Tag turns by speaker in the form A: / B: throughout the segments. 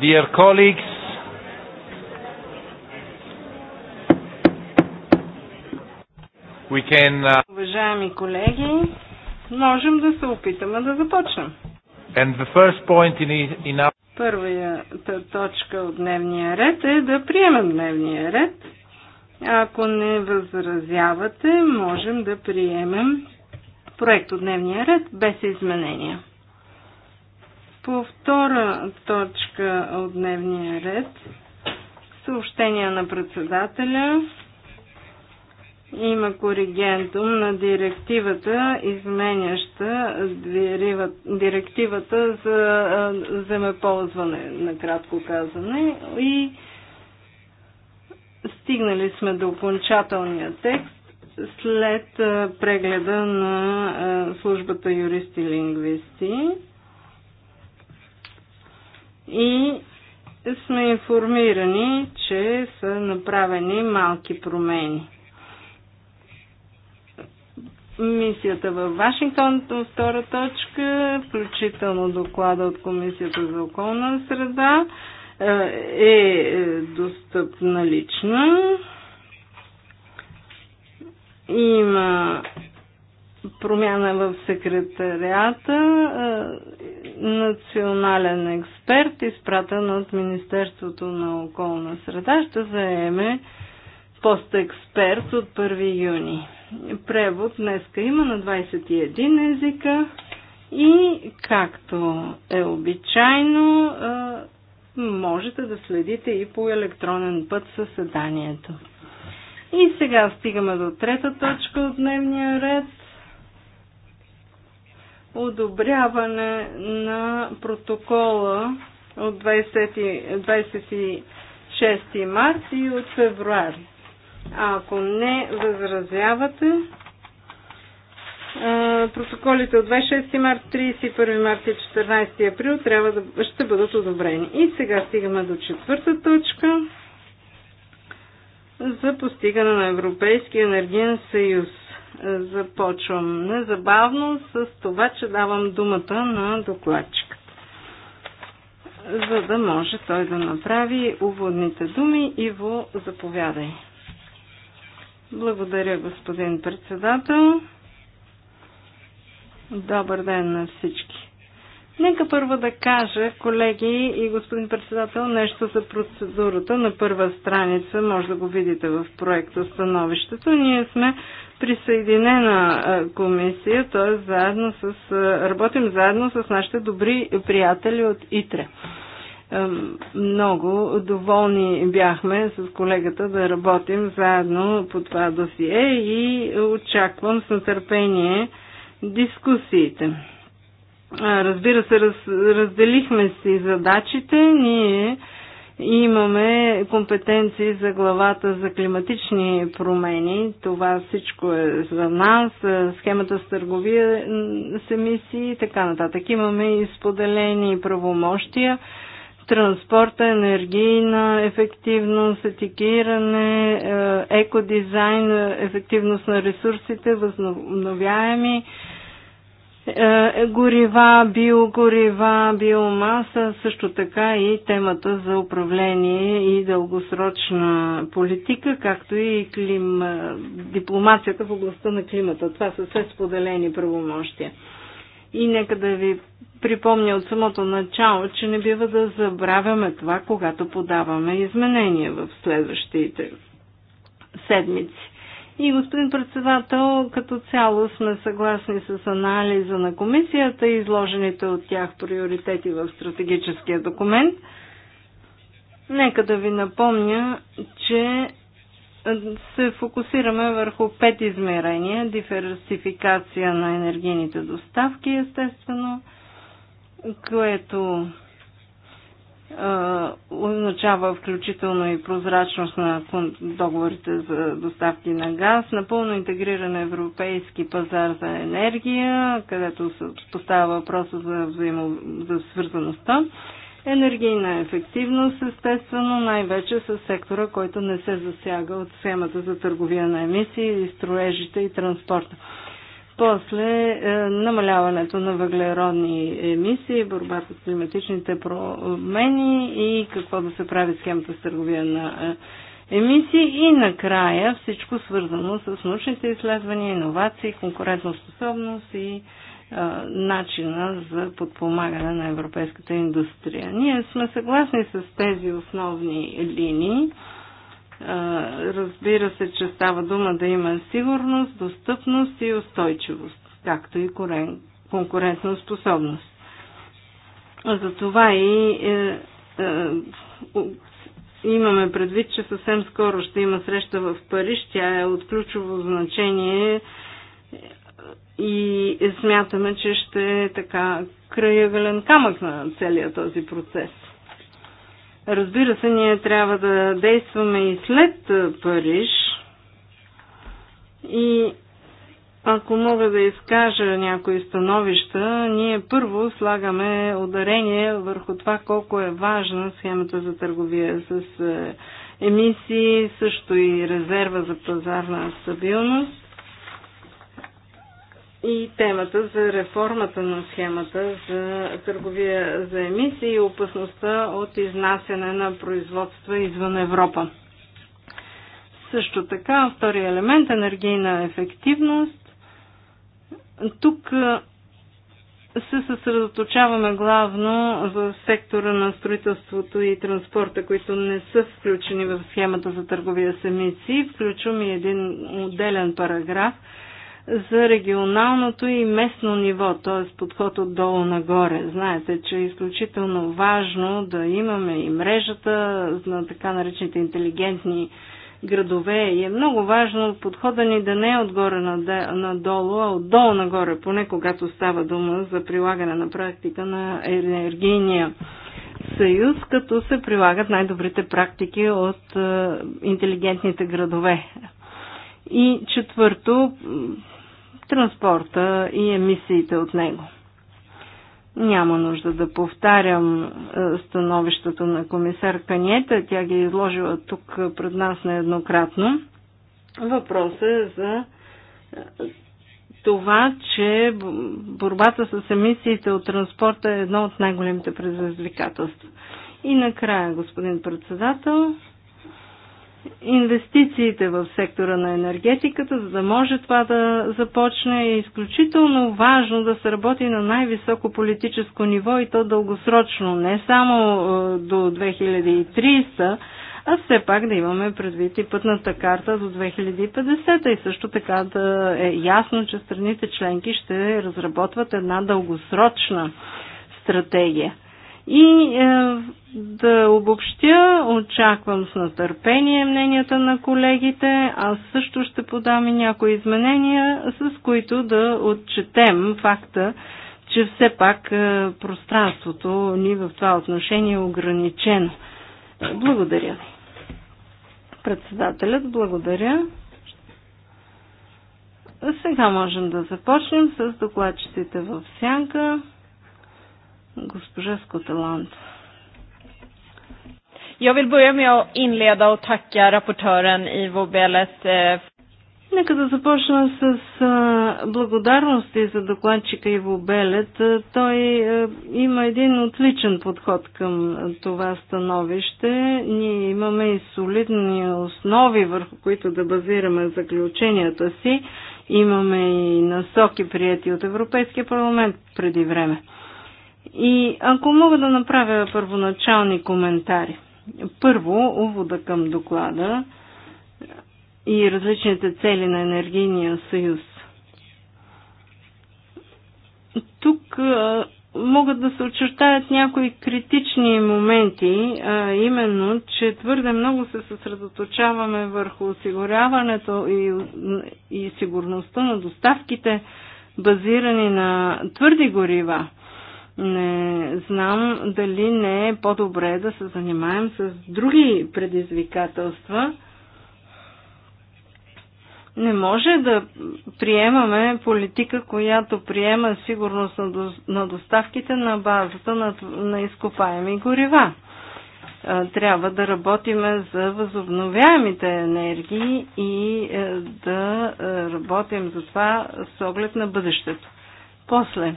A: Dear
B: colleagues, we can... Uh,
C: Уважаеми колеги, можем да се опитаме да започнем.
B: And the first point in, in our...
C: Първата точка от дневния ред е да приемем дневния ред. Ако не възразявате, можем да приемем проект от дневния ред без изменения. По втора точка от дневния ред съобщения на председателя има коригентум на директивата, изменяща директивата за земеползване, накратко казане. И стигнали сме до окончателния текст след прегледа на службата юристи-лингвисти и сме информирани, че са направени малки промени. Мисията във Вашингтон, втора точка, включително доклада от Комисията за околна среда, е, е достъпна лична. Има промяна в секретарията е, национален експерт, изпратен от Министерството на околна среда, ще заеме пост експерт от 1 юни. Превод днеска има на 21 езика и както е обичайно, можете да следите и по електронен път съседанието. И сега стигаме до трета точка от дневния ред одобряване на протокола от 20, 26 март и от февруари. А ако не възразявате, протоколите от 26 март, 31 март и 14 април трябва да, ще бъдат одобрени. И сега стигаме до четвърта точка за постигане на Европейския енергиен съюз започвам незабавно с това, че давам думата на докладчика, за да може той да направи уводните думи. и во заповядай. Благодаря, господин председател. Добър ден на всички. Нека първо да кажа, колеги и господин председател, нещо за процедурата. На първа страница може да го видите в проекта становището. Ние сме присъединена комисия, т.е. заедно с, работим заедно с нашите добри приятели от ИТРЕ. Много доволни бяхме с колегата да работим заедно по това досие и очаквам с нетърпение дискусиите. Разбира се, раз, разделихме си задачите. Ние Имаме компетенции за главата за климатични промени. Това всичко е за нас. Схемата с търговия с емисии и така нататък. Имаме и споделени правомощия транспорта, енергийна ефективност, етикиране, е, екодизайн, ефективност на ресурсите, възобновяеми е, горива, биогорива, биомаса, също така и темата за управление и дългосрочна политика, както и клим... Е, дипломацията в областта на климата. Това са все споделени правомощия. И нека да ви припомня от самото начало, че не бива да забравяме това, когато подаваме изменения в следващите седмици. И господин председател, като цяло сме съгласни с анализа на комисията и изложените от тях приоритети в стратегическия документ. Нека да ви напомня, че се фокусираме върху пет измерения. Диверсификация на енергийните доставки, естествено, което е, означава включително и прозрачност на договорите за доставки на газ, напълно интегриран европейски пазар за енергия, където се поставя въпроса за, взаимо, за свързаността, енергийна ефективност, естествено, най-вече с сектора, който не се засяга от схемата за търговия на емисии, строежите и транспорта. После е, намаляването на въглеродни емисии, борбата с климатичните промени и какво да се прави схемата с търговия на е, емисии и накрая всичко свързано с научните изследвания, иновации, конкурентоспособност и е, начина за подпомагане на европейската индустрия. Ние сме съгласни с тези основни линии. Разбира се, че става дума да има сигурност, достъпност и устойчивост, както и конкурентна способност. Затова и е, е, имаме предвид, че съвсем скоро ще има среща в Париж. Тя е от ключово значение и смятаме, че ще е така краягален камък на целия този процес. Разбира се, ние трябва да действаме и след Париж. И ако мога да изкажа някои становища, ние първо слагаме ударение върху това колко е важна схемата за търговия с емисии, също и резерва за пазарна стабилност и темата за реформата на схемата за търговия за емисии и опасността от изнасяне на производства извън Европа. Също така, втори елемент енергийна ефективност. Тук се съсредоточаваме главно в сектора на строителството и транспорта, които не са включени в схемата за търговия с емисии. Включвам и един отделен параграф – за регионалното и местно ниво, т.е. подход отдолу нагоре. Знаете, че е изключително важно да имаме и мрежата на така наречените интелигентни градове и е много важно подхода ни да не е отгоре надолу, а отдолу нагоре, поне когато става дума за прилагане на практика на енергийния съюз, като се прилагат най-добрите практики от е, интелигентните градове. И четвърто, транспорта и емисиите от него. Няма нужда да повтарям е, становищата на комисар Каниета, тя ги е изложила тук пред нас нееднократно. Въпросът е за е, това, че борбата с емисиите от транспорта е едно от най-големите предизвикателства. И накрая, господин председател, инвестициите в сектора на енергетиката, за да може това да започне е изключително важно да се работи на най-високо политическо ниво и то дългосрочно, не само е, до 2030, а все пак да имаме предвид и пътната карта до 2050 и също така да е ясно, че страните членки ще разработват една дългосрочна стратегия. И е, да обобщя, очаквам с натърпение мненията на колегите. Аз също ще подам и някои изменения, с които да отчетем факта, че все пак е, пространството ни в това отношение е ограничено. Благодаря Председателят, благодаря. Сега можем да започнем с докладчиците в сянка. Госпожа Скотеланд.
D: Jag vill börja med att inleda och tacka rapportören Ivo Belet. Eh,
C: Нека да започна с благодарности за докладчика Иво Белет. Той е, има един отличен подход към това становище. Ние имаме и солидни основи, върху които да базираме заключенията си. Имаме и насоки, прияти от Европейския парламент преди време. И ако мога да направя първоначални коментари. Първо, увода към доклада и различните цели на енергийния съюз. Тук могат да се очертаят някои критични моменти, а именно, че твърде много се съсредоточаваме върху осигуряването и, и сигурността на доставките, базирани на твърди горива. Не знам дали не е по-добре да се занимаем с други предизвикателства. Не може да приемаме политика, която приема сигурност на доставките на базата на, изкопаеми горива. Трябва да работиме за възобновяемите енергии и е, да е, работим за това с оглед на бъдещето. После, е,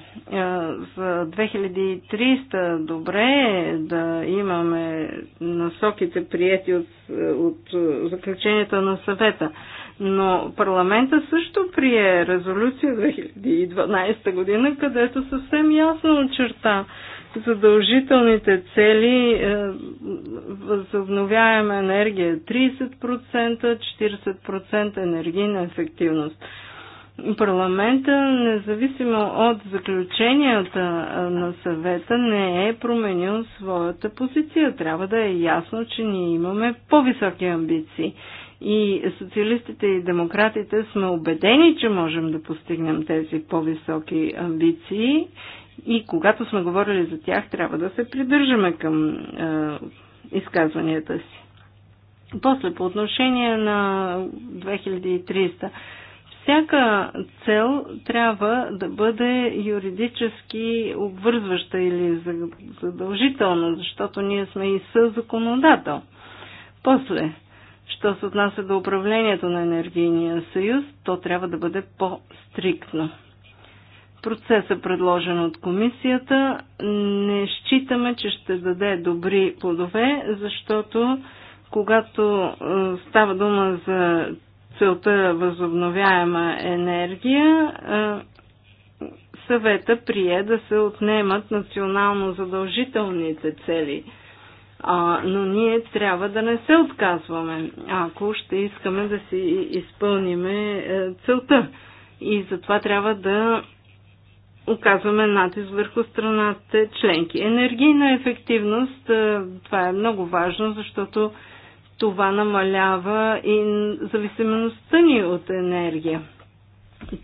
C: за 2300 добре е да имаме насоките прияти от, от заключенията на съвета, но парламента също прие резолюция 2012 година, където съвсем ясно очерта задължителните цели е, възобновяема енергия 30%, 40% енергийна ефективност парламента, независимо от заключенията на съвета, не е променил своята позиция. Трябва да е ясно, че ние имаме по-високи амбиции. И социалистите и демократите сме убедени, че можем да постигнем тези по-високи амбиции и когато сме говорили за тях, трябва да се придържаме към е, изказванията си. После, по отношение на 2300 всяка цел трябва да бъде юридически обвързваща или задължителна, защото ние сме и съзаконодател. После, що се отнася до управлението на енергийния съюз, то трябва да бъде по-стриктно. Процесът, предложен от комисията, не считаме, че ще даде добри плодове, защото когато е, става дума за целта възобновяема енергия, съвета прие да се отнемат национално задължителните цели. но ние трябва да не се отказваме, ако ще искаме да си изпълниме е, целта. И затова трябва да оказваме натиск върху страната членки. Енергийна ефективност, е, това е много важно, защото това намалява и зависимостта ни от енергия.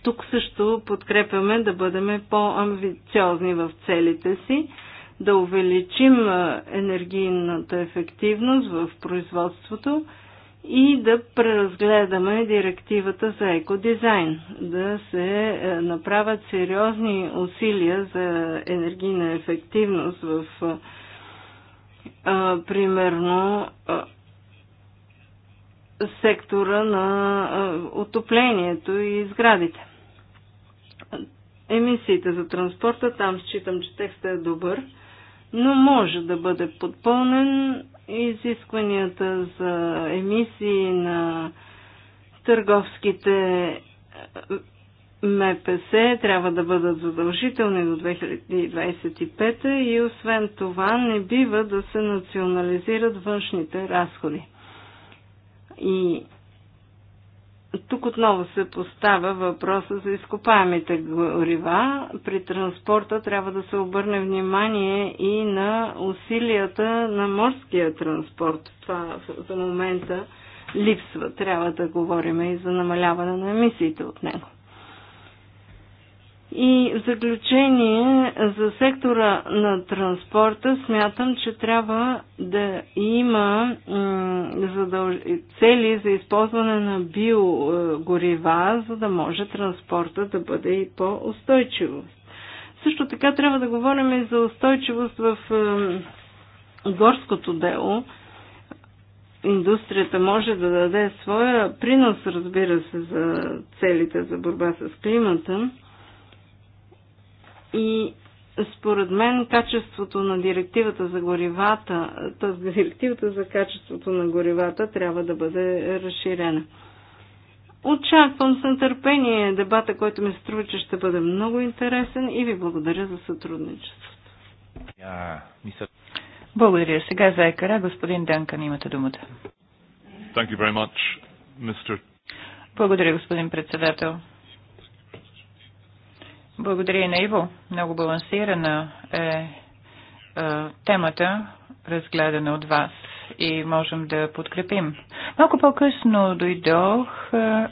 C: Тук също подкрепяме да бъдем по-амбициозни в целите си, да увеличим енергийната ефективност в производството и да преразгледаме директивата за екодизайн, да се е, направят сериозни усилия за енергийна ефективност в примерно сектора на отоплението и сградите. Емисиите за транспорта, там считам, че текстът е добър, но може да бъде подпълнен. Изискванията за емисии на търговските МПС трябва да бъдат задължителни до 2025 и освен това не бива да се национализират външните разходи. И тук отново се поставя въпроса за изкопаемите горива. При транспорта трябва да се обърне внимание и на усилията на морския транспорт. Това за момента липсва. Трябва да говорим и за намаляване на емисиите от него. И в заключение за сектора на транспорта смятам, че трябва да има цели за използване на биогорива, за да може транспорта да бъде и по-устойчивост. Също така трябва да говорим и за устойчивост в горското дело. Индустрията може да даде своя принос, разбира се, за целите за борба с климата. И според мен качеството на директивата за горивата, т.е. директивата за качеството на горивата трябва да бъде разширена. Очаквам с нетърпение дебата, който ми струва, че ще бъде много интересен и ви благодаря за сътрудничеството. Благодаря. Сега за екара господин
E: Данкан имате думата. Благодаря, господин председател. Благодаря на Иво. Много балансирана е, е темата, разгледана от вас и можем да подкрепим. Малко по-късно дойдох, е, е,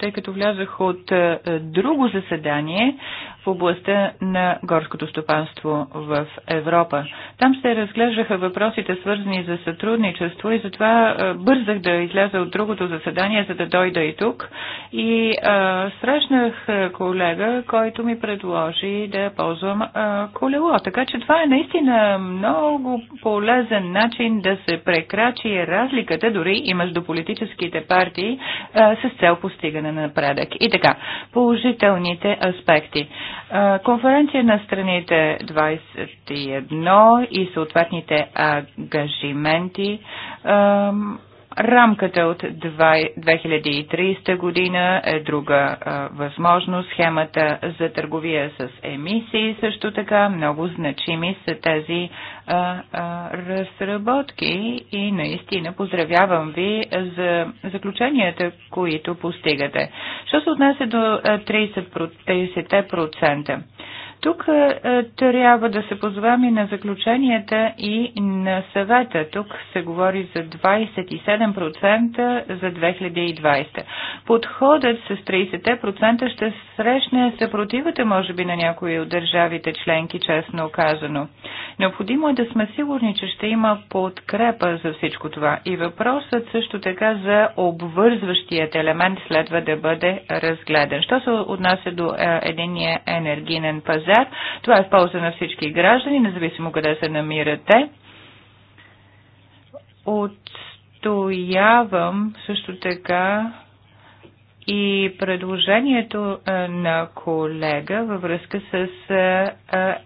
E: тъй като влязах от е, друго заседание, в областта на горското стопанство в Европа. Там се разглеждаха въпросите свързани за сътрудничество и затова бързах да изляза от другото заседание, за да дойда и тук. И а, срещнах колега, който ми предложи да ползвам а, колело. Така че това е наистина много полезен начин да се прекрачи разликата дори и между политическите партии а, с цел постигане на напредък. И така, положителните аспекти. Конференция на страните 21 и съответните ангажименти Рамката от 2030 година е друга а, възможност. Схемата за търговия с емисии също така. Много значими са тези а, а, разработки и наистина поздравявам ви за заключенията, които постигате. Що се отнася до 30%? 30% тук е, е, трябва да се позвам и на заключенията и на съвета. Тук се говори за 27% за 2020. Подходът с 30% ще срещне съпротивата, може би, на някои от държавите членки, честно казано. Необходимо е да сме сигурни, че ще има подкрепа за всичко това. И въпросът също така за обвързващият елемент следва да бъде разгледан. Що се отнася до е, единия енергиен пазар? пазар. Това е в полза на всички граждани, независимо къде се намирате. Отстоявам също така и предложението е, на колега във връзка с е, е,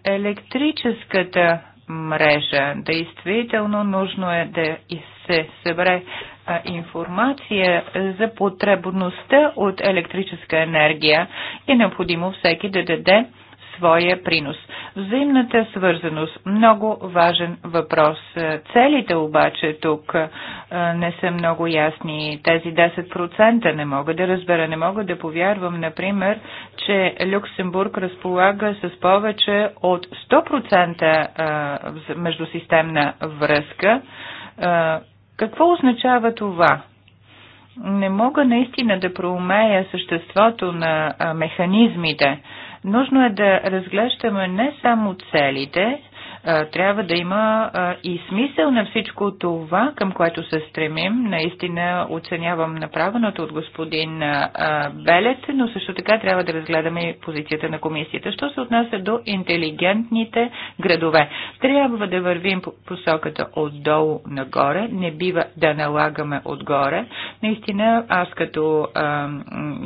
E: електрическата мрежа. Действително нужно е да се събере информация за потребността от електрическа енергия и е необходимо всеки да даде своя принос. Взаимната свързаност – много важен въпрос. Целите обаче тук не са много ясни. Тези 10% не мога да разбера, не мога да повярвам, например, че Люксембург разполага с повече от 100% междусистемна връзка. Какво означава това? не мога наистина да проумея съществото на механизмите. Нужно е да разглеждаме не само целите, трябва да има и смисъл на всичко това, към което се стремим. Наистина оценявам направеното от господин Белет, но също така трябва да разгледаме и позицията на комисията. Що се отнася до интелигентните градове? Трябва да вървим посоката отдолу нагоре, не бива да налагаме отгоре. Наистина аз като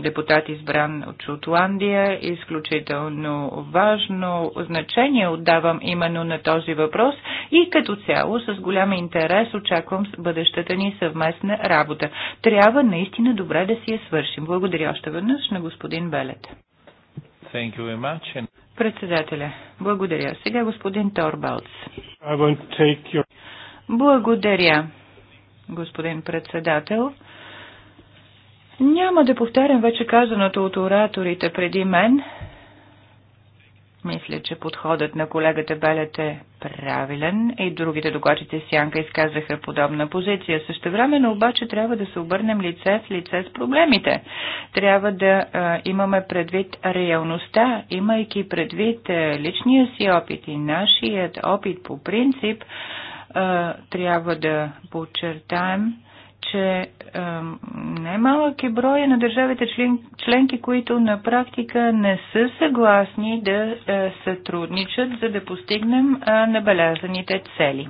E: депутат избран от Шотландия, изключително важно значение отдавам именно на този този въпрос и като цяло с голям интерес очаквам бъдещата ни съвместна работа. Трябва наистина добре да си я свършим. Благодаря още веднъж на господин Белет.
B: Thank you very much.
E: Председателя, благодаря. Сега господин Торбалц. Your... Благодаря, господин председател. Няма да повтарям вече казаното от ораторите преди мен, мисля, че подходът на колегата Белет е правилен и другите докладчици Сянка изказаха подобна позиция. Също но обаче трябва да се обърнем лице в лице с проблемите. Трябва да а, имаме предвид реалността, имайки предвид а, личния си опит и нашият опит по принцип, а, трябва да подчертаем, че най-малък е броя на държавите член, членки, които на практика не са съгласни да е, сътрудничат, за да постигнем е, набелязаните цели.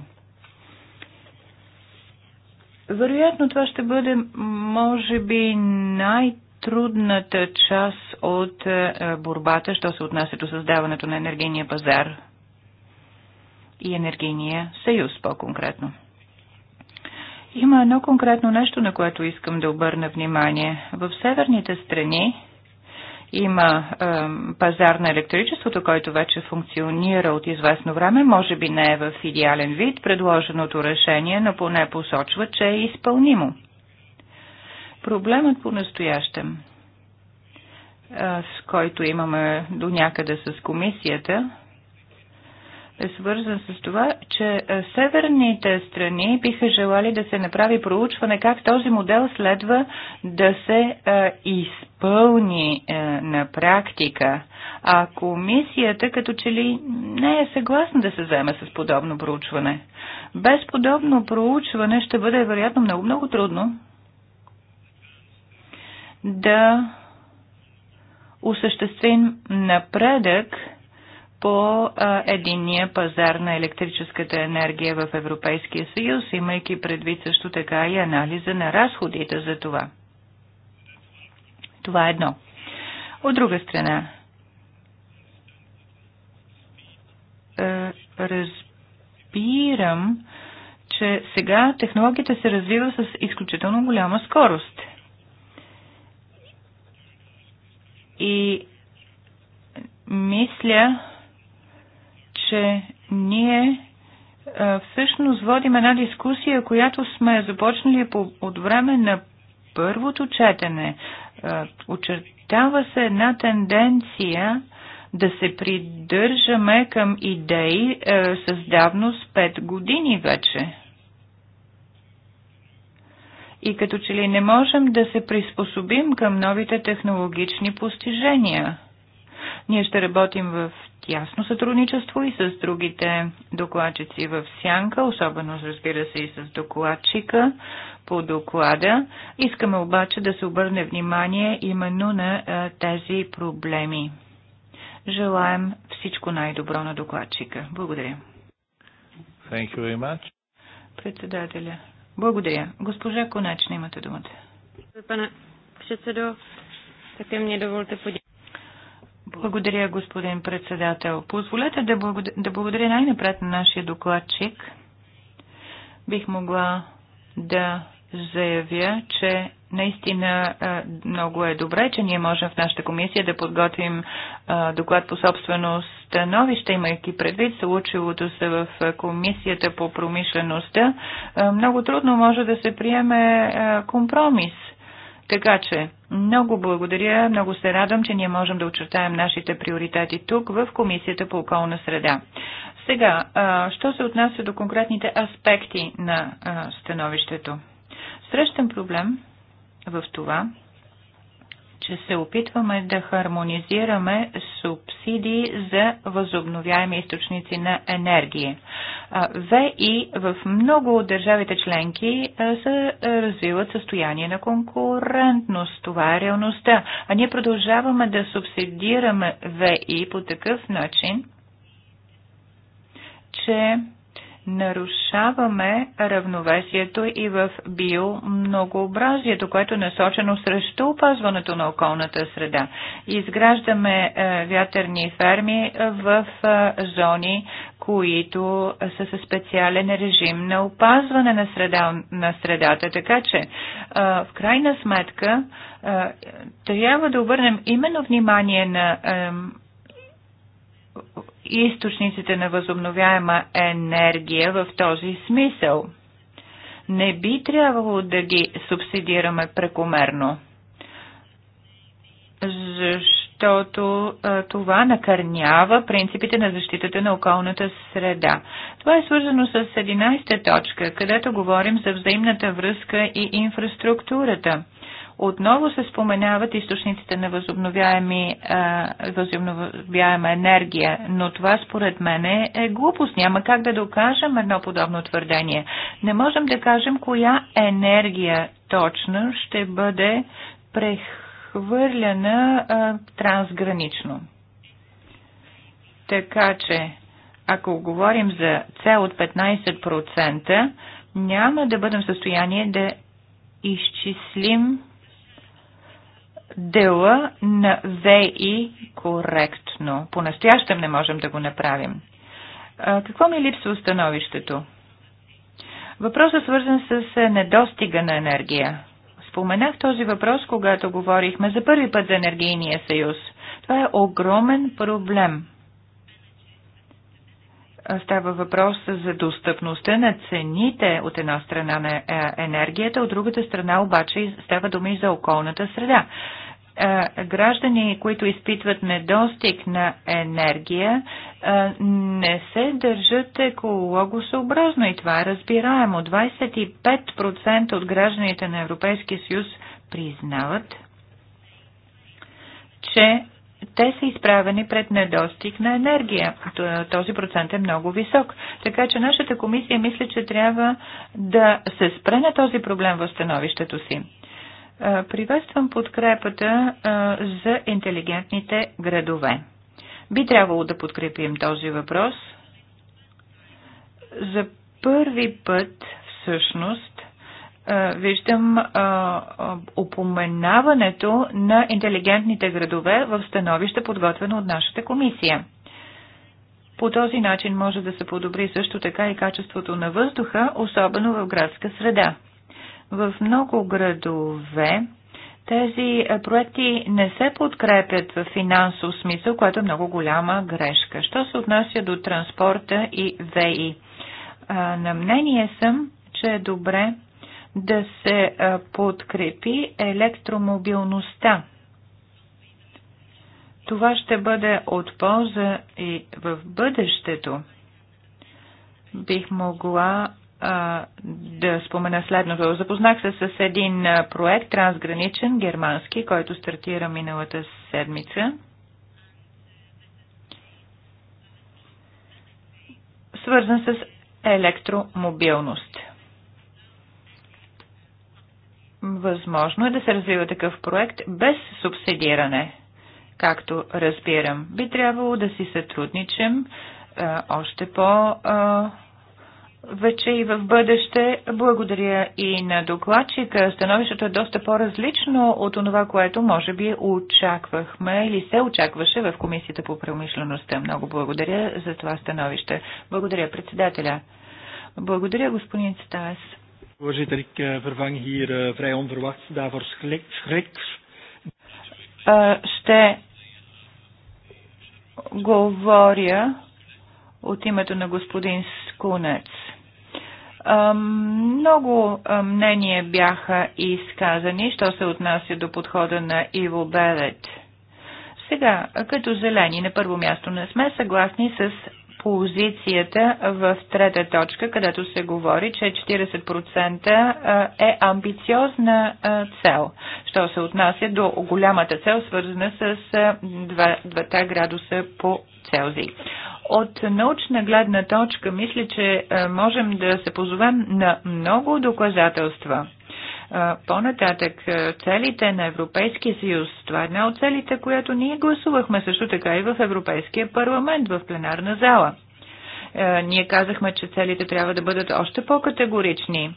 E: Вероятно това ще бъде, може би, най- трудната част от е, борбата, що се отнася до създаването на енергийния пазар и енергийния съюз по-конкретно. Има едно конкретно нещо, на което искам да обърна внимание. В северните страни има е, пазар на електричеството, който вече функционира от известно време, може би не е в идеален вид предложеното решение, но поне посочва, че е изпълнимо. Проблемът по-настоящем, е, с който имаме до някъде с комисията, е свързан с това, че е, северните страни биха желали да се направи проучване как този модел следва да се е, изпълни е, на практика. А комисията като че ли не е съгласна да се вземе с подобно проучване. Без подобно проучване ще бъде вероятно много-много трудно да осъществим напредък по единния пазар на електрическата енергия в Европейския съюз, имайки предвид също така и анализа на разходите за това. Това е едно. От друга страна, разбирам, че сега технологията се развива с изключително голяма скорост. И мисля, че ние всъщност водим една дискусия, която сме започнали по, от време на първото четене. Очертава се една тенденция да се придържаме към идеи е, с давност 5 години вече. И като че ли не можем да се приспособим към новите технологични постижения – ние ще работим в тясно сътрудничество и с другите докладчици в Сянка, особено разбира се и с докладчика по доклада. Искаме обаче да се обърне внимание именно на тези проблеми. Желаем всичко най-добро на докладчика. Благодаря.
B: Thank you very much. Председателя.
E: Благодаря. Госпожа Конечна, имате думата.
D: Пане председо, така ми доволте подя...
E: Благодаря, господин председател. Позволете да благодаря, да благодаря най-напред на нашия докладчик. Бих могла да заявя, че наистина много е добре, че ние можем в нашата комисия да подготвим доклад по собствено становище, имайки предвид случилото се в комисията по промишлеността. Много трудно може да се приеме компромис. Така че много благодаря, много се радвам, че ние можем да очертаем нашите приоритети тук в Комисията по околна среда. Сега, що се отнася до конкретните аспекти на становището? Срещам проблем в това, че се опитваме да хармонизираме субсидии за възобновяеми източници на енергия. ВИ в много от държавите членки се развиват състояние на конкурентност. Това е реалността. А ние продължаваме да субсидираме ВИ по такъв начин, че нарушаваме равновесието и в биомногообразието, което е насочено срещу опазването на околната среда. Изграждаме е, вятърни ферми е, в е, зони, които са със специален режим на опазване на, среда, на средата. Така че, в крайна сметка, трябва да обърнем именно внимание на източниците на възобновяема енергия в този смисъл. Не би трябвало да ги субсидираме прекомерно, защото това накърнява принципите на защитата на околната среда. Това е свързано с 11 точка, където говорим за взаимната връзка и инфраструктурата – отново се споменават източниците на възобновяема енергия, но това според мен е, е глупост. Няма как да докажем едно подобно твърдение. Не можем да кажем коя енергия точно ще бъде прехвърляна а, трансгранично. Така че, ако говорим за цел от 15%, няма да бъдем в състояние да изчислим дела на ВИ коректно. По-настоящем не можем да го направим. Какво ми липсва становището? Въпросът е свързан с е, недостига на енергия. Споменах този въпрос, когато говорихме за първи път за енергийния съюз. Това е огромен проблем става въпрос за достъпността на цените от една страна на е, енергията, от другата страна обаче става дума и за околната среда. Е, граждани, които изпитват недостиг на енергия, е, не се държат екологосъобразно и това е разбираемо. 25% от гражданите на Европейския съюз признават, че те са изправени пред недостиг на енергия. Този процент е много висок. Така че нашата комисия мисля, че трябва да се спре на този проблем в становището си. Приветствам подкрепата за интелигентните градове. Би трябвало да подкрепим този въпрос. За първи път всъщност е, виждам е, е, упоменаването на интелигентните градове в становище, подготвено от нашата комисия. По този начин може да се подобри също така и качеството на въздуха, особено в градска среда. В много градове тези проекти не се подкрепят в финансов смисъл, което е много голяма грешка. Що се отнася до транспорта и ВИ? На мнение съм, че е добре да се подкрепи електромобилността. Това ще бъде от полза и в бъдещето. Бих могла а, да спомена следното. Запознах се с един проект, трансграничен, германски, който стартира миналата седмица. Свързан с електромобилност. Възможно е да се развива такъв проект без субсидиране, както разбирам. Би трябвало да си сътрудничим а, още по- а, вече и в бъдеще. Благодаря и на докладчика. Становището е доста по-различно от това, което може би очаквахме или се очакваше в Комисията по промишлеността. Много благодаря за това становище. Благодаря председателя. Благодаря господин Стас.
A: Voorzitter, ik eh, vervang hier eh, vrij onverwachts daarvoor schrik.
E: Eh, ще говоря от името на господин Скунец. Много мнения бяха изказани, що се отнася до подхода на Иво Белет. Сега, като зелени, на първо място не сме съгласни с позицията в трета точка, където се говори, че 40% е амбициозна цел, що се отнася до голямата цел, свързана с 2 градуса по Целзий. От научна гледна точка мисля, че можем да се позовем на много доказателства по-нататък целите на Европейския съюз, това е една от целите, която ние гласувахме също така и в Европейския парламент, в пленарна зала. Ние казахме, че целите трябва да бъдат още по-категорични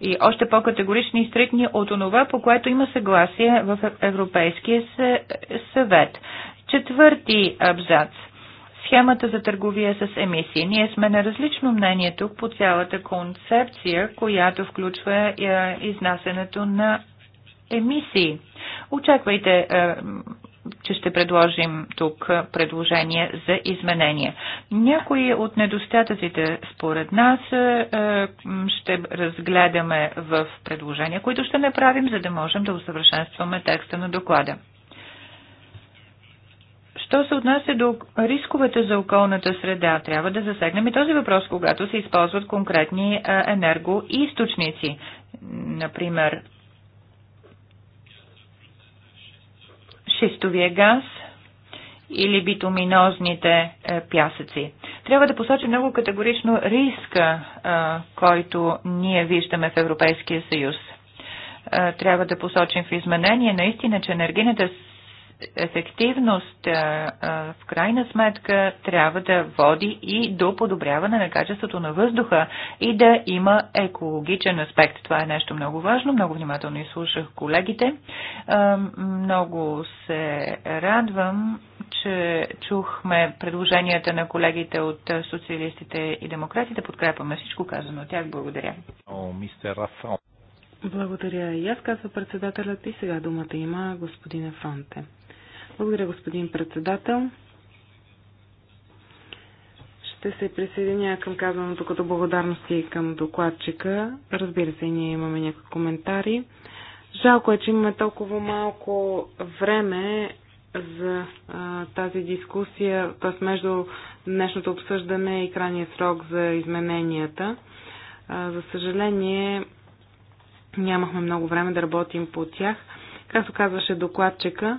E: и още по-категорични и стритни от онова, по което има съгласие в Европейския съвет. Четвърти абзац – схемата за търговия с емисии. Ние сме на различно мнение тук по цялата концепция, която включва е, изнасянето на емисии. Очаквайте, е, че ще предложим тук предложение за изменение. Някои от недостатъците според нас е, ще разгледаме в предложения, които ще направим, за да можем да усъвършенстваме текста на доклада. Що се отнася до рисковете за околната среда, трябва да засегнем и този въпрос, когато се използват конкретни е, енергоисточници. Например, шистовия газ или битуминозните е, пясъци. Трябва да посочи много категорично риска, е, който ние виждаме в Европейския съюз трябва да посочим в изменение, наистина, че енергийната ефективност в крайна сметка трябва да води и до подобряване на качеството на въздуха и да има екологичен аспект. Това е нещо много важно. Много внимателно изслушах колегите. Много се радвам, че чухме предложенията на колегите
F: от социалистите и демократите. Подкрепяме всичко казано от тях. Благодаря. Благодаря и аз, казва председателят и сега думата има господин Фонте. Благодаря, господин председател. Ще се присъединя към казаното като благодарности към докладчика. Разбира се, ние имаме някакви коментари. Жалко е, че имаме толкова малко време за а, тази дискусия, т.е. между днешното обсъждане и крайния срок за измененията. А, за съжаление, нямахме много време да работим по тях. Както казваше докладчика,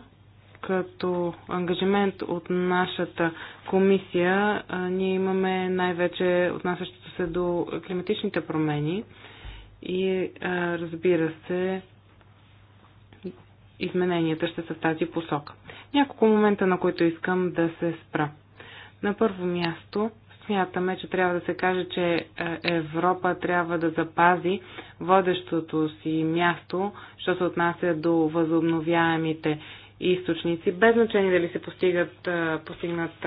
F: като ангажимент от нашата комисия ние имаме най-вече отнасящото се до климатичните промени и разбира се измененията ще са в тази посока. Няколко момента, на които искам да се спра. На първо място смятаме, че трябва да се каже, че Европа трябва да запази водещото си място, що се отнася до възобновяемите източници, без значение дали се постигат, постигнат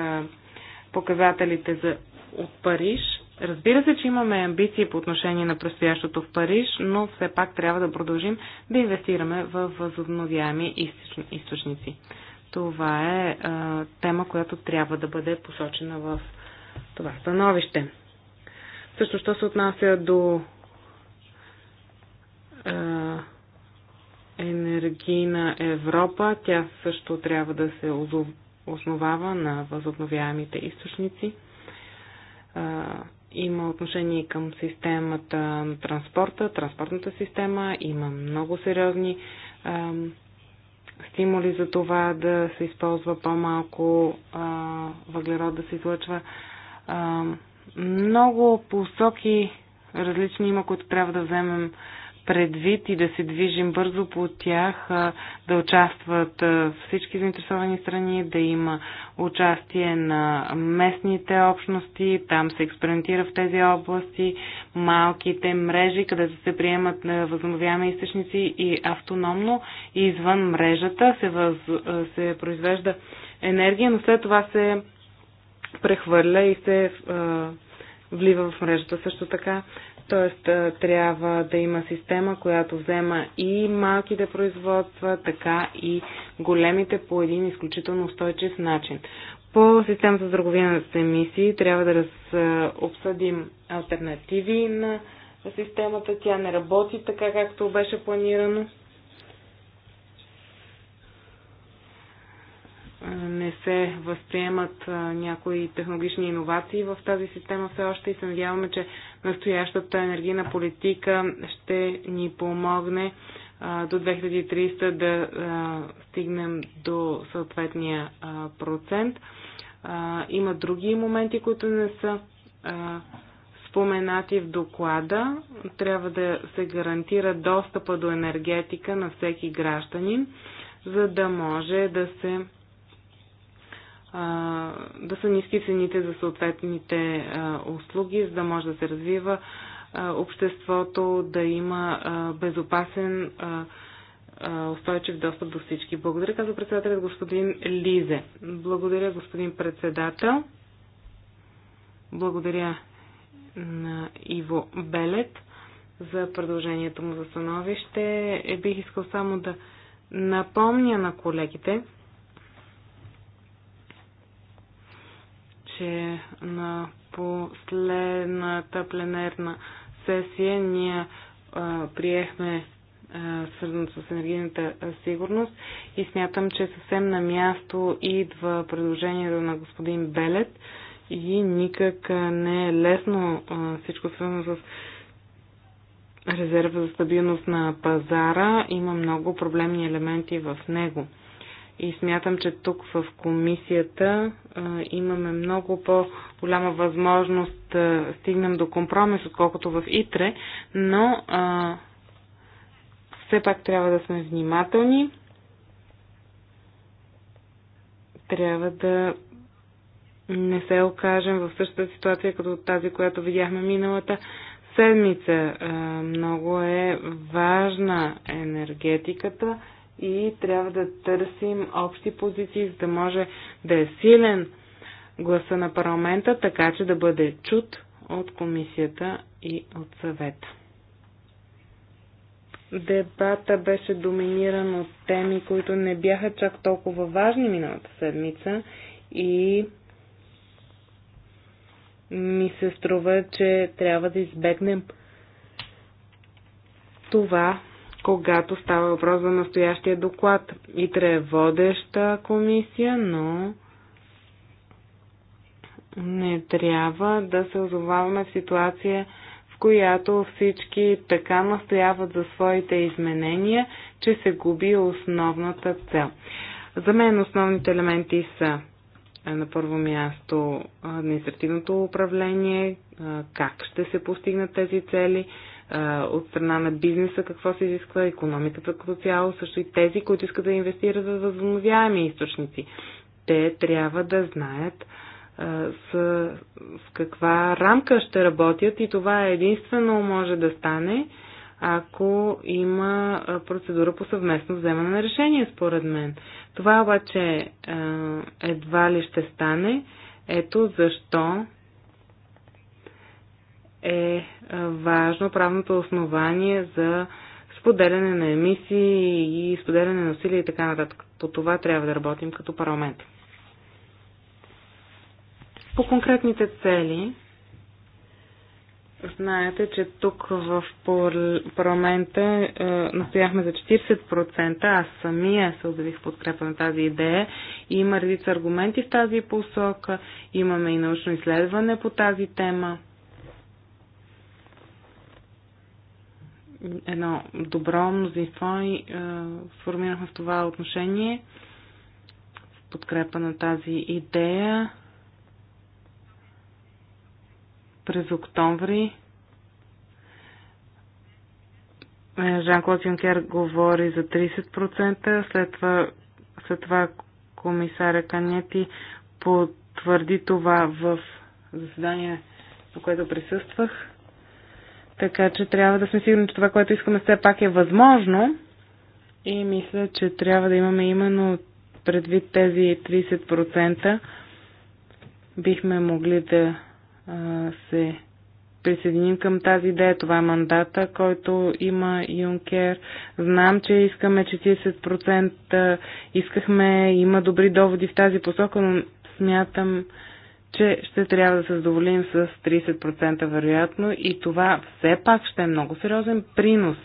F: показателите за, от Париж. Разбира се, че имаме амбиции по отношение на предстоящото в Париж, но все пак трябва да продължим да инвестираме в възобновяеми източници. Това е а, тема, която трябва да бъде посочена в това становище. Също, що се отнася до енергийна Европа. Тя също трябва да се основава на възобновяемите източници. Има отношение към системата на транспорта, транспортната система. Има много сериозни стимули за това да се използва по-малко въглерод, да се излъчва. Много посоки различни има, които трябва да вземем предвид и да се движим бързо по тях, да участват всички заинтересовани страни, да има участие на местните общности, там се експериментира в тези области, малките мрежи, където се приемат възобновяеми източници и автономно и извън мрежата се, въз, се произвежда енергия, но след това се прехвърля и се влива в мрежата. Също така Тоест, трябва да има система, която взема и малките производства, така и големите по един изключително устойчив начин. По системата за търговия с емисии трябва да раз, обсъдим альтернативи на системата. Тя не работи така, както беше планирано. не се възприемат някои технологични иновации в тази система все още и се надяваме, че настоящата енергийна политика ще ни помогне до 2300 да стигнем до съответния процент. Има други моменти, които не са споменати в доклада. Трябва да се гарантира достъпа до енергетика на всеки гражданин, за да може да се да са ниски цените за съответните услуги, за да може да се развива обществото, да има безопасен устойчив достъп до всички. Благодаря, казва председателят господин Лизе. Благодаря, господин председател. Благодаря на Иво Белет за предложението му за становище. Бих искал само да напомня на колегите, че на последната пленерна сесия ние а, приехме свързано с енергийната сигурност и смятам, че съвсем на място идва предложението на господин Белет и никак не е лесно всичко свързано с резерва за стабилност на пазара. Има много проблемни елементи в него и смятам, че тук в комисията а, имаме много по-голяма възможност да стигнем до компромис, отколкото в ИТРЕ, но а, все пак трябва да сме внимателни. Трябва да не се окажем в същата ситуация, като тази, която видяхме миналата седмица. А, много е важна енергетиката и трябва да търсим общи позиции, за да може да е силен гласа на парламента, така че да бъде чут от комисията и от съвета. Дебата беше доминиран от теми, които не бяха чак толкова важни миналата седмица и ми се струва, че трябва да избегнем това когато става въпрос за настоящия доклад. ИТРЕ е водеща комисия, но не трябва да се озоваваме в ситуация, в която всички така настояват за своите изменения, че се губи основната цел. За мен основните елементи са е, на първо място административното управление, как ще се постигнат тези цели, от страна на бизнеса, какво се изисква, економиката като цяло, също и тези, които искат да инвестират за възобновяеми източници. Те трябва да знаят с, с каква рамка ще работят и това единствено може да стане, ако има процедура по съвместно вземане на решение, според мен. Това обаче едва ли ще стане. Ето защо е, е важно правното основание за споделяне на емисии и споделяне на усилия и така нататък. По това трябва да работим като парламент. По конкретните цели, знаете, че тук в парламента е, настояхме за 40%. Аз самия се обявих подкрепа на тази идея. И има редица аргументи в тази посока. Имаме и научно изследване по тази тема. едно добро мнозинство и е, формирахме в това отношение в подкрепа на тази идея. През октомври е, Жан-Клод Юнкер говори за 30%, след това, след това комисаря Канети потвърди това в заседание, на което присъствах. Така че трябва да сме сигурни, че това, което искаме все пак е възможно. И мисля, че трябва да имаме именно предвид тези 30%. Бихме могли да а, се присъединим към тази идея. Това е мандата, който има Юнкер. Знам, че искаме 40%. Искахме, има добри доводи в тази посока, но смятам, че ще трябва да се задоволим с 30% вероятно и това все пак ще е много сериозен принос.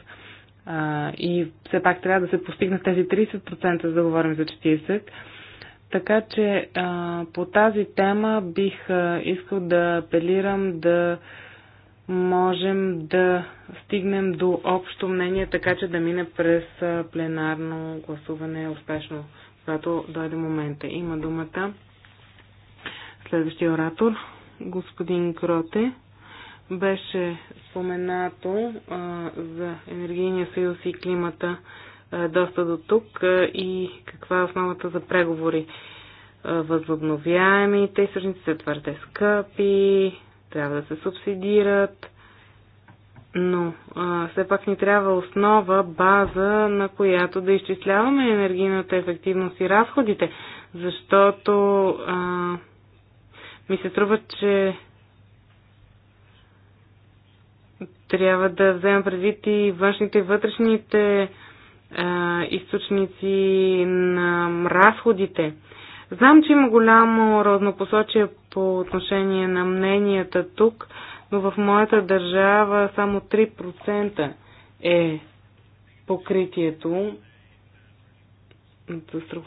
F: А, и все пак трябва да се постигнат тези 30%, за да говорим за 40%. Така че а, по тази тема бих а, искал да апелирам да можем да стигнем до общо мнение, така че да мине през пленарно гласуване успешно, когато дойде момента. Има думата Следващия оратор, господин Кроте, беше споменато а, за енергийния съюз и климата а, доста до тук а, и каква е основата за преговори. А, възобновяеми, те всъщност са твърде скъпи, трябва да се субсидират, но а, все пак ни трябва основа, база, на която да изчисляваме енергийната ефективност и разходите, защото а, ми се струва, че трябва да вземем предвид и външните и вътрешните а, източници на разходите. Знам, че има голямо разнопосочие по отношение на мненията тук, но в моята държава само 3% е покритието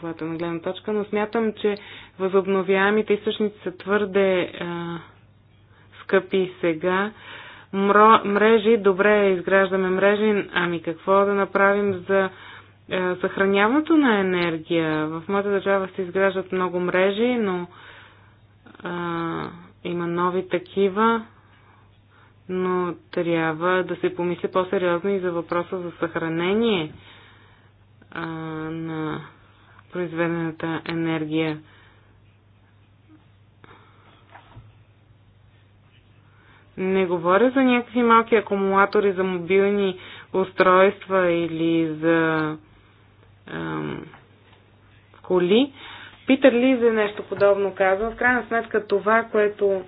F: от на гледна точка, но смятам, че възобновяемите източници са твърде а, скъпи сега. Мро, мрежи, добре, изграждаме мрежи, ами какво да направим за а, съхраняването на енергия? В моята държава се изграждат много мрежи, но а, има нови такива, но трябва да се помисли по-сериозно и за въпроса за съхранение а, на произведената енергия. Не говоря за някакви малки акумулатори за мобилни устройства или за ам, коли. Питър Лизе нещо подобно казва. В крайна сметка това, което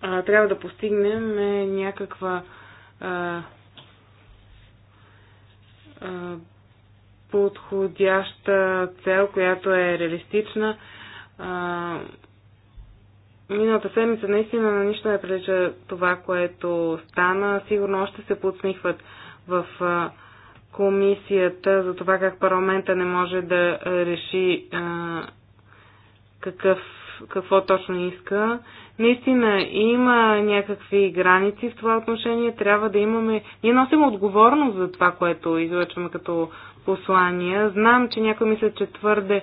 F: а, трябва да постигнем е някаква а, а, подходяща цел, която е реалистична. миналата седмица наистина на нищо не прилича това, което стана. Сигурно още се подсмихват в комисията за това как парламента не може да реши какъв, какво точно иска. Наистина има някакви граници в това отношение. Трябва да имаме. Ние носим отговорност за това, което излъчваме като послания. Знам, че някои мислят, че твърде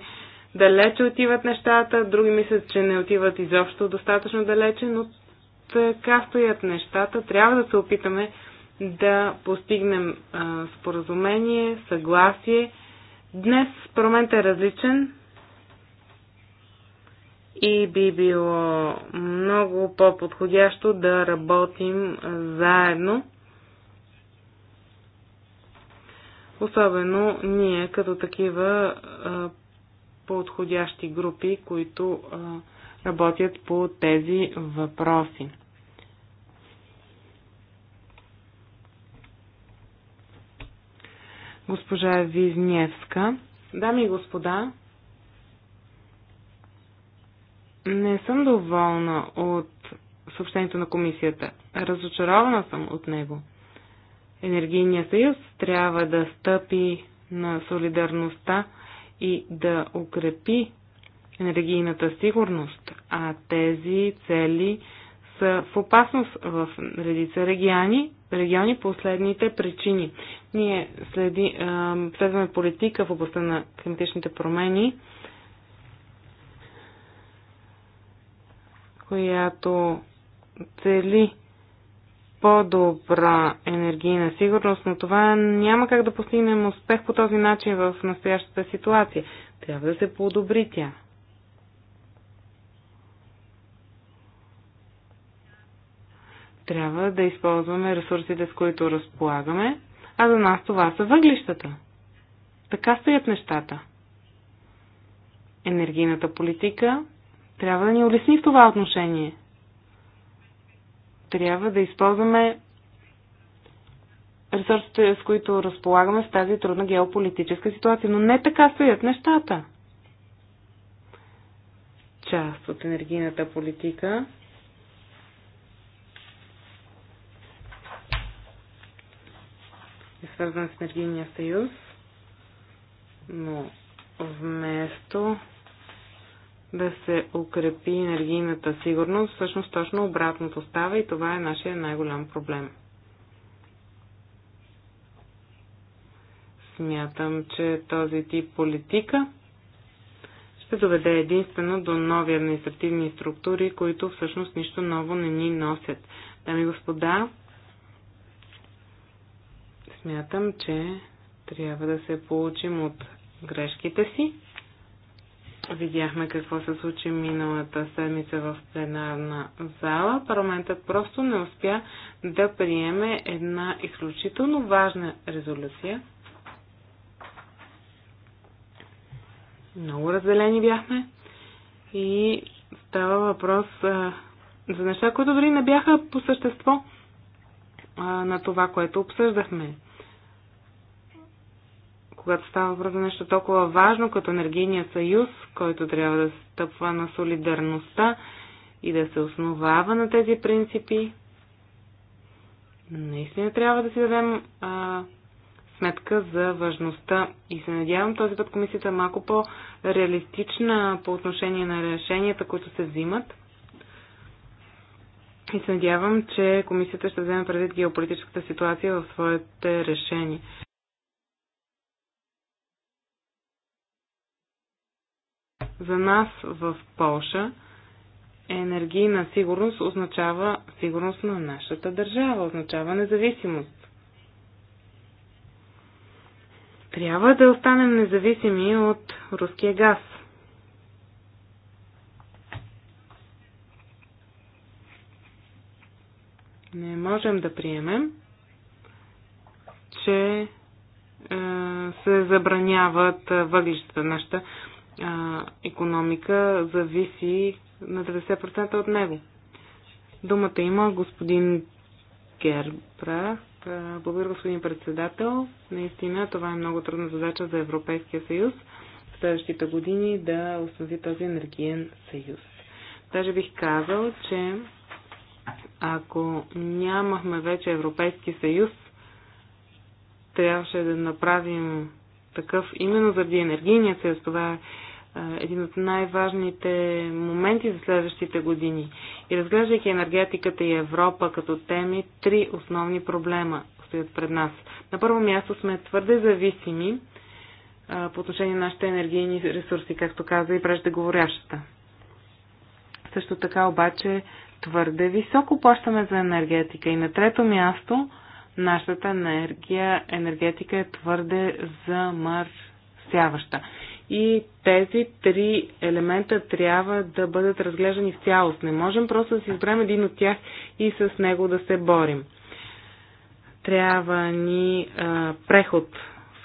F: далече отиват нещата, други мислят, че не отиват изобщо достатъчно далече, но така стоят нещата. Трябва да се опитаме да постигнем а, споразумение, съгласие. Днес парламент е различен и би било много по-подходящо да работим заедно Особено ние като такива подходящи групи, които работят по тези въпроси. Госпожа Визневска. Дами и господа, не съм доволна от съобщението на комисията. Разочарована съм от него. Енергийния съюз трябва да стъпи на солидарността и да укрепи енергийната сигурност, а тези цели са в опасност в редица региони, региони по следните причини. Ние следи, следваме политика в областта на климатичните промени, която цели по-добра енергийна сигурност, но това няма как да постигнем успех по този начин в настоящата ситуация. Трябва да се подобри тя. Трябва да използваме ресурсите, с които разполагаме, а за нас това са въглищата. Така стоят нещата. Енергийната политика трябва да ни улесни в това отношение – трябва да използваме ресурсите, с които разполагаме в тази трудна геополитическа ситуация. Но не така стоят нещата. Част от енергийната политика е свързана с енергийния съюз, но вместо да се укрепи енергийната сигурност, всъщност точно обратното става и това е нашия най-голям проблем. Смятам, че този тип политика ще доведе единствено до нови административни структури, които всъщност нищо ново не ни носят. Дами и господа, смятам, че трябва да се получим от грешките си Видяхме какво се случи миналата седмица в пленарна зала. Парламентът просто не успя да приеме една изключително важна резолюция. Много разделени бяхме и става въпрос а, за неща, които дори не бяха по същество а, на това, което обсъждахме когато става въпрос за нещо толкова важно, като енергийния съюз, който трябва да стъпва на солидарността и да се основава на тези принципи, наистина трябва да си дадем а, сметка за важността. И се надявам този път комисията е малко по-реалистична по отношение на решенията, които се взимат. И се надявам, че комисията ще вземе предвид геополитическата ситуация в своите решения. За нас в Полша енергийна сигурност означава сигурност на нашата държава, означава независимост. Трябва да останем независими от руския газ. Не можем да приемем, че е, се забраняват въглищата. Нашата а, економика зависи на 90% от него. Думата има господин Гербра. Благодаря, господин председател. Наистина това е много трудна задача за Европейския съюз в следващите години да установи този енергиен съюз. Даже бих казал, че ако нямахме вече Европейски съюз, трябваше да направим такъв именно заради енергийния съюз. Това е един от най-важните моменти за следващите години. И разглеждайки енергетиката и Европа като теми, три основни проблема стоят пред нас. На първо място сме твърде зависими а, по отношение на нашите енергийни ресурси, както каза и преждеговорящата. Също така обаче твърде високо плащаме за енергетика. И на трето място нашата енергия, енергетика е твърде замърсяваща и тези три елемента трябва да бъдат разглеждани в цялост. Не можем просто да си изберем един от тях и с него да се борим. Трябва ни а, преход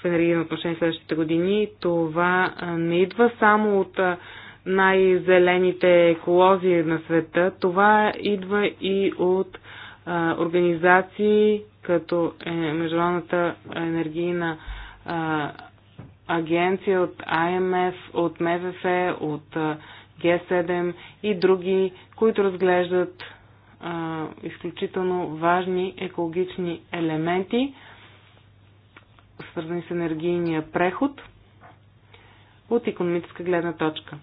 F: в енергийно отношение в следващите години. Това а, не идва само от а, най-зелените еколози на света. Това идва и от а, организации като е, Международната енергийна а, агенция, от АМФ, от МВФ, от Г7 и други, които разглеждат а, изключително важни екологични елементи, свързани с енергийния преход от економическа гледна точка.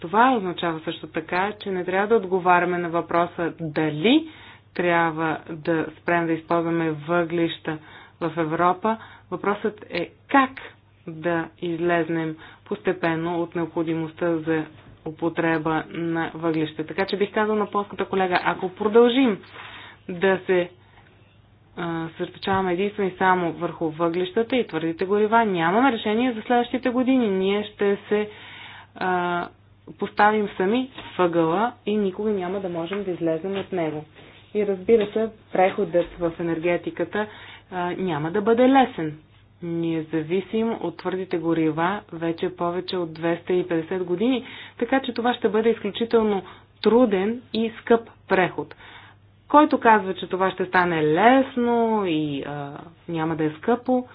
F: Това означава също така, че не трябва да отговаряме на въпроса дали трябва да спрем да използваме въглища в Европа. Въпросът е как да излезнем постепенно от необходимостта за употреба на въглища. Така че бих казал на полската колега, ако продължим да се съсредоточаваме единствено и само върху въглищата и твърдите горива, нямаме решение за следващите години. Ние ще се а, поставим сами въгъла и никога няма да можем да излезем от него. И разбира се, преходът в енергетиката а, няма да бъде лесен. Ние зависим от твърдите горива вече повече от 250 години, така че това ще бъде изключително труден и скъп преход. Който казва, че това ще стане лесно и а, няма да е скъпо,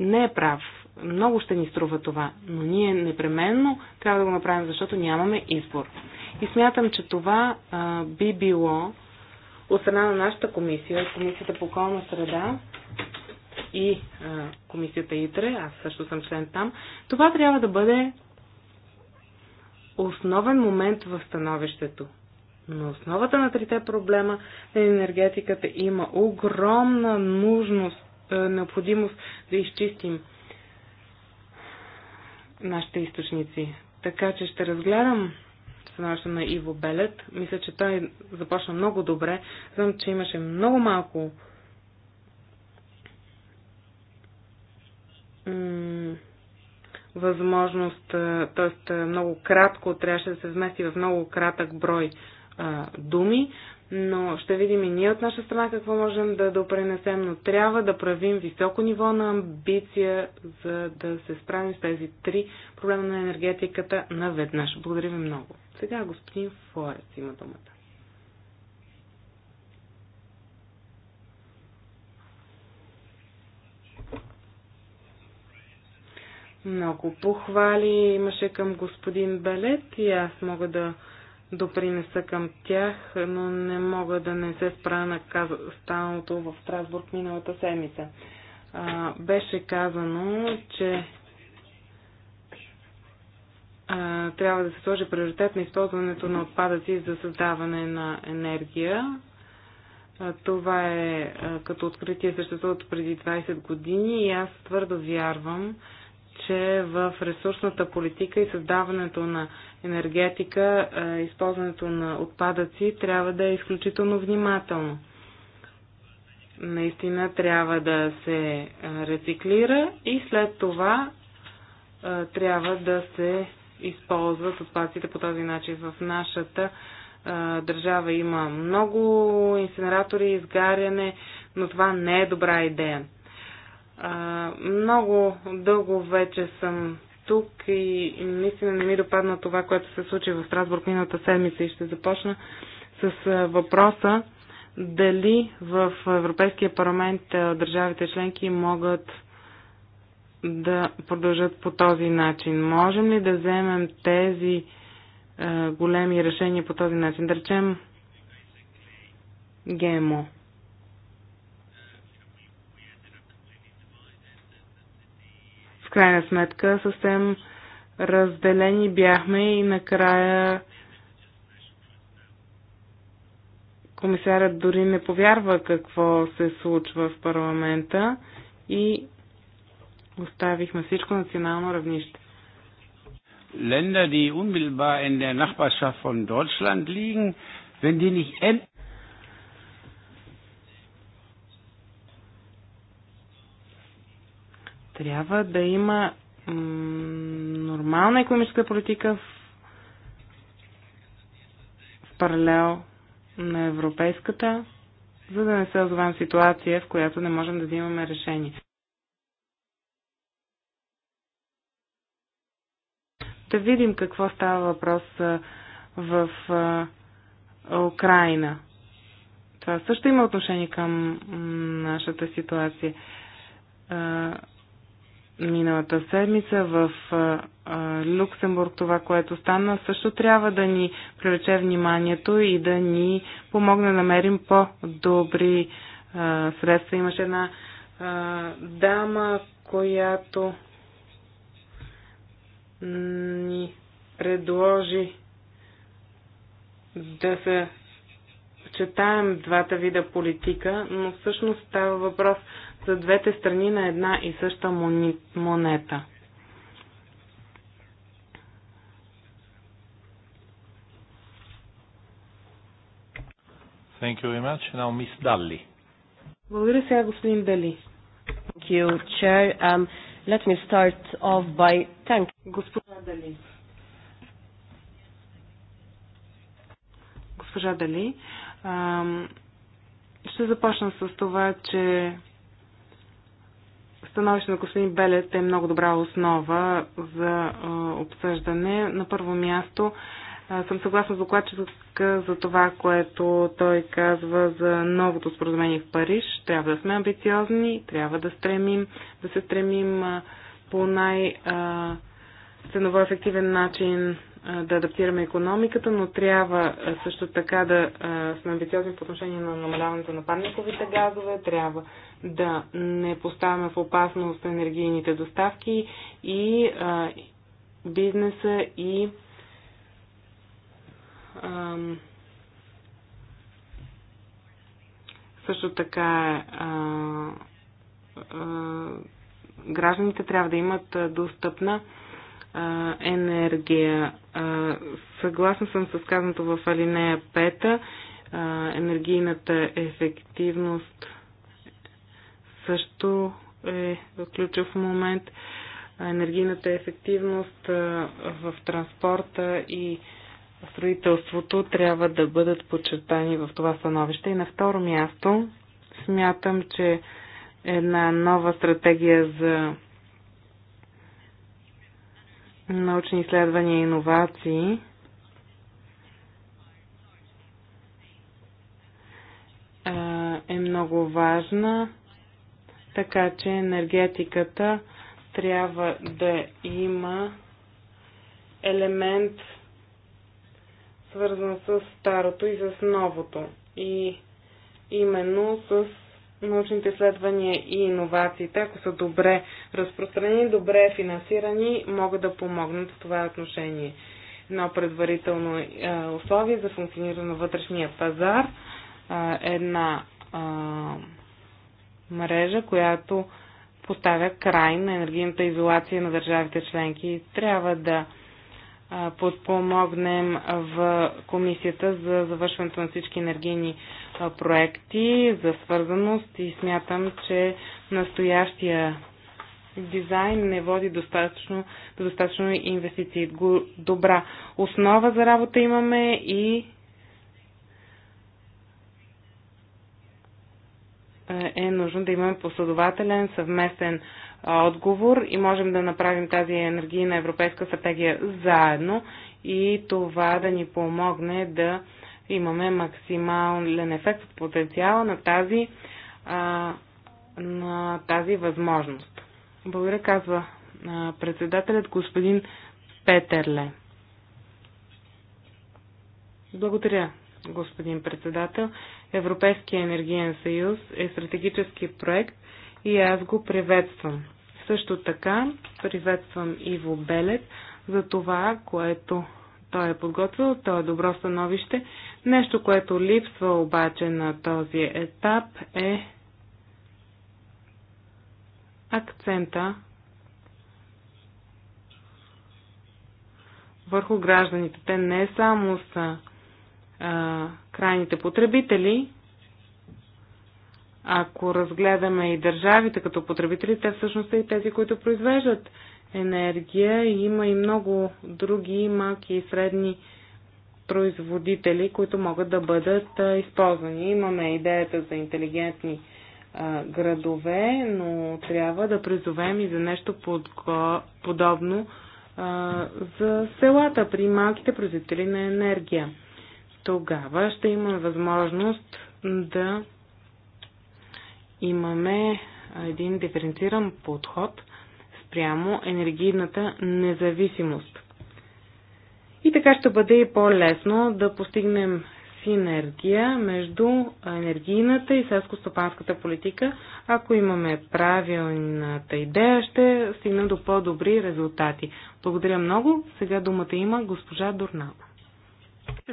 F: не е прав. Много ще ни струва това, но ние непременно трябва да го направим, защото нямаме избор. И смятам, че това а, би било от страна на нашата комисия, Комисията по околна среда, и а, комисията ИТРЕ, аз също съм член там, това трябва да бъде основен момент в становището. На основата на трите проблема на енергетиката има огромна нужност, е, необходимост да изчистим нашите източници. Така че ще разгледам становището на Иво Белет. Мисля, че той започна много добре. Знам, че имаше много малко възможност, т.е. много кратко, трябваше да се вмести в много кратък брой а, думи, но ще видим и ние от наша страна какво можем да допренесем, но трябва да правим високо ниво на амбиция, за да се справим с тези три проблема на енергетиката наведнъж. Благодаря ви много. Сега господин Форец има думата. Много похвали имаше към господин Белет и аз мога да допринеса към тях, но не мога да не се спра на каз... станалото в Страсбург миналата седмица. А, беше казано, че а, трябва да се сложи приоритет на използването на отпадъци за създаване на енергия. А, това е а, като откритие съществуват преди 20 години и аз твърдо вярвам, че в ресурсната политика и създаването на енергетика, е, използването на отпадъци трябва да е изключително внимателно. Наистина трябва да се е, рециклира и след това е, трябва да се използват отпадците по този начин. В нашата държава има много инсинератори, изгаряне, но това не е добра идея. А, много дълго вече съм тук и наистина не ми допадна това, което се случи в Страсбург миналата седмица и ще започна с въпроса дали в Европейския парламент държавите членки могат да продължат по този начин. Можем ли да вземем тези големи решения по този начин? Да речем ГМО. крайна сметка съвсем разделени бяхме и накрая комисарят дори не повярва какво се случва в парламента и оставихме всичко национално равнище.
G: Länder, die unmittelbar in der Nachbarschaft von Deutschland liegen, wenn
F: die nicht Трябва да има нормална економическа политика в, в паралел на европейската, за да не се озовем ситуация, в която не можем да взимаме решение. Да видим какво става въпрос в Украина. Това също има отношение към нашата ситуация миналата седмица в Люксембург това, което стана, също трябва да ни привлече вниманието и да ни помогне да намерим по-добри средства. Имаше една дама, която ни предложи да се четаем двата вида политика, но всъщност става въпрос са двете страни на една и съща монета.
B: Thank you very much. Now, Miss Dali.
F: Благодаря сега, господин Дали. Thank you, Chair. Um, let me start off by thank Госпожа Дали. Госпожа Дали, um, ще започна с това, че Становище на господин Белет е много добра основа за обсъждане. На първо място съм съгласна с докладчика за това, което той казва за новото споразумение в Париж. Трябва да сме амбициозни, трябва да стремим, да се стремим по най- ценово ефективен начин да адаптираме економиката, но трябва също така да сме амбициозни по отношение на намаляването на парниковите газове, трябва да не поставяме в опасност енергийните доставки и а, бизнеса и а, също така а, а, гражданите трябва да имат достъпна а, енергия. А, съгласна съм с казаното в алинея 5 енергийната ефективност също е ключов момент. Енергийната ефективност в транспорта и строителството трябва да бъдат подчертани в това становище. И на второ място смятам, че една нова стратегия за научни изследвания и иновации е много важна. Така че енергетиката трябва да има елемент свързан с старото и с новото. И именно с научните изследвания и иновациите, ако са добре разпространени, добре финансирани, могат да помогнат в това отношение. Едно предварително е, условие за функциониране на вътрешния пазар, е, една мрежа, която поставя край на енергийната изолация на държавите членки. Трябва да подпомогнем в комисията за завършването на всички енергийни проекти за свързаност и смятам, че настоящия дизайн не води достатъчно, до достатъчно инвестиции. Добра основа за работа имаме и е нужно да имаме последователен, съвместен отговор и можем да направим тази енергийна европейска стратегия заедно и това да ни помогне да имаме максимален ефект от потенциала на тази, а, на тази възможност. Благодаря, казва а, председателят господин Петерле. Благодаря, господин председател. Европейския енергиен съюз е стратегически проект и аз го приветствам. Също така приветствам Иво Белет за това, което той е подготвил. То е добро становище. Нещо, което липсва обаче на този етап е акцента върху гражданите. Те не само са крайните потребители, ако разгледаме и държавите като потребители, те всъщност са и тези, които произвеждат енергия. И има и много други малки и средни производители, които могат да бъдат използвани. Имаме идеята за интелигентни градове, но трябва да призовем и за нещо подобно за селата при малките производители на енергия тогава ще имаме възможност да имаме един диференциран подход спрямо енергийната независимост. И така ще бъде и по-лесно да постигнем синергия между енергийната и селско-стопанската политика. Ако имаме правилната идея, ще стигнем до по-добри резултати. Благодаря много. Сега думата има госпожа Дурнава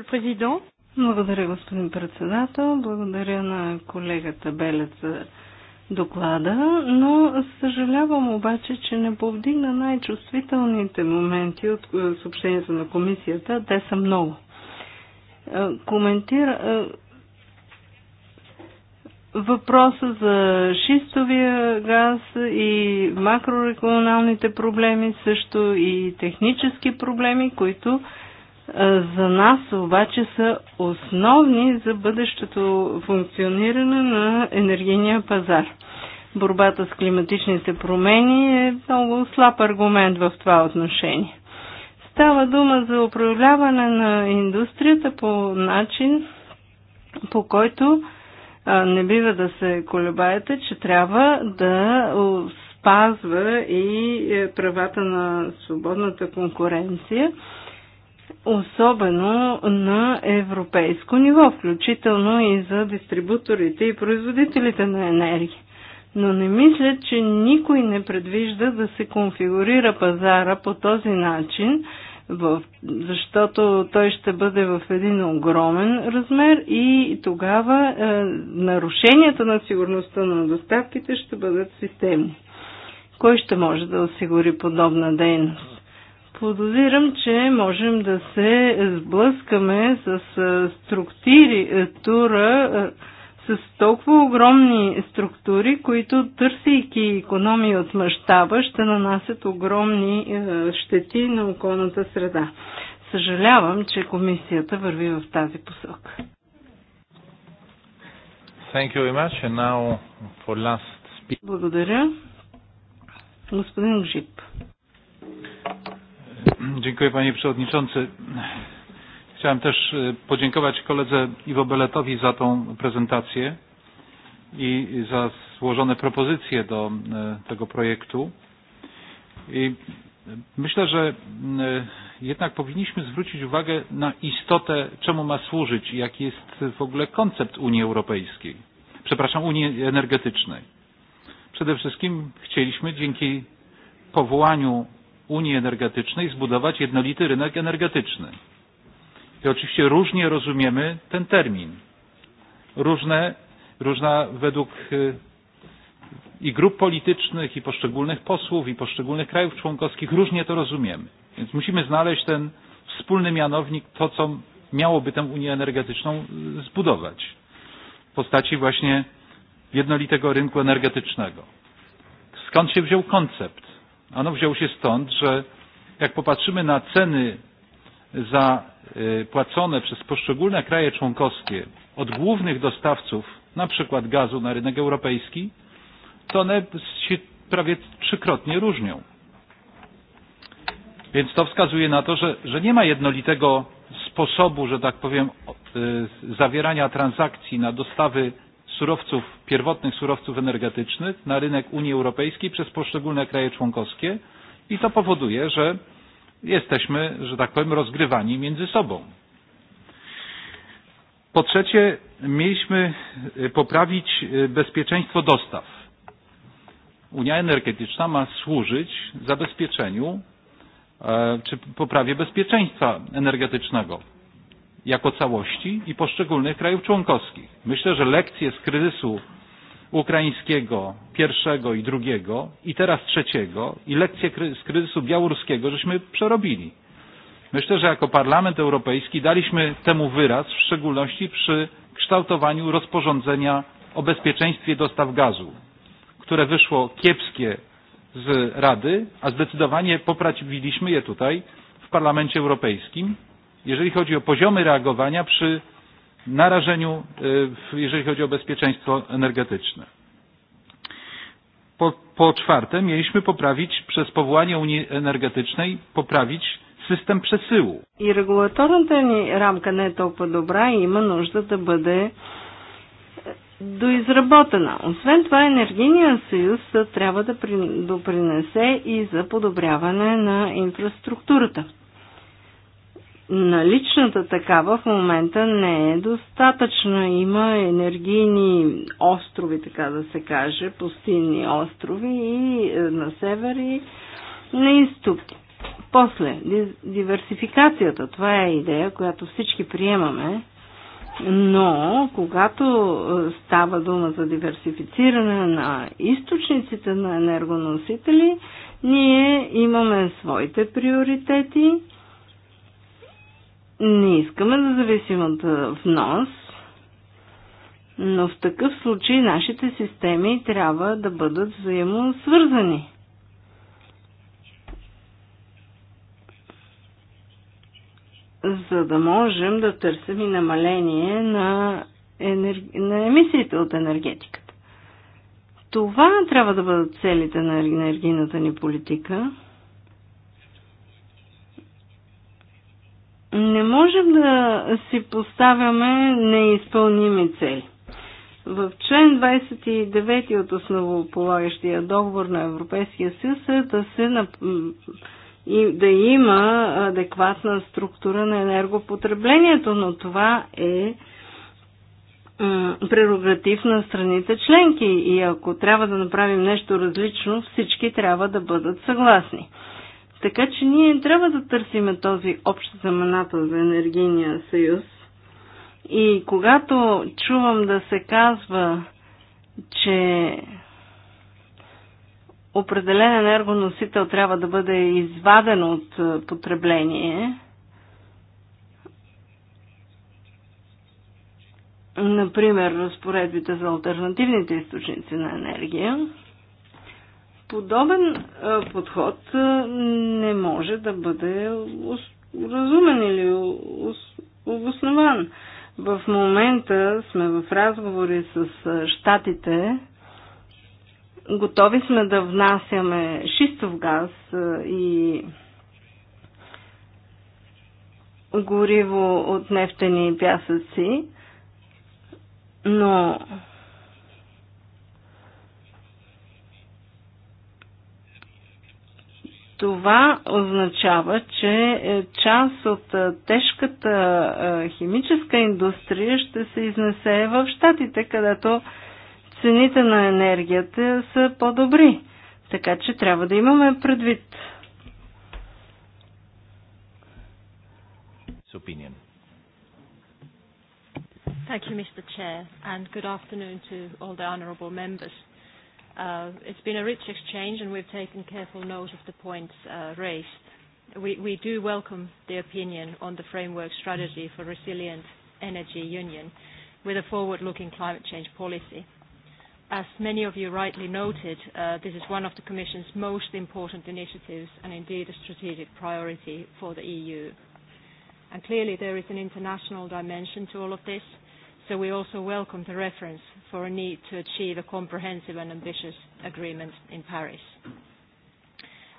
C: президент. Благодаря, господин председател. Благодаря на колегата Белец за доклада, но съжалявам обаче, че не повдигна най-чувствителните моменти от е, съобщението на комисията. Те са много. Е, коментира е, въпроса за шистовия газ и макрорегионалните проблеми, също и технически проблеми, които за нас обаче са основни за бъдещото функциониране на енергийния пазар. Борбата с климатичните промени е много слаб аргумент в това отношение. Става дума за управляване на индустрията по начин, по който не бива да се колебаете, че трябва да спазва и е, правата на свободната конкуренция – особено на европейско ниво, включително и за дистрибуторите и производителите на енергия. Но не мисля, че никой не предвижда да се конфигурира пазара по този начин, в, защото той ще бъде в един огромен размер и тогава е, нарушенията на сигурността на доставките ще бъдат системни. Кой ще може да осигури подобна дейност? Подозирам, че можем да се сблъскаме с тура с толкова огромни структури, които търсейки економии от мащаба, ще нанасят огромни щети на околната среда. Съжалявам, че комисията върви в тази посока.
B: Благодаря.
C: Господин Жип.
A: Dziękuję panie przewodniczący. Chciałem też podziękować koledze Iwo Beletowi za tą prezentację i za złożone propozycje do tego projektu. I myślę, że jednak powinniśmy zwrócić uwagę na istotę, czemu ma służyć i jaki jest w ogóle koncept Unii Europejskiej, przepraszam, Unii Energetycznej. Przede wszystkim chcieliśmy dzięki powołaniu Unii Energetycznej zbudować jednolity rynek energetyczny. I oczywiście różnie rozumiemy ten termin. Różne, różna według i grup politycznych, i poszczególnych posłów, i poszczególnych krajów członkowskich różnie to rozumiemy. Więc musimy znaleźć ten wspólny mianownik, to co miałoby tę Unię Energetyczną zbudować w postaci właśnie jednolitego rynku energetycznego. Skąd się wziął koncept? Ano wziął się stąd, że jak popatrzymy na ceny za płacone przez poszczególne kraje członkowskie od głównych dostawców, na przykład gazu na rynek europejski, to one się prawie trzykrotnie różnią. Więc to wskazuje na to, że, że nie ma jednolitego sposobu, że tak powiem, zawierania transakcji na dostawy surowców, pierwotnych surowców energetycznych na rynek Unii Europejskiej przez poszczególne kraje członkowskie i to powoduje, że jesteśmy, że tak powiem, rozgrywani między sobą. Po trzecie, mieliśmy poprawić bezpieczeństwo dostaw. Unia energetyczna ma służyć zabezpieczeniu czy poprawie bezpieczeństwa energetycznego jako całości i poszczególnych krajów członkowskich. Myślę, że lekcje z kryzysu ukraińskiego pierwszego i drugiego i teraz trzeciego i lekcje z kryzysu białoruskiego żeśmy przerobili. Myślę, że jako Parlament Europejski daliśmy temu wyraz, w szczególności przy kształtowaniu rozporządzenia o bezpieczeństwie dostaw gazu, które wyszło kiepskie z Rady, a zdecydowanie poprawiliśmy je tutaj w Parlamencie Europejskim jeżeli chodzi o poziomy reagowania przy narażeniu, e, jeżeli chodzi o bezpieczeństwo energetyczne. Po, po czwarte, mieliśmy poprawić przez powołanie Unii Energetycznej, poprawić систем пресилу.
C: И регулаторната ни рамка не е толкова добра и има нужда да бъде доизработена. Освен това, енергийния съюз трябва да допринесе и за подобряване на инфраструктурата наличната такава в момента не е достатъчно, Има енергийни острови, така да се каже, пустинни острови и е, на север и на изток. После, диверсификацията. Това е идея, която всички приемаме, но когато е, става дума за диверсифициране на източниците на енергоносители, ние имаме своите приоритети – не искаме да зависим от внос, но в такъв случай нашите системи трябва да бъдат взаимосвързани. За да можем да търсим и намаление на, енер... на емисиите от енергетиката. Това трябва да бъдат целите на енергийната ни политика. Не можем да си поставяме неизпълними цели. В член 29 от основополагащия договор на Европейския съюз е да се да има адекватна структура на енергопотреблението, но това е прерогатив на страните членки и ако трябва да направим нещо различно, всички трябва да бъдат съгласни. Така че ние трябва да търсиме този общ заменател за енергийния съюз. И когато чувам да се казва, че определен енергоносител трябва да бъде изваден от е, потребление, например разпоредбите за альтернативните източници на енергия, Подобен подход не може да бъде разумен или обоснован. В момента сме в разговори с щатите. Готови сме да внасяме шистов газ и гориво от нефтени пясъци, но Това означава, че е, част от е, тежката е, химическа индустрия ще се изнесе в щатите, където цените на енергията са по-добри. Така че трябва да имаме предвид.
D: Thank you, Mr. Chair, and good afternoon to all the honourable members. Uh, it's been a rich exchange and we've taken careful note of the points uh, raised. We, we do welcome the opinion on the framework strategy for resilient energy union with a forward-looking climate change policy. As many of you rightly noted, uh, this is one of the Commission's most important initiatives and indeed a strategic priority for the EU. And clearly there is an international dimension to all of this, so we also welcome the reference for a need to achieve a comprehensive and ambitious agreement in Paris.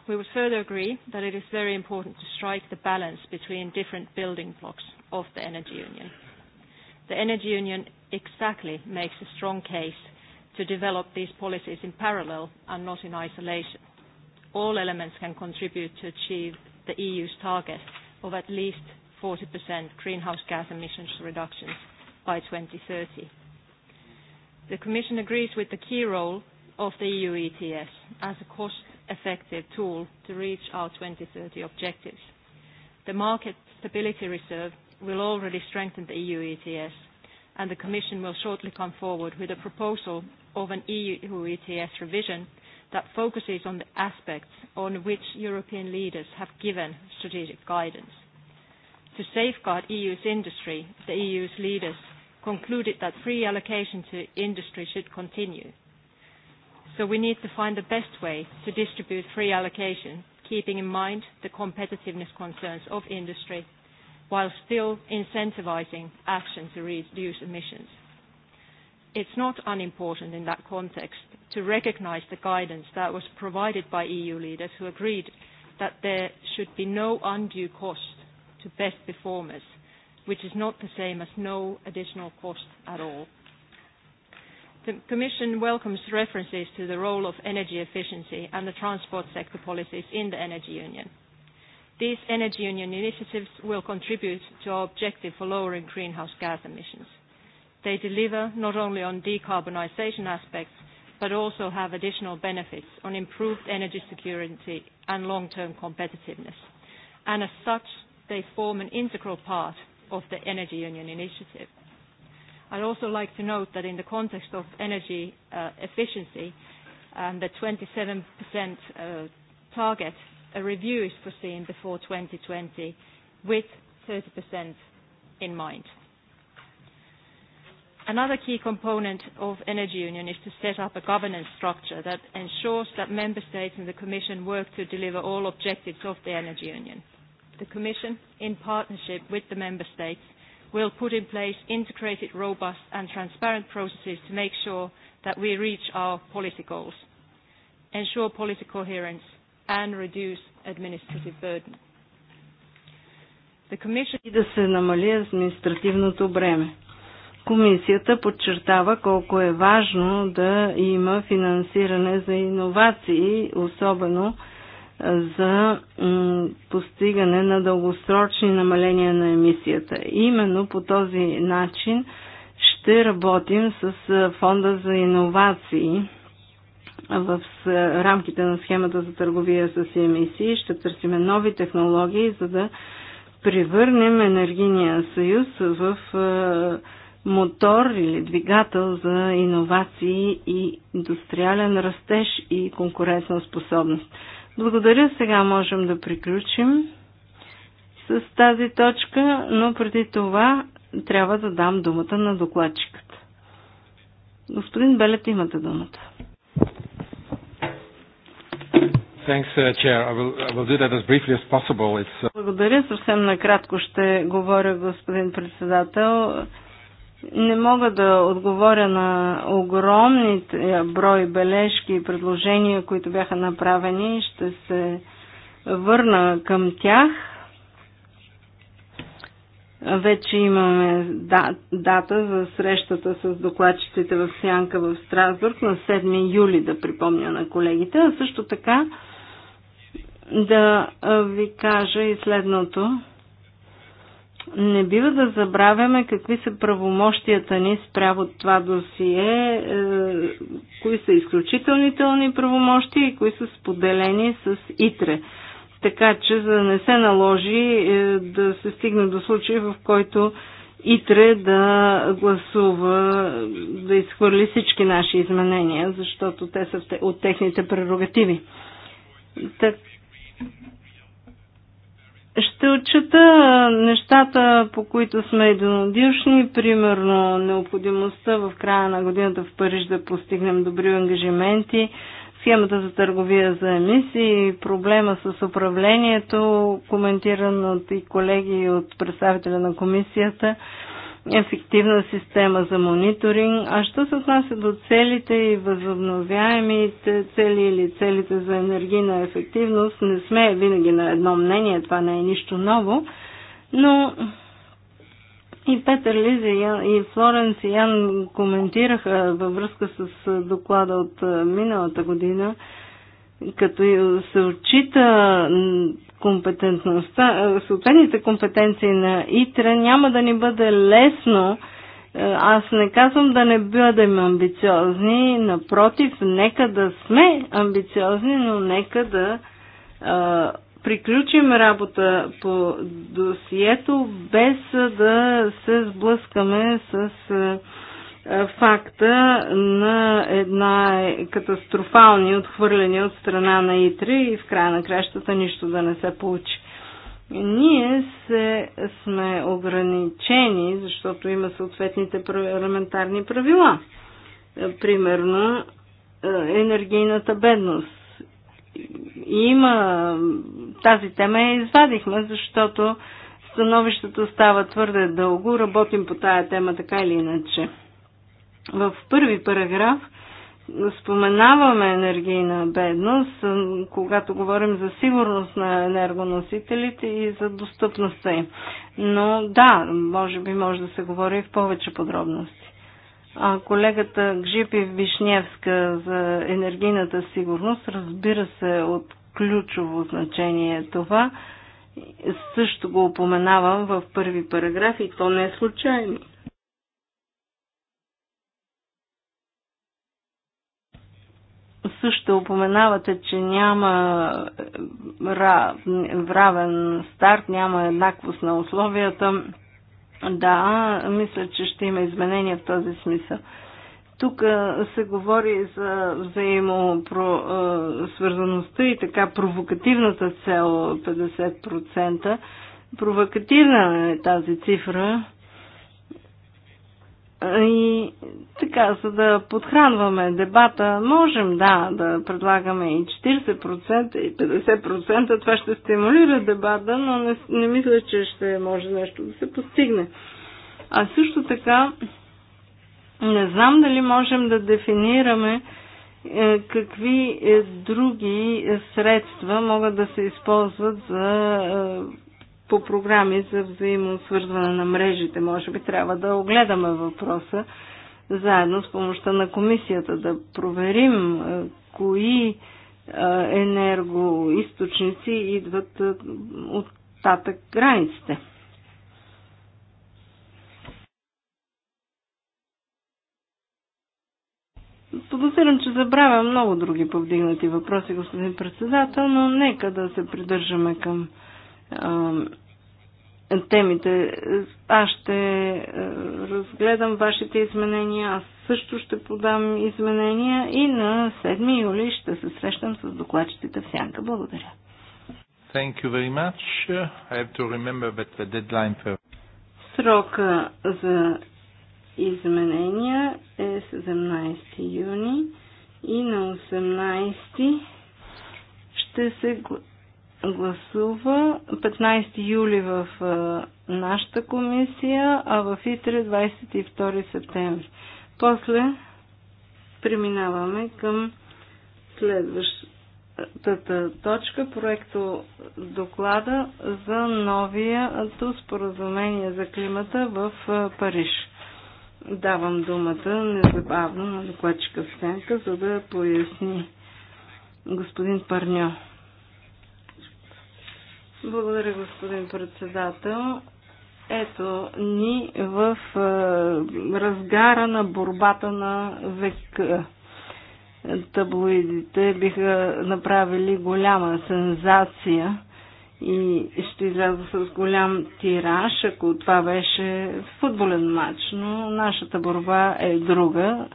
D: We would further agree that it is very important to strike the balance between different building blocks of the energy union. The energy union exactly makes a strong case to develop these policies in parallel and not in isolation. All elements can contribute to achieve the EU's target of at least 40% greenhouse gas emissions reductions by 2030 The Commission agrees with the key role of the EU ETS as a cost-effective tool to reach our 2030 objectives. The Market Stability Reserve will already strengthen the EU ETS, and the Commission will shortly come forward with a proposal of an EU ETS revision that focuses on the aspects on which European leaders have given strategic guidance. To safeguard EU's industry, the EU's leaders concluded that free allocation to industry should continue. So we need to find the best way to distribute free allocation, keeping in mind the competitiveness concerns of industry, while still incentivizing action to reduce emissions. It's not unimportant in that context to recognize the guidance that was provided by EU leaders who agreed that there should be no undue cost to best performers which is not the same as no additional cost at all. The Commission welcomes references to the role of energy efficiency and the transport sector policies in the energy union. These energy union initiatives will contribute to our objective for lowering greenhouse gas emissions. They deliver not only on decarbonisation aspects, but also have additional benefits on improved energy security and long-term competitiveness. And as such, they form an integral part of the Energy Union Initiative. I'd also like to note that in the context of energy uh, efficiency and the 27% uh, target, a review is foreseen before 2020 with 30% in mind. Another key component of Energy Union is to set up a governance structure that ensures that member states and the Commission work to deliver all objectives of the Energy Union the Commission, in partnership with the Member States, will put in place integrated, robust and transparent processes to make sure that we reach our policy goals, ensure policy coherence and reduce administrative burden.
C: The commission... И да се намали административното бреме. Комисията подчертава колко е важно да има финансиране за иновации, особено за постигане на дългосрочни намаления на емисията. Именно по този начин ще работим с Фонда за иновации в рамките на схемата за търговия с емисии. Ще търсим нови технологии, за да превърнем енергийния съюз в мотор или двигател за иновации и индустриален растеж и конкурентна способност. Благодаря, сега можем да приключим с тази точка, но преди това трябва да дам думата на докладчиката. Господин Белет, имате думата. Благодаря, съвсем накратко ще говоря, господин председател. Не мога да отговоря на огромните брой бележки и предложения, които бяха направени. Ще се върна към тях. Вече имаме дата за срещата с докладчиците в Сянка в Страсбург на 7 юли, да припомня на колегите. А също така да ви кажа и следното. Не бива да забравяме какви са правомощията ни спрямо това досие, е, кои са ни правомощи и кои са споделени с ИТРЕ. Така че, за да не се наложи е, да се стигне до случай, в който ИТРЕ да гласува, да изхвърли всички наши изменения, защото те са от техните прерогативи. Така ще отчета нещата, по които сме единодушни, примерно необходимостта в края на годината в Париж да постигнем добри ангажименти, схемата за търговия за емисии, проблема с управлението, коментиран от и колеги от представителя на комисията – ефективна система за мониторинг. А що се отнася до целите и възобновяемите цели или целите за енергийна ефективност, не сме винаги на едно мнение, това не е нищо ново, но и Петър Лиза и Флоренс и Ян коментираха във връзка с доклада от миналата година – като се отчита компетентността, съответните компетенции на ИТРА, няма да ни бъде лесно. Е, аз не казвам да не бъдем амбициозни, напротив, нека да сме амбициозни, но нека да а, приключим работа по досието, без да се сблъскаме с а, е, факта на една е катастрофални отхвърляния от страна на Итри и в края на кращата нищо да не се получи. Ние се сме ограничени, защото има съответните парламентарни правила. Примерно е, енергийната бедност. Има тази тема я извадихме, защото становищата става твърде дълго, работим по тая тема така или иначе. В първи параграф споменаваме енергийна бедност, когато говорим за сигурност на енергоносителите и за достъпността им. Но да, може би може да се говори в повече подробности. А колегата Гжипи Вишневска за енергийната сигурност, разбира се, е от ключово значение е това. Също го упоменавам в първи параграф и то не е случайно. също упоменавате, че няма е, равен старт, няма еднаквост на условията. Да, мисля, че ще има изменения в този смисъл. Тук е, се говори за взаимосвързаността е, и така провокативната цел 50%. Провокативна е тази цифра, и така, за да подхранваме дебата, можем да, да предлагаме и 40% и 50%, това ще стимулира дебата, но не, не мисля, че ще може нещо да се постигне. А също така, не знам дали можем да дефинираме е, какви е, други средства могат да се използват за е, по програми за взаимосвързване на мрежите. Може би трябва да огледаме въпроса заедно с помощта на комисията, да проверим е, кои е, енергоисточници идват е, от татък границите. Подозирам, че забравя много други повдигнати въпроси, господин председател, но нека да се придържаме към темите. Аз ще е, разгледам вашите изменения, аз също ще подам изменения и на 7 юли ще се срещам с докладчиците в Сянка. Благодаря.
B: Thank you very much. I have to remember that the deadline for...
C: Срока за изменения е 17 юни и на 18 ще се гласува 15 юли в нашата комисия, а в ИТРЕ 22 септември. После преминаваме към следващата точка, проекто доклада за новието споразумение за климата в Париж. Давам думата незабавно на докладчика стенка, за да поясни господин Парньо. Благодаря, господин председател. Ето ни в е, разгара на борбата на века. Таблоидите биха направили голяма сензация и ще изляза с голям тираж, ако това беше футболен матч, но нашата борба е друга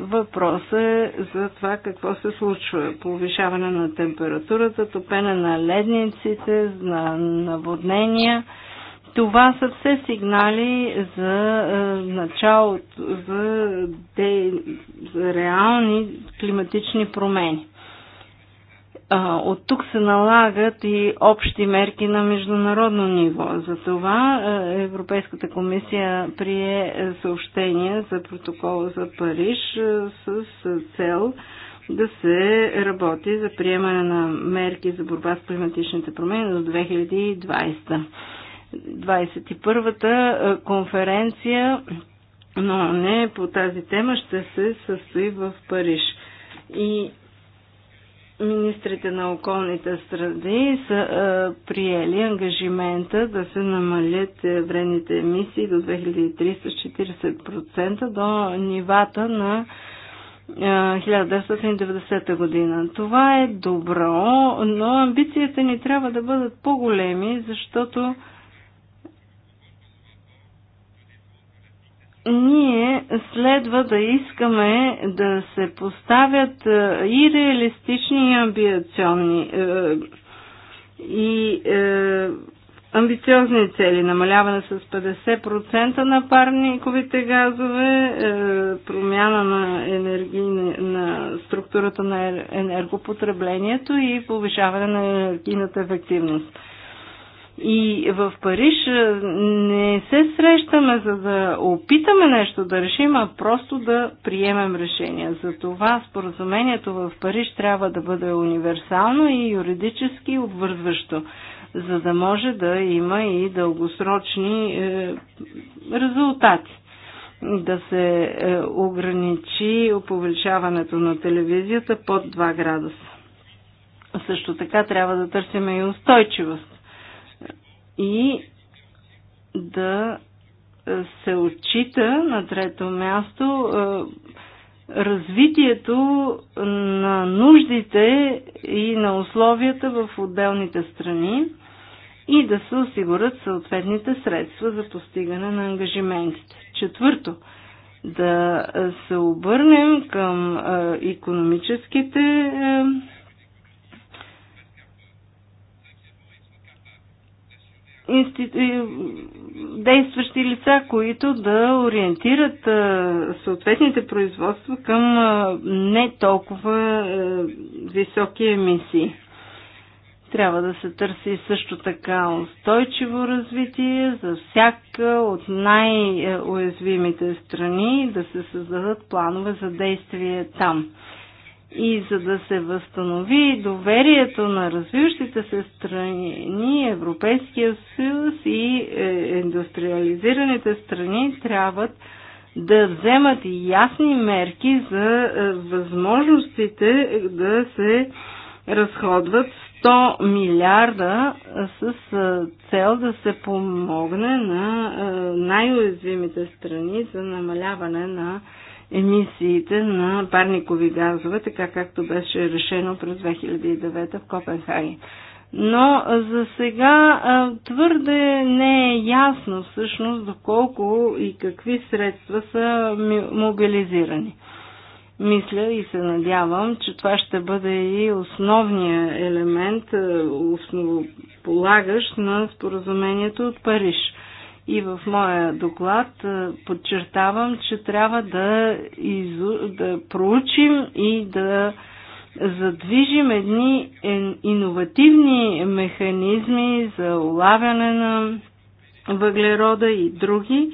C: Въпрос е за това какво се случва. Повишаване на температурата, топене на ледниците, на наводнения. Това са все сигнали за началото, за, де, за реални климатични промени. От тук се налагат и общи мерки на международно ниво. Затова Европейската комисия прие съобщение за протокола за Париж с цел да се работи за приемане на мерки за борба с климатичните промени до 2020. 21-та конференция, но не по тази тема, ще се състои в Париж. И министрите на околните среди са а, е, приели ангажимента да се намалят е, вредните емисии до 2340% до нивата на 1990 е, година. Това е добро, но амбицията ни трябва да бъдат по-големи, защото ние следва да искаме да се поставят е, и реалистични и амбиционни е, и е, амбициозни цели. Намаляване с 50% на парниковите газове, промяна на, енергии, на структурата на енергопотреблението и повишаване на енергийната ефективност. И в Париж е, не се срещаме, за да опитаме нещо да решим, а просто да приемем решение. Затова споразумението в Париж трябва да бъде универсално и юридически обвързващо, за да може да има и дългосрочни е, резултати да се е, ограничи оповеличаването на телевизията под 2 градуса. Също така трябва да търсим и устойчивост и да е, се отчита на трето място е, развитието на нуждите и на условията в отделните страни и да се осигурят съответните средства за постигане на ангажиментите. Четвърто, да се обърнем към економическите е, действащи лица, които да ориентират съответните производства към не толкова високи емисии. Трябва да се търси също така устойчиво развитие за всяка от най-уязвимите страни да се създадат планове за действие там. И за да се възстанови доверието на развиващите се страни, Европейския съюз и е, индустриализираните страни трябва да вземат ясни мерки за е, възможностите да се разходват 100 милиарда с е, цел да се помогне на най-уязвимите страни за намаляване на емисиите на парникови газове, така както беше решено през 2009 в Копенхаген. Но за сега твърде не е ясно всъщност доколко и какви средства са мобилизирани. Мисля и се надявам, че това ще бъде и основният елемент, основополагащ на споразумението от Париж – и в моя доклад подчертавам, че трябва да, изу... да проучим и да задвижим едни иновативни механизми за улавяне на въглерода и други,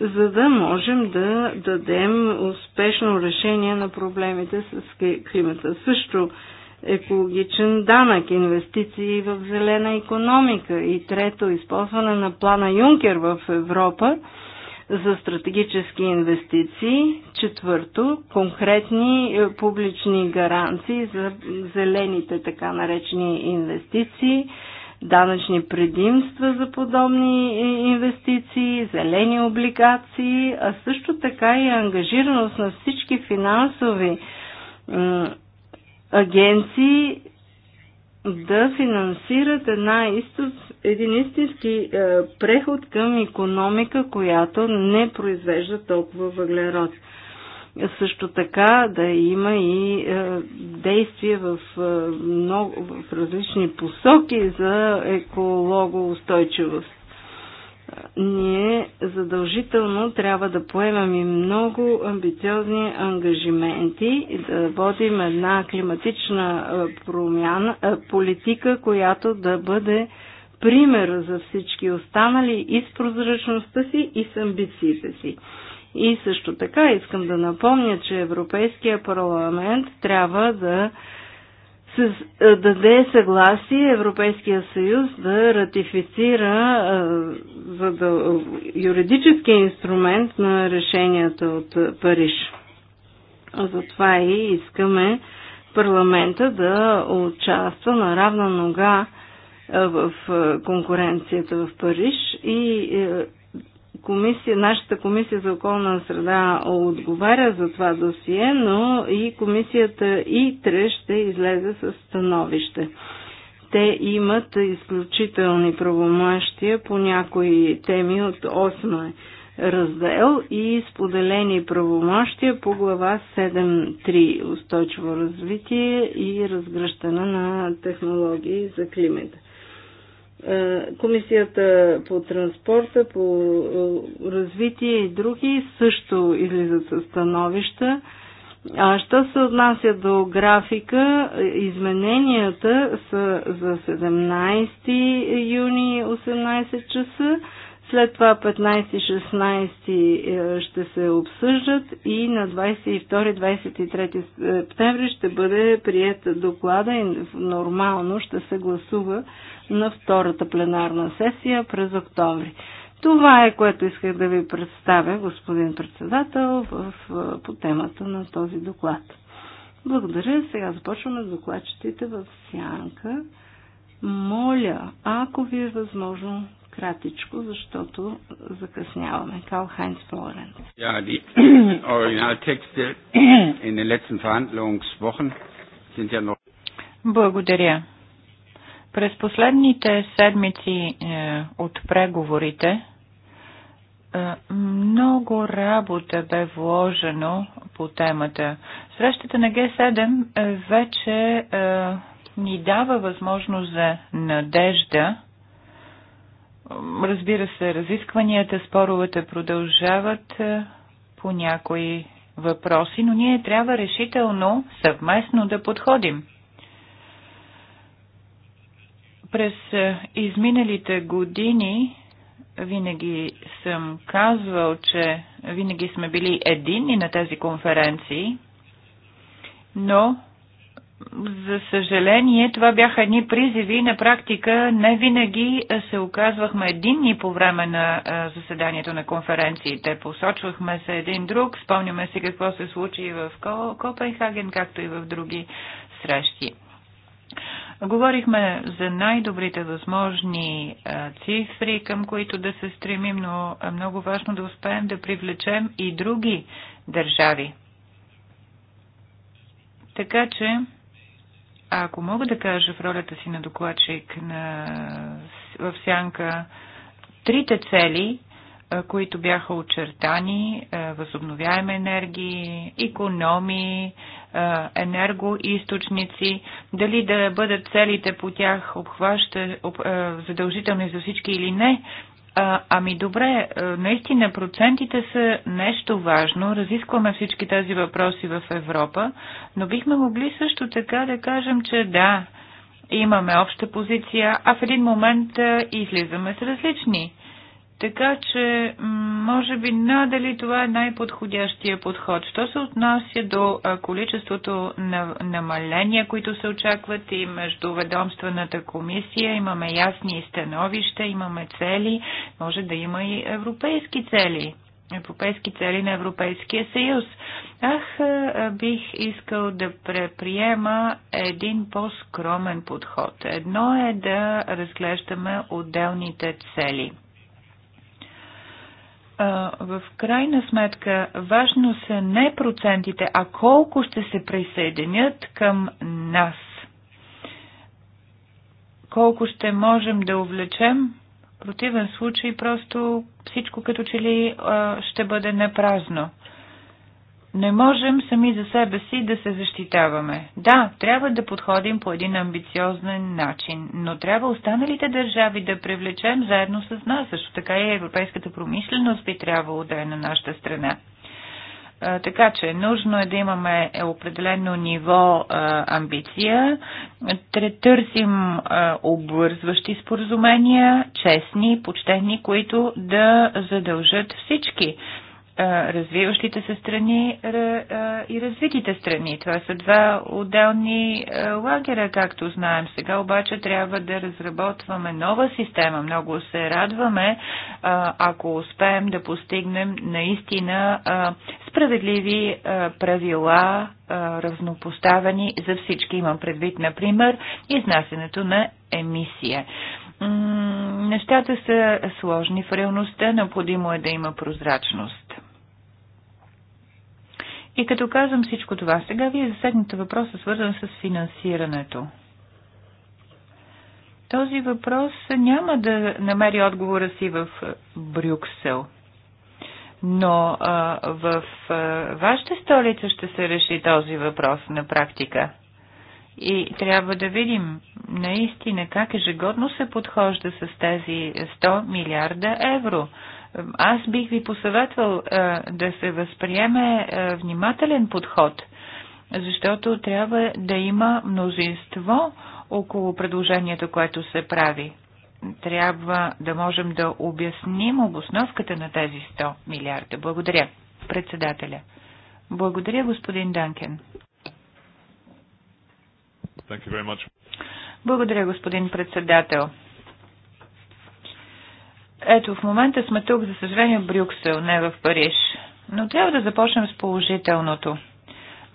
C: за да можем да дадем успешно решение на проблемите с климата. Също екологичен данък, инвестиции в зелена економика и трето използване на плана Юнкер в Европа за стратегически инвестиции, четвърто конкретни е, публични гаранции за зелените така наречени инвестиции, данъчни предимства за подобни е, инвестиции, зелени облигации, а също така и ангажираност на всички финансови агенции да финансират една истос, един истински е, преход към економика, която не произвежда толкова въглерод. Също така да има и е, действия в, е, много, в различни посоки за екологоустойчивост ние задължително трябва да поемем и много амбициозни ангажименти и да водим една климатична промяна, политика, която да бъде пример за всички останали и с прозрачността си, и с амбициите си. И също така искам да напомня, че Европейския парламент трябва да се е, даде съгласие Европейския съюз да ратифицира е, за да, юридически инструмент на решенията от Париж. Затова и искаме парламента да участва на равна нога е, в конкуренцията в Париж и комисия, нашата комисия за околна среда отговаря за това досие, но и комисията ИТРЕ ще излезе с становище. Те имат изключителни правомощия по някои теми от 8 раздел и споделени правомощия по глава 7.3 устойчиво развитие и разгръщане на технологии за климата. Е, Комисията по транспорта, по е, развитие и други също излизат със становища. А що се отнася до графика, измененията са за 17 юни 18 часа след това 15 16 е, ще се обсъждат и на 22-23 септември ще бъде прият доклада и нормално ще се гласува на втората пленарна сесия през октомври. Това е което исках да ви представя, господин председател, в, в, по темата на този доклад. Благодаря. Сега започваме с докладчетите в сянка. Моля, ако ви е възможно, кратичко, защото закъсняваме. Карл Хайнц Флорен.
G: Ja, die Originaltexte in den letzten Verhandlungswochen sind ja noch...
E: Благодаря. През последните седмици е, от преговорите е, много работа бе вложено по темата. Срещата на Г7 е, вече е, ни дава възможност за надежда Разбира се, разискванията, споровете продължават е, по някои въпроси, но ние трябва решително съвместно да подходим. През е, изминалите години винаги съм казвал, че винаги сме били едини на тези конференции, но за съжаление, това бяха едни призиви. На практика не винаги се оказвахме единни по време на заседанието на конференциите. Посочвахме се един друг, спомняме си какво се случи в Копенхаген, както и в други срещи. Говорихме за най-добрите възможни цифри, към които да се стремим, но е много важно да успеем да привлечем и други държави. Така че ако мога да кажа в ролята си на докладчик на, в сянка трите цели, които бяха очертани, възобновяеми енергии, економии, енергоисточници, дали да бъдат целите по тях обхваща, задължителни за всички или не, а, ами добре, е, наистина процентите са нещо важно. Разискваме всички тези въпроси в Европа, но бихме могли също така да кажем, че да, имаме обща позиция, а в един момент е, излизаме с различни така че, може би, надали това е най-подходящия подход. Що се отнася до количеството на намаления, които се очакват и между ведомствената комисия, имаме ясни становища, имаме цели, може да има и европейски цели. Европейски цели на Европейския съюз. Ах, бих искал да преприема един по-скромен подход. Едно е да разглеждаме отделните цели – в крайна сметка важно са не процентите, а колко ще се присъединят към нас. Колко ще можем да увлечем, в противен случай просто всичко като че ли ще бъде напразно. празно. Не можем сами за себе си да се защитаваме. Да, трябва да подходим по един амбициозен начин, но трябва останалите държави да привлечем заедно с нас, Защото така и европейската промишленост би трябвало да е на нашата страна. Така че нужно е да имаме е, определено ниво а, амбиция, търсим а, обвързващи споразумения, честни, почтени, които да задължат всички развиващите се страни и развитите страни. Това са два отделни лагера, както знаем. Сега обаче трябва да разработваме нова система. Много се радваме, ако успеем да постигнем наистина справедливи правила, равнопоставени за всички. Имам предвид, например, изнасянето на емисия нещата са сложни в реалността, необходимо е да има прозрачност. И като казвам всичко това, сега вие засегнете въпроса, свързан с финансирането. Този въпрос няма да намери отговора си в Брюксел. Но а, в а, вашата столица ще се реши този въпрос на практика. И трябва да видим наистина как ежегодно се подхожда с тези 100 милиарда евро. Аз бих ви посъветвал е, да се възприеме е, внимателен подход, защото трябва да има мнозинство около предложението, което се прави. Трябва да можем да обясним обосновката на тези 100 милиарда. Благодаря, председателя. Благодаря, господин Данкен.
D: Thank you very
H: much.
E: Благодаря, господин председател. Ето, в момента сме тук, за съжаление, в Брюксел, не в Париж. Но трябва да започнем с положителното.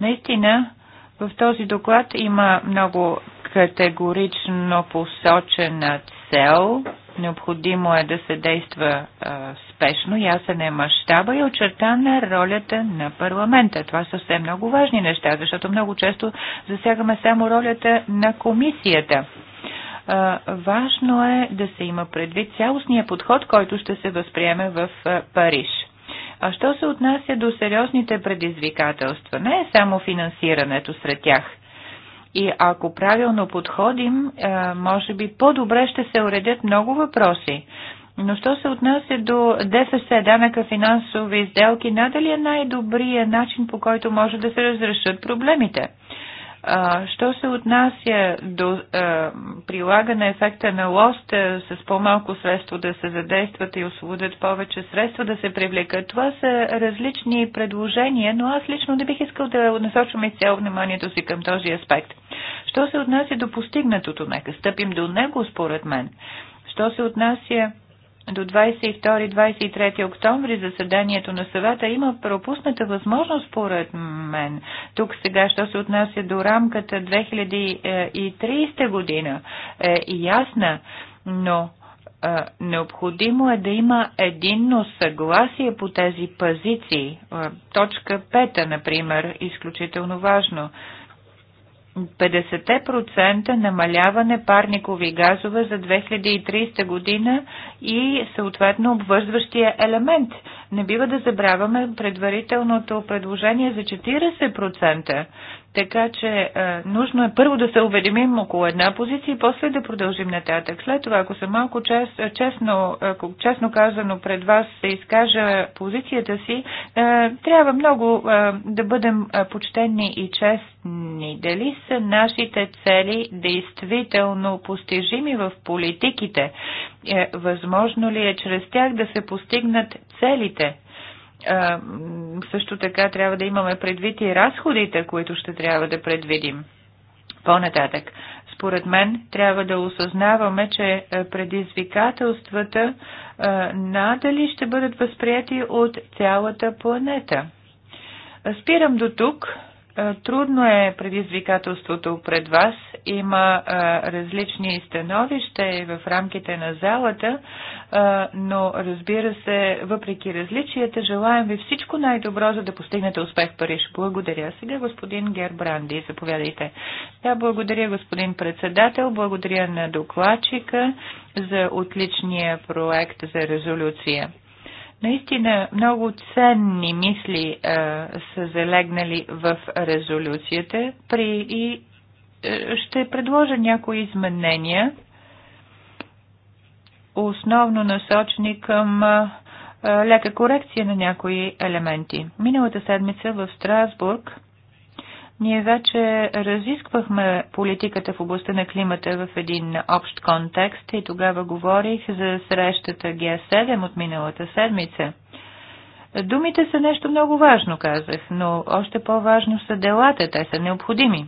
E: Наистина, в този доклад има много категорично посочена цел. Необходимо е да се действа а, успешно, ясен е мащаба и очертана ролята на парламента. Това са все много важни неща, защото много често засягаме само ролята на комисията важно е да се има предвид цялостния подход, който ще се възприеме в Париж. А що се отнася до сериозните предизвикателства? Не е само финансирането сред тях. И ако правилно подходим, може би по-добре ще се уредят много въпроси. Но що се отнася до ДФС, данъка финансови изделки, надали е най-добрият начин по който може да се разрешат проблемите? Що се отнася до а, прилагане ефекта на лост, с по-малко средство да се задействат и освободят повече средства да се привлекат, това са различни предложения, но аз лично не бих искал да насочвам изцяло вниманието си към този аспект. Що се отнася до постигнатото, нека стъпим до него според мен. Що се отнася до 22-23 октомври заседанието на съвета има пропусната възможност, според мен. Тук сега, що се отнася до рамката 2030 година, е ясна, но необходимо е да има единно съгласие по тези позиции. Точка 5, например, изключително важно. 50% намаляване парникови газове за 2030 година и съответно обвързващия елемент. Не бива да забравяме предварителното предложение за 40%. Така че е, нужно е първо да се уведомим около една позиция и после да продължим нататък. След това, ако съм малко чест, е, честно, ако е, честно казано пред вас се изкажа позицията си, е, трябва много е, да бъдем е, почтени и честни. Дали са нашите цели действително постижими в политиките? Е, възможно ли е чрез тях да се постигнат целите? също така трябва да имаме предвид и разходите, които ще трябва да предвидим. По-нататък, според мен, трябва да осъзнаваме, че предизвикателствата надали ще бъдат възприяти от цялата планета. Спирам до тук. Е, трудно е предизвикателството пред вас. Има а, е, различни становища и в рамките на залата, а, е, но разбира се, въпреки различията, желаем ви всичко най-добро, за да постигнете успех в Париж. Благодаря. Сега господин Гербранди, заповядайте. Да, благодаря господин председател, благодаря на докладчика за отличния проект за резолюция. Наистина много ценни мисли а, е, са залегнали в резолюцията при, и а, е, ще предложа някои изменения, основно насочени към а, е, лека корекция на някои елементи. Миналата седмица в Страсбург ние вече разисквахме политиката в областта на климата в един общ контекст и тогава говорих за срещата Г7 от миналата седмица. Думите са нещо много важно, казах, но още по-важно са делата, те са необходими.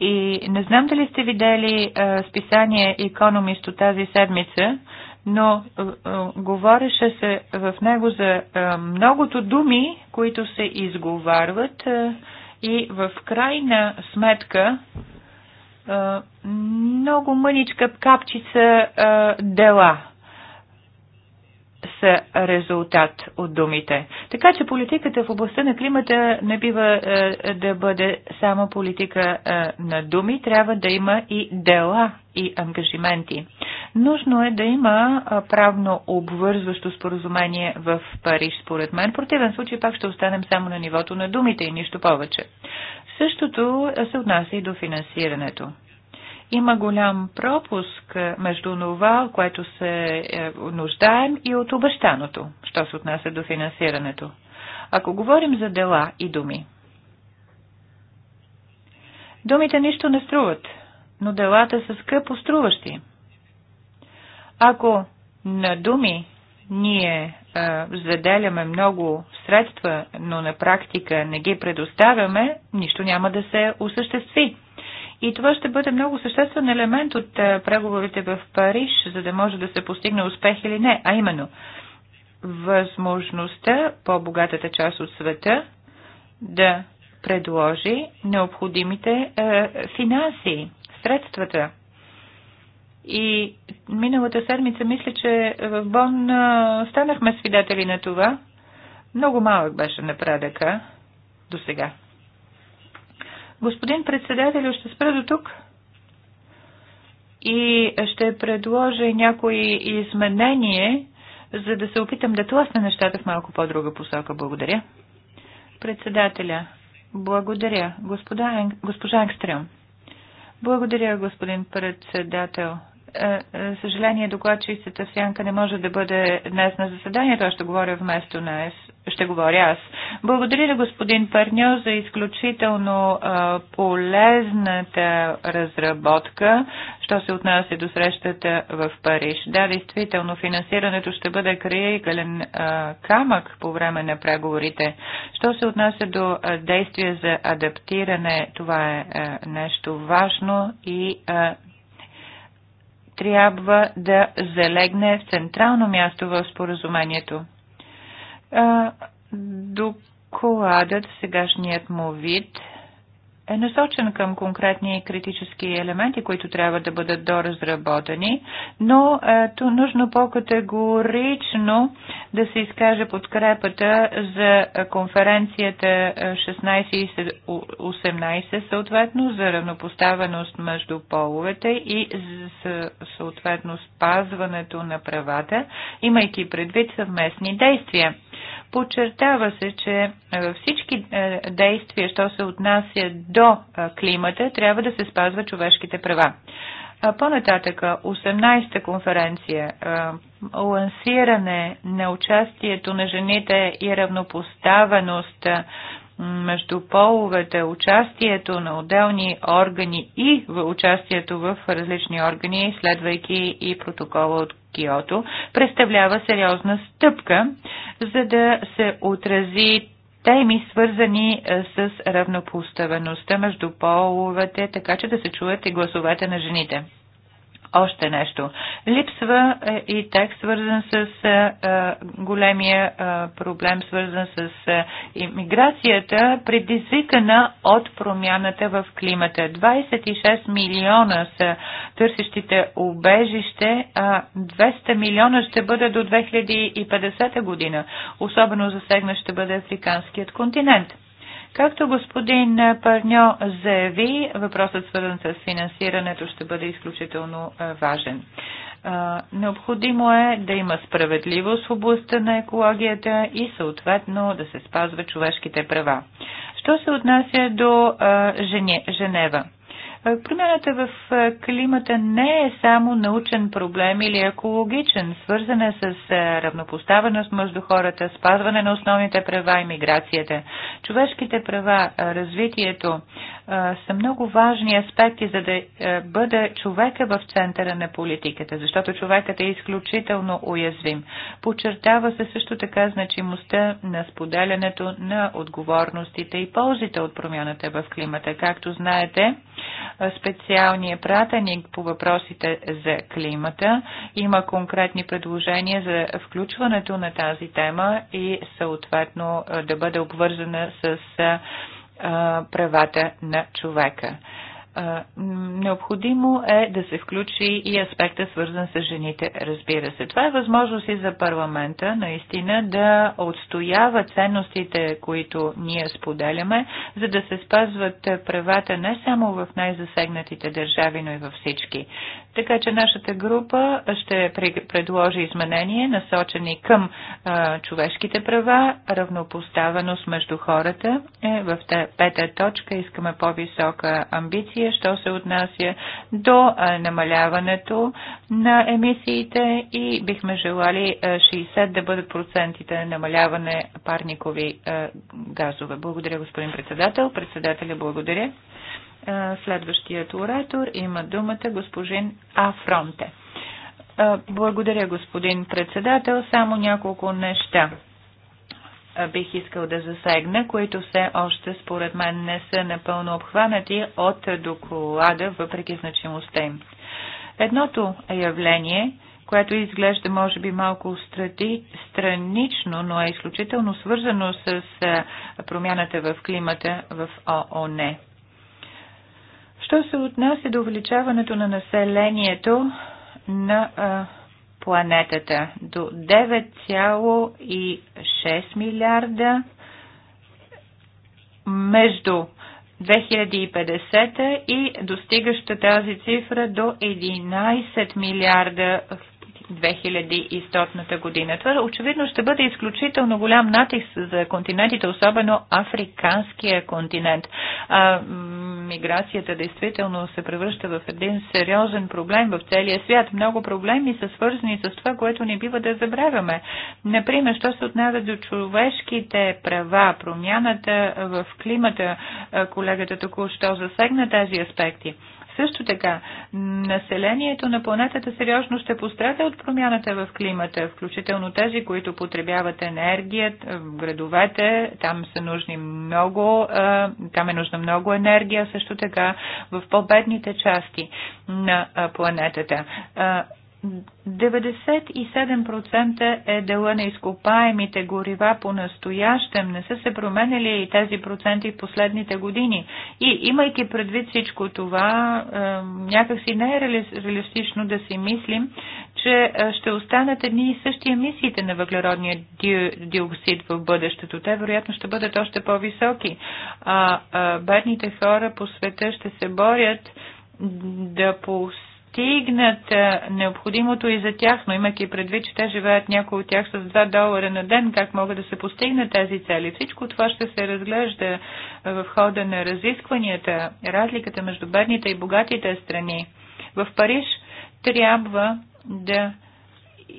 E: И не знам дали сте видели а, списание Economist от тази седмица, но е, е, говореше се в него за е, многото думи, които се изговарват и в крайна сметка много мъничка капчица дела са резултат от думите. Така че политиката в областта на климата не бива е, да бъде само политика е, на думи, трябва да има и дела и ангажименти. Нужно е да има е, правно обвързващо споразумение в Париж, според мен. В противен случай пак ще останем само на нивото на думите и нищо повече. Същото е, се отнася и до финансирането. Има голям пропуск е, между това, което се е, нуждаем и от обещаното, що се отнася до финансирането. Ако говорим за дела и думи, думите нищо не струват, но делата са скъпо струващи. Ако на думи ние а, е, заделяме много средства, но на практика не ги предоставяме, нищо няма да се осъществи. И това ще бъде много съществен елемент от е, преговорите в Париж, за да може да се постигне успех или не, а именно възможността по-богатата част от света да предложи необходимите е, финанси, средствата. И миналата седмица мисля, че в Бон е, станахме свидетели на това. Много малък беше напредъка до сега. Господин председател, ще спра до тук и ще предложа някои изменения, за да се опитам да тласна нещата в малко по-друга посока. Благодаря. Председателя, благодаря. Господа, госпожа Екстрем, Благодаря, господин председател. Е, е, съжаление, докладчицата Сянка не може да бъде днес на заседанието, аз ще говоря вместо днес. Ще говоря аз. Благодаря на господин Парньо за изключително а, е, полезната разработка, що се отнася до срещата в Париж. Да, действително, финансирането ще бъде крайъгълен камък по време на преговорите. Що се отнася до а, действия за адаптиране, това е а, нещо важно и а, трябва да залегне в централно място в споразумението. Докладът сегашният му вид е насочен към конкретни критически елементи, които трябва да бъдат доразработени, но ето нужно по-категорично да се изкаже подкрепата за конференцията 16 е, и 18 съответно за равнопоставеност между половете и за съответно спазването на правата, имайки предвид съвместни действия. Подчертава се, че е, всички е, действия, що се отнася до е, климата, трябва да се спазва човешките права. По-нататъка, 18-та конференция, лансиране на участието на жените и равнопоставеност между половете, участието на отделни органи и участието в различни органи, следвайки и протокола от Киото представлява сериозна стъпка, за да се отрази теми, свързани е, с равнопоставеността между половете, така че да се чуят и гласовете на жените. Още нещо. Липсва е, и текст, свързан с е, е, големия проблем, свързан с иммиграцията, предизвикана от промяната в климата. 26 милиона са търсещите убежище, а 200 милиона ще бъде до 2050 година. Особено засегнат ще бъде африканският континент. Както господин Парньо заяви, въпросът свързан с финансирането ще бъде изключително е, важен. Е, необходимо е да има справедливост в областта на екологията и съответно да се спазва човешките права. Що се отнася до е, Женева? Е, промяната в е, климата не е само научен проблем или екологичен, свързана е с равнопоставеност между хората, спазване на основните права и миграцията. Човешките права, развитието са много важни аспекти, за да бъде човека в центъра на политиката, защото човекът е изключително уязвим. Подчертава се също така значимостта на споделянето на отговорностите и ползите от промяната в климата. Както знаете, специалния пратеник по въпросите за климата. Има конкретни предложения за включването на тази тема и съответно да бъде обвързана с правата на човека необходимо е да се включи и аспекта свързан с жените, разбира се. Това е възможност и за парламента наистина да отстоява ценностите, които ние споделяме, за да се спазват правата не само в най-засегнатите държави, но и във всички. Така че нашата група ще предложи изменения, насочени към а, човешките права, равнопоставеност между хората. Е, в пета точка искаме по-висока амбиция, що се отнася до а, намаляването на емисиите и бихме желали 60 да бъдат процентите на намаляване парникови а, газове. Благодаря, господин председател. Председателя, благодаря. Е, следващият оратор има думата господин Афронте. Е, благодаря, господин председател. Само няколко неща е, бих искал да засегна, които все още според мен не са напълно обхванати от доклада, въпреки значимостта им. Едното явление, което изглежда може би малко страти, странично, но е изключително свързано с промяната в климата в ООН. Що се отнася до увеличаването на населението на а, планетата до 9,6 милиарда между 2050 и достигаща тази цифра до 11 милиарда 2100 година. Това очевидно ще бъде изключително голям натиск за континентите, особено африканския континент. А, миграцията действително се превръща в един сериозен проблем в целия свят. Много проблеми са свързани с това, което не бива да забравяме. Например, що се отнася до човешките права, промяната в климата, колегата току-що засегна тези аспекти. Също така, населението на планетата сериозно ще пострада от промяната в климата, включително тези, които потребяват енергия в градовете, там са нужни много, там е нужна много енергия, също така в по-бедните части на планетата. 97% е дела на изкопаемите горива по настоящем. Не са се променили и тези проценти в последните години. И имайки предвид всичко това, е, някакси не е реалистично да си мислим, че е, ще останат едни и същи емисиите на въглеродния диоксид в бъдещето. Те вероятно ще бъдат още по-високи. А бедните хора по света ще се борят да по постигнат необходимото и за тях, но имайки предвид, че те живеят някои от тях с 2 долара на ден, как могат да се постигнат тези цели. Всичко това ще се разглежда в хода на разискванията, разликата между бедните и богатите страни. В Париж трябва да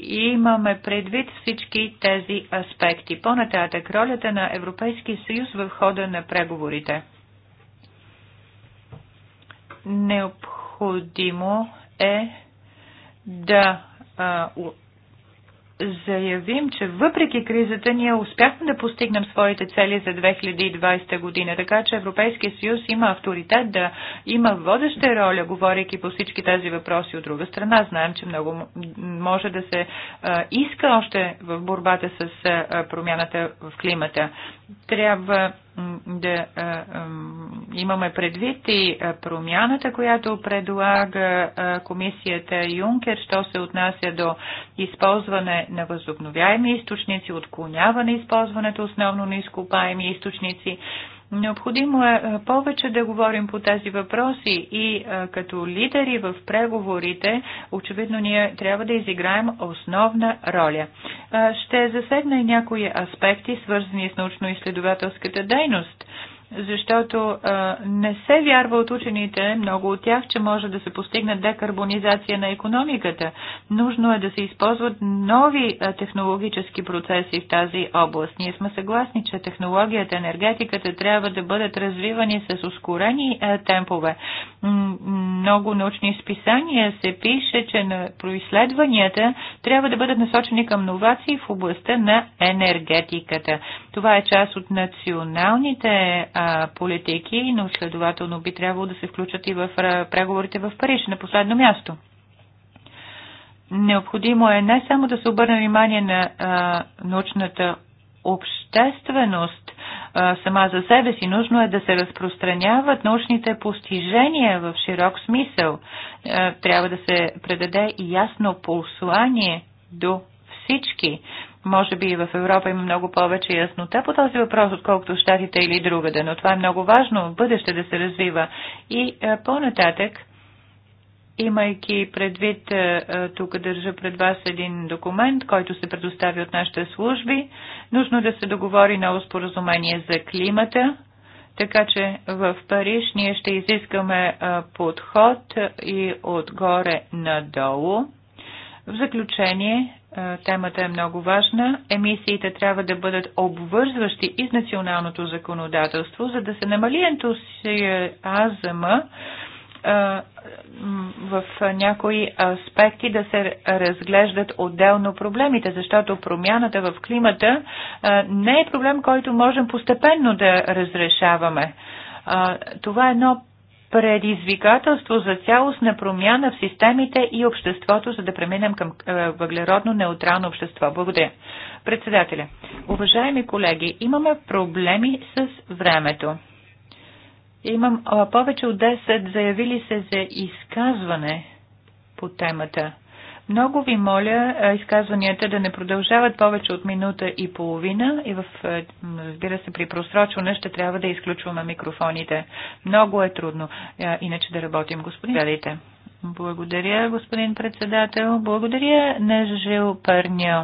E: имаме предвид всички тези аспекти. По-нататък ролята на Европейския съюз в хода на преговорите. Необходимо е да а, заявим, че въпреки кризата ние успяхме да постигнем своите цели за 2020 година, така че Европейския съюз има авторитет да има водеща роля, говоряки по всички тези въпроси. От друга страна, знаем, че много може да се а, иска още в борбата с а, промяната в климата. Трябва да имаме предвид и промяната, която предлага комисията Юнкер, що се отнася до използване на възобновяеми източници, отклоняване използването основно на изкопаеми източници Необходимо е, е повече да говорим по тези въпроси и е, като лидери в преговорите, очевидно ние трябва да изиграем основна роля. Е, ще засегна и някои аспекти, свързани с научно-изследователската дейност защото а, не се вярва от учените, много от тях, че може да се постигне декарбонизация на економиката. Нужно е да се използват нови а, технологически процеси в тази област. Ние сме съгласни, че технологията, енергетиката трябва да бъдат развивани с ускорени а, темпове. Много научни списания се пише, че на произследванията трябва да бъдат насочени към новации в областта на енергетиката. Това е част от националните а, а, политики, но следователно би трябвало да се включат и в а, преговорите в Париж на последно място. Необходимо е не само да се обърне внимание на а, научната общественост а, сама за себе си. Нужно е да се разпространяват научните постижения в широк смисъл. А, трябва да се предаде ясно послание до всички. Може би и в Европа има много повече яснота по този въпрос, отколкото в Штатите или другаде, но това е много важно в бъдеще да се развива. И е, по-нататък, имайки предвид, е, е, тук държа пред вас един документ, който се предостави от нашите служби, нужно да се договори ново споразумение за климата, така че в Париж ние ще изискаме подход и отгоре надолу. В заключение, е, темата е много важна. Емисиите трябва да бъдат обвързващи и с националното законодателство, за да се намали ентусиазъма е, в някои аспекти да се разглеждат отделно проблемите, защото промяната в климата е, не е проблем, който можем постепенно да разрешаваме. Това е едно предизвикателство за цялостна промяна в системите и обществото, за да преминем към е, въглеродно неутрално общество. Благодаря. Председателя, уважаеми колеги, имаме проблеми с времето. Имам повече от 10 заявили се за изказване по темата. Много ви моля изказванията да не продължават повече от минута и половина и в, разбира се, при просрочване ще трябва да изключваме микрофоните. Много е трудно, иначе да работим, господин. Благодаря, господин председател. Благодаря Нежил Пърнио.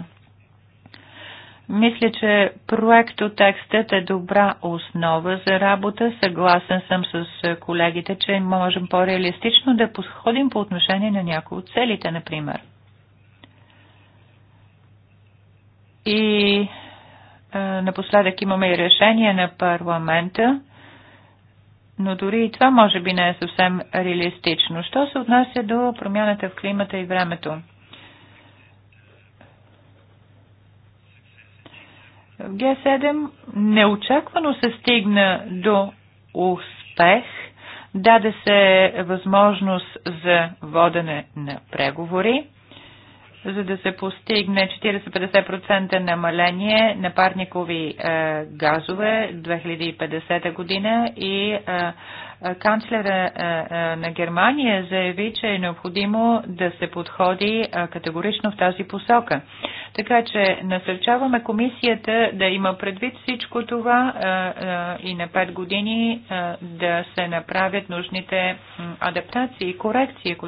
E: Мисля, че проектотекстът е добра основа за работа. Съгласен съм с е, колегите, че можем по-реалистично да подходим по отношение на някои от целите, например. И е, напоследък имаме и решение на парламента, но дори и това може би не е съвсем реалистично. Що се отнася до промяната в климата и времето? В Г7 неочаквано се стигна до успех, даде се възможност за водене на преговори за да се постигне 40-50% намаление на парникови е, газове 2050 година и е, е, канцлера на Германия заяви, че е необходимо да се подходи категорично в тази посока. Така че насърчаваме комисията да има предвид всичко това и на 5 години да се направят нужните адаптации и корекции, ако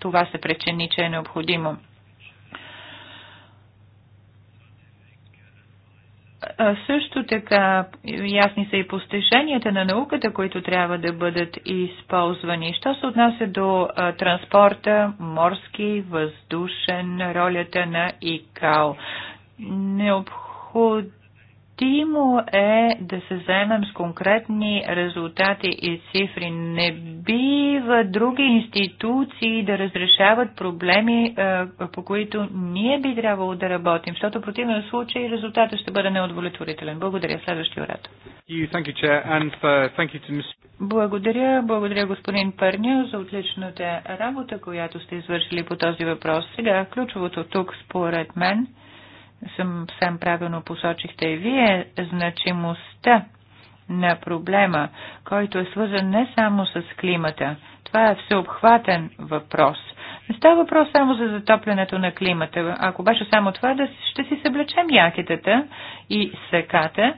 E: това се причини, че е необходимо. също така ясни са и постиженията на науката, които трябва да бъдат използвани. Що се отнася до транспорта, морски, въздушен, ролята на ИКАО. Необходимо необходимо е да се заемем с конкретни резултати и цифри. Не бива други институции да разрешават проблеми, е, по които ние би трябвало да работим, защото в противен случай резултатът ще бъде неудовлетворителен. Благодаря. Следващия ред. Uh, благодаря, благодаря господин Пърня за отличната работа, която сте извършили по този въпрос. Сега ключовото тук според мен съм, сам правилно посочихте и вие, значимостта на проблема, който е свързан не само с климата. Това е всеобхватен въпрос. Не става въпрос само за затоплянето на климата. Ако беше само това, да ще си съблечем якетата и секата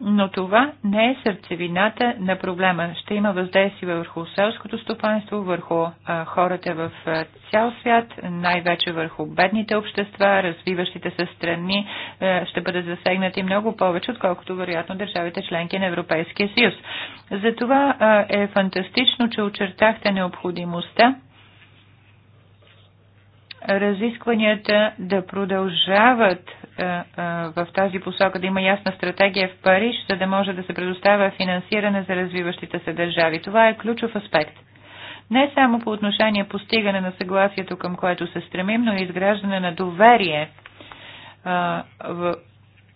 E: но това не е сърцевината на проблема. Ще има въздействие върху селското стопанство, върху а, хората в а, цял свят, най-вече върху бедните общества, развиващите се страни а, ще бъдат засегнати много повече, отколкото вероятно държавите членки на Европейския съюз. Затова а, е фантастично, че очертахте необходимостта разискванията да продължават в тази посока, да има ясна стратегия в Париж, за да може да се предоставя финансиране за развиващите се държави. Това е ключов аспект. Не само по отношение постигане на съгласието, към което се стремим, но и изграждане на доверие а, в,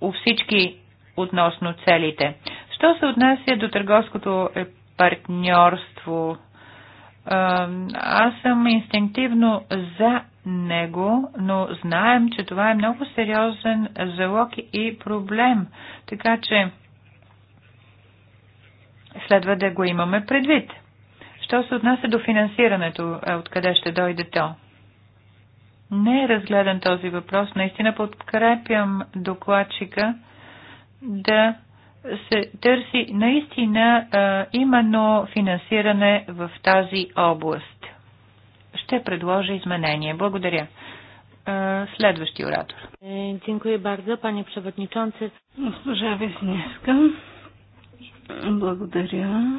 E: у всички относно целите. Що се отнася до търговското е, партньорство? Аз съм инстинктивно за него, но знаем, че това е много сериозен залог и проблем. Така че следва да го имаме предвид. Що се отнася до финансирането, е, откъде ще дойде то? Не е разгледан този въпрос. Наистина подкрепям докладчика да се търси наистина е, именно финансиране в тази област ще предложа изменение. Благодаря. Е, Следващи
C: оратор. Е, дякую bardzo, пане przewodniczący. Госпожа Весневска. Благодаря.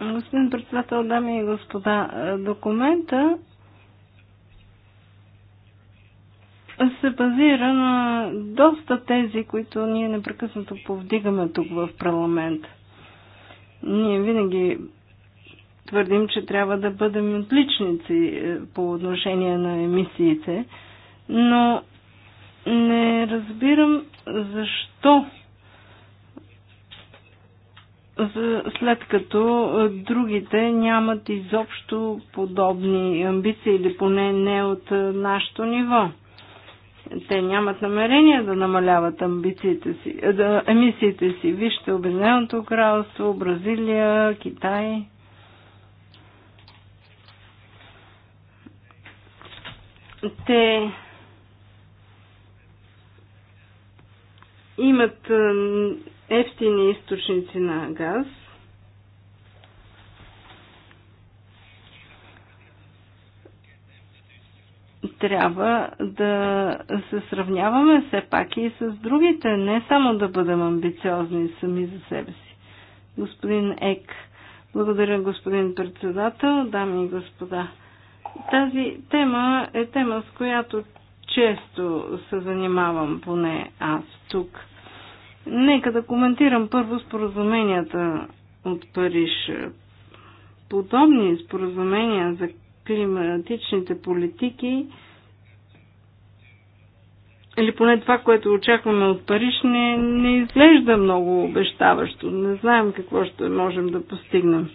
C: Господин председател, дами и господа, е, документа се базира на доста тези, които ние непрекъснато повдигаме тук в парламента. Ние винаги твърдим, че трябва да бъдем отличници е, по отношение на емисиите, но не разбирам защо след като е, другите нямат изобщо подобни амбиции или поне не от е, нашето ниво. Те нямат намерение да намаляват амбициите си, е, да, емисиите си. Вижте Обединеното кралство, Бразилия, Китай. Те имат ефтини източници на газ трябва да се сравняваме все пак и с другите, не само да бъдем амбициозни сами за себе си. Господин Ек, благодаря господин председател, дами и господа. Тази тема е тема, с която често се занимавам, поне аз тук. Нека да коментирам първо споразуменията от Париж. Подобни споразумения за климатичните политики или поне това, което очакваме от Париж, не, не изглежда много обещаващо. Не знаем какво ще можем да постигнем.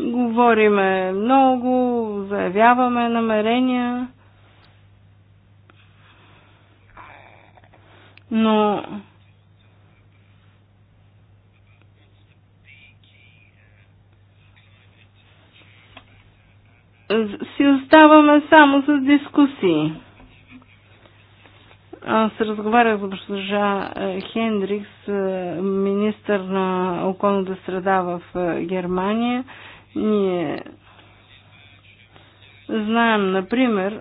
C: Говориме много, заявяваме намерения, но си оставаме само с дискусии. Аз разговарях с госпожа е, Хендрикс, е, министър на околната среда в е, Германия. Ние знаем, например,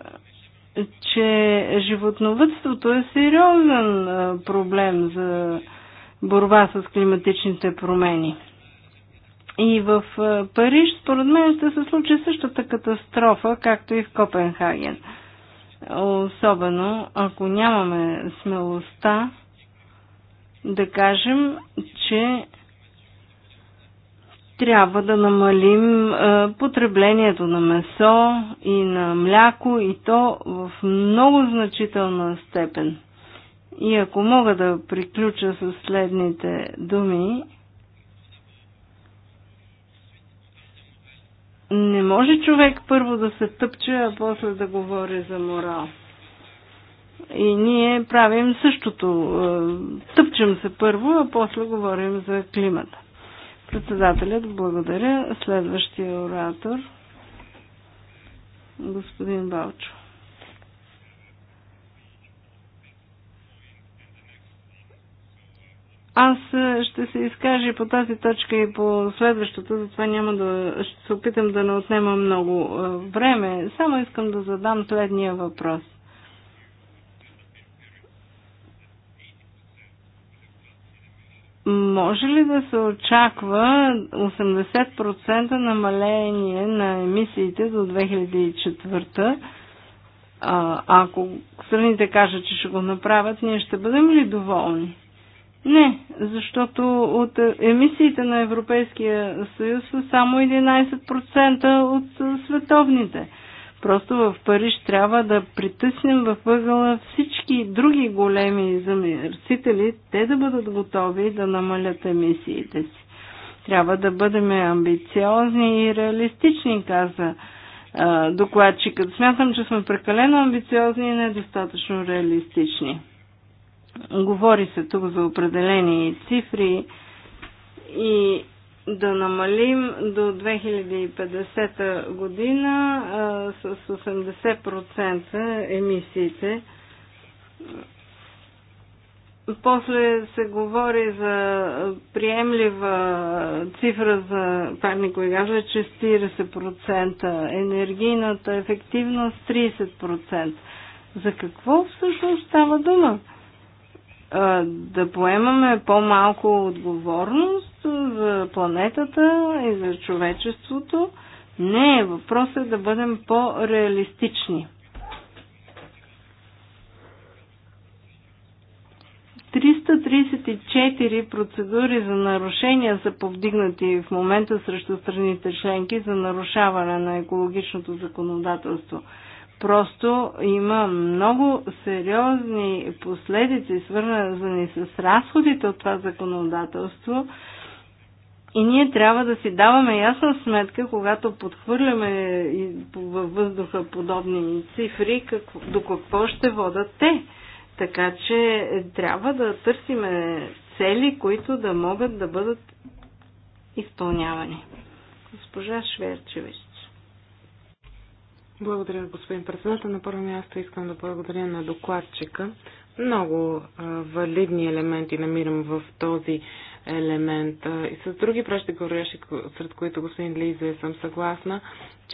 C: че животновътството е сериозен проблем за борба с климатичните промени. И в Париж, според мен, ще се случи същата катастрофа, както и в Копенхаген – особено ако нямаме смелостта да кажем, че трябва да намалим е, потреблението на месо и на мляко и то в много значителна степен. И ако мога да приключа с следните думи, Не може човек първо да се тъпче, а после да говори за морал. И ние правим същото. Е, тъпчем се първо, а после говорим за климата. Председателят, благодаря. Следващия оратор, господин Балчо. Аз ще се изкажа по тази точка и по следващото, затова няма да... Ще се опитам да не отнема много време. Само искам да задам следния въпрос. Може ли да се очаква 80% намаление на емисиите до 2004 а, ако страните кажат, че ще го направят, ние ще бъдем ли доволни? Не, защото от емисиите на Европейския съюз са само 11% от световните. Просто в Париж трябва да притъснем в въгъла всички други големи замърсители, те да бъдат готови да намалят емисиите си. Трябва да бъдем амбициозни и реалистични, каза докладчикът. Смятам, че сме прекалено амбициозни и недостатъчно реалистични. Говори се тук за определени цифри и да намалим до 2050 година а, с 80% емисиите. После се говори за приемлива цифра за парникови газове 40%, енергийната ефективност 30%. За какво всъщност става дума? да поемаме по-малко отговорност за планетата и за човечеството. Не, е. въпросът е да бъдем по-реалистични. 334 процедури за нарушения са повдигнати в момента срещу страните членки за нарушаване на екологичното законодателство – Просто има много сериозни последици, свързани с разходите от това законодателство. И ние трябва да си даваме ясна сметка, когато подхвърляме във въздуха подобни цифри, какво, до какво ще водат те. Така че трябва да търсиме цели, които да могат да бъдат
F: изпълнявани. Госпожа Шверчевич. Благодаря, господин председател. На първо място искам да благодаря на докладчика. Много а, валидни елементи намирам в този елемент. А, и с други преждеговорящи, сред които господин Лиза, съм съгласна,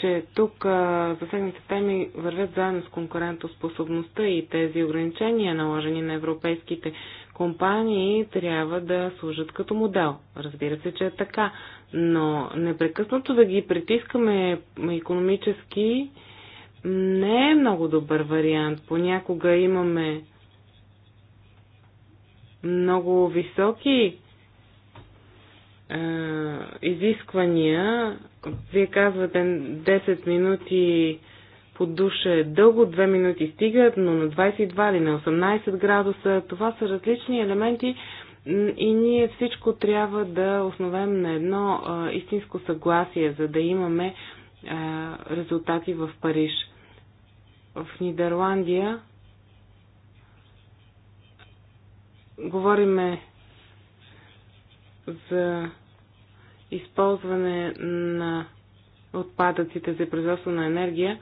F: че тук а, засегнатите теми вървят заедно с конкурентоспособността и тези ограничения, наложени на европейските компании, трябва да служат като модел. Разбира се, че е така. Но непрекъснато да ги притискаме економически не е много добър вариант. Понякога имаме много високи е, изисквания. Вие казвате 10 минути по душа е дълго, 2 минути стигат, но на 22 или на 18 градуса това са различни елементи и ние всичко трябва да основем на едно е, истинско съгласие, за да имаме е, резултати в Париж в Нидерландия говориме за използване на отпадъците за производство на енергия.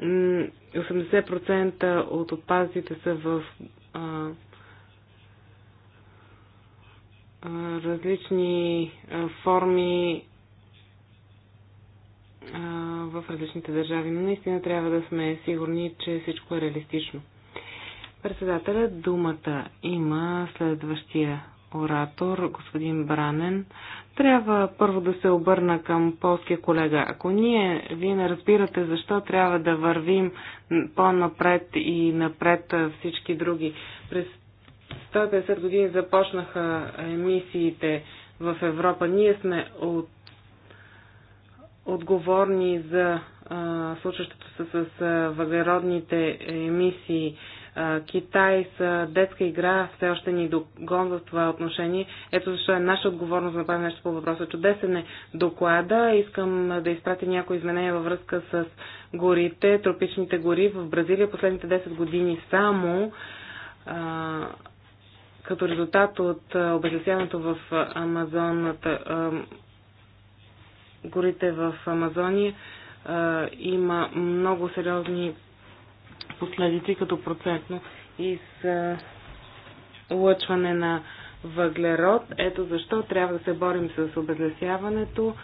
F: 80% от отпадъците са в а, а, различни а, форми в различните държави, но наистина трябва да сме сигурни, че всичко е реалистично. Председателя думата има следващия оратор, господин Бранен. Трябва първо да се обърна към полския колега. Ако ние, вие не разбирате защо трябва да вървим по-напред и напред всички други. През 150 години започнаха емисиите в Европа. Ние сме от отговорни за случващото се с въглеродните емисии. А, Китай с детска игра все още ни догонва в това отношение. Ето защо е наша отговорност да направим нещо по въпроса. Чудесен е доклада. Искам да изпратя някои изменения във връзка с горите, тропичните гори в Бразилия. Последните 10 години само а, като резултат от обезлесяването в Амазонната горите в Амазония а, има много сериозни последици като процентно лъчване на въглерод. Ето защо трябва да се борим с обезлесяването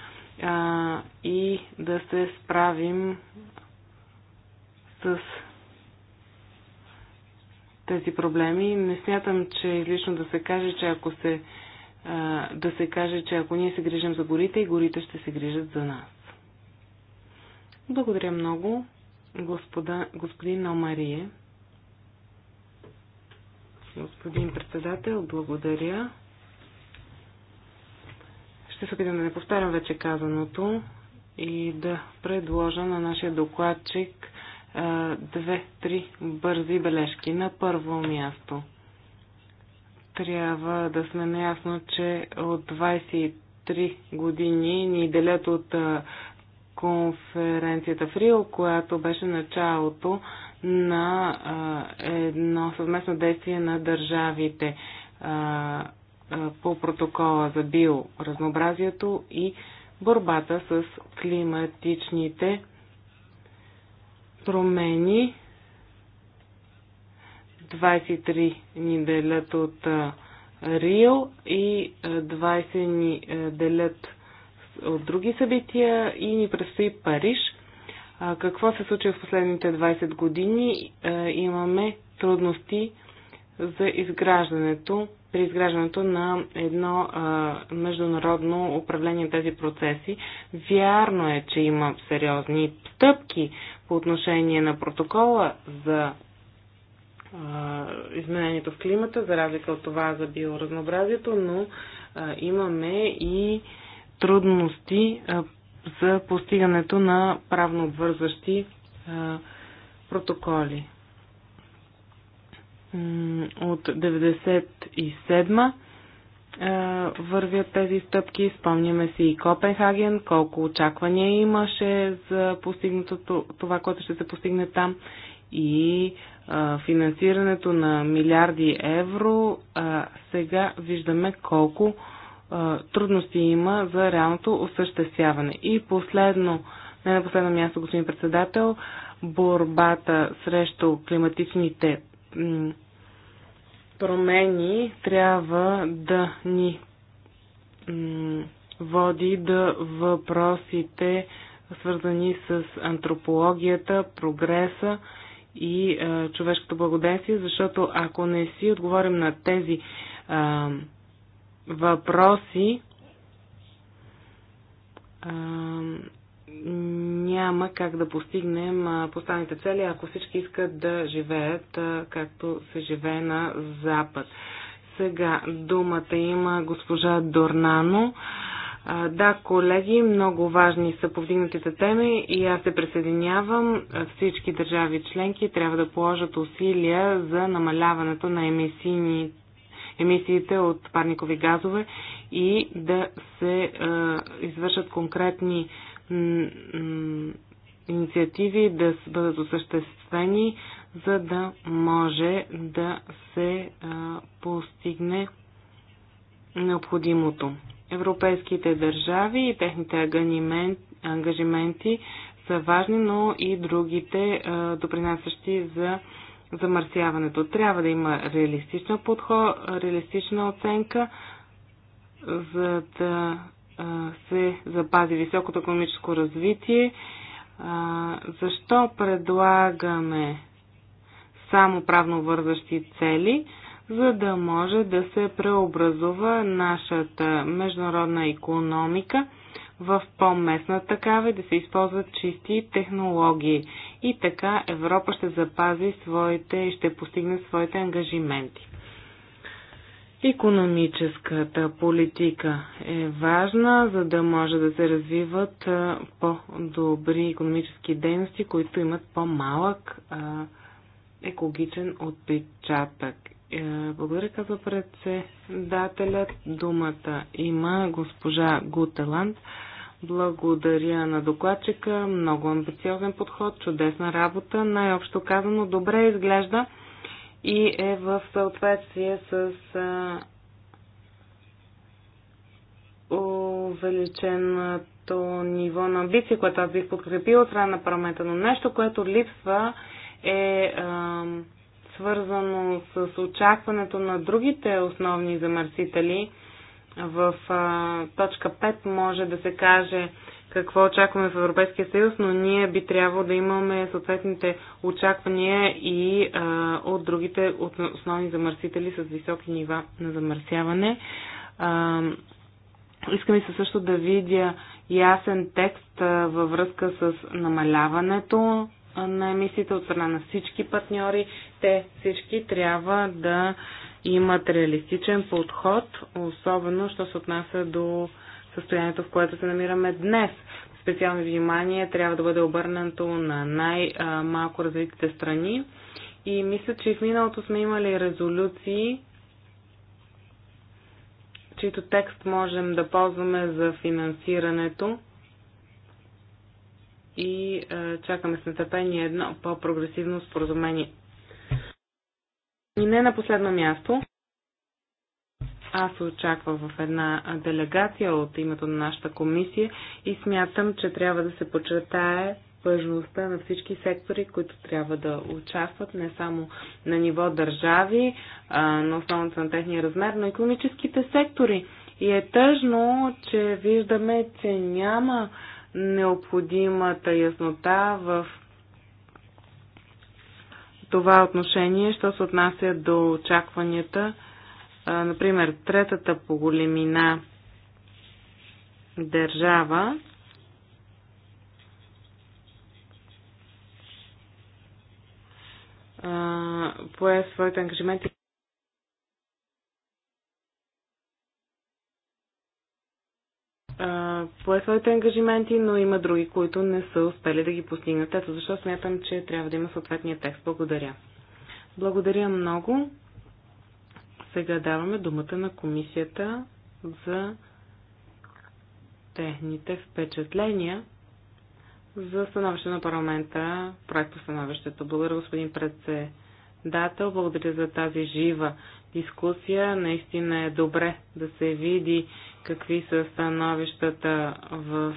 F: а, и да се справим с тези проблеми. Не смятам, че е излишно да се каже, че ако се да се каже, че ако ние се грижим за горите, и горите ще се грижат за нас. Благодаря много, господа, господин Номарие. Господин председател, благодаря. Ще се опитам да не повтарям вече казаното и да предложа на нашия докладчик две-три бързи бележки. На първо място – трябва да сме наясно, че от 23 години ни делят от конференцията в Рио, която беше началото на едно съвместно действие на държавите по протокола за биоразнообразието и борбата с климатичните промени 23 ни делят от Рио и 20 ни делят от други събития и ни предстои Париж. Какво се случи в последните 20 години? Имаме трудности за изграждането, при изграждането на едно международно управление на тези процеси. Вярно е, че има сериозни стъпки по отношение на протокола за изменението в климата, за разлика от това за биоразнообразието, но имаме и трудности за постигането на правно обвързващи протоколи. От 1997 вървят тези стъпки. Спомняме си и Копенхаген, колко очаквания имаше за постигнато това, което ще се постигне там и финансирането на милиарди евро, сега виждаме колко трудности има за реалното осъществяване. И последно, не на последно място, господин председател, борбата срещу климатичните промени трябва да ни води до въпросите, свързани с антропологията, прогреса, и а, човешкото благоденствие, защото ако не си отговорим на тези а, въпроси, а, няма как да постигнем поставените цели, ако всички искат да живеят както се живее на Запад. Сега думата има госпожа Дорнано да, колеги, много важни са повдигнатите теми и аз се присъединявам. Всички държави членки трябва да положат усилия за намаляването на емисийни, емисиите от парникови газове и да се е, извършат конкретни инициативи, да бъдат осъществени, за да може да се е, постигне необходимото. Европейските държави и техните ангажименти са важни, но и другите допринасящи за замърсяването. Трябва да има реалистична подход, реалистична оценка, за да се запази високото економическо развитие. Защо предлагаме само правно вързащи цели? за да може да се преобразува нашата международна економика в по-местна такава и да се използват чисти технологии. И така Европа ще запази своите и ще постигне своите ангажименти. Економическата политика е важна, за да може да се развиват по-добри економически дейности, които имат по-малък екологичен отпечатък. Е, благодаря, каза председателят. Думата има госпожа Гутеланд. Благодаря на докладчика. Много амбициозен подход, чудесна работа. Най-общо казано, добре изглежда и е в съответствие с а, увеличеното ниво на амбиция, което аз бих подкрепила от страна на парламента. Но нещо, което липсва е. А, свързано с очакването на другите основни замърсители. В а, точка 5 може да се каже какво очакваме в Европейския съюз, но ние би трябвало да имаме съответните очаквания и а, от другите от основни замърсители с високи нива на замърсяване. А, искам и се също да видя ясен текст а, във връзка с намаляването на емисиите от страна на всички партньори, те всички трябва да имат реалистичен подход, особено що се отнася до състоянието, в което се намираме днес. Специално внимание трябва да бъде обърнато на най-малко развитите страни. И мисля, че в миналото сме имали резолюции, чийто текст можем да ползваме за финансирането. И е, чакаме с нетърпение едно по-прогресивно споразумение и не на последно място, аз очаквам в една делегация от името на нашата комисия и смятам, че трябва да се почертае важността на всички сектори, които трябва да участват, не само на ниво държави, на основната на техния размер, но и економическите сектори. И е тъжно, че виждаме, че няма необходимата яснота в това отношение, що се отнася до очакванията. Например, третата по големина държава пое своите ангажименти пое своите ангажименти, но има други, които не са успели да ги постигнат. Ето защо смятам, че трябва да има съответния текст. Благодаря. Благодаря много. Сега даваме думата на комисията за техните впечатления за становище на парламента, по становището. Благодаря, господин председател. Благодаря за тази жива дискусия. Наистина е добре да се види какви са становищата в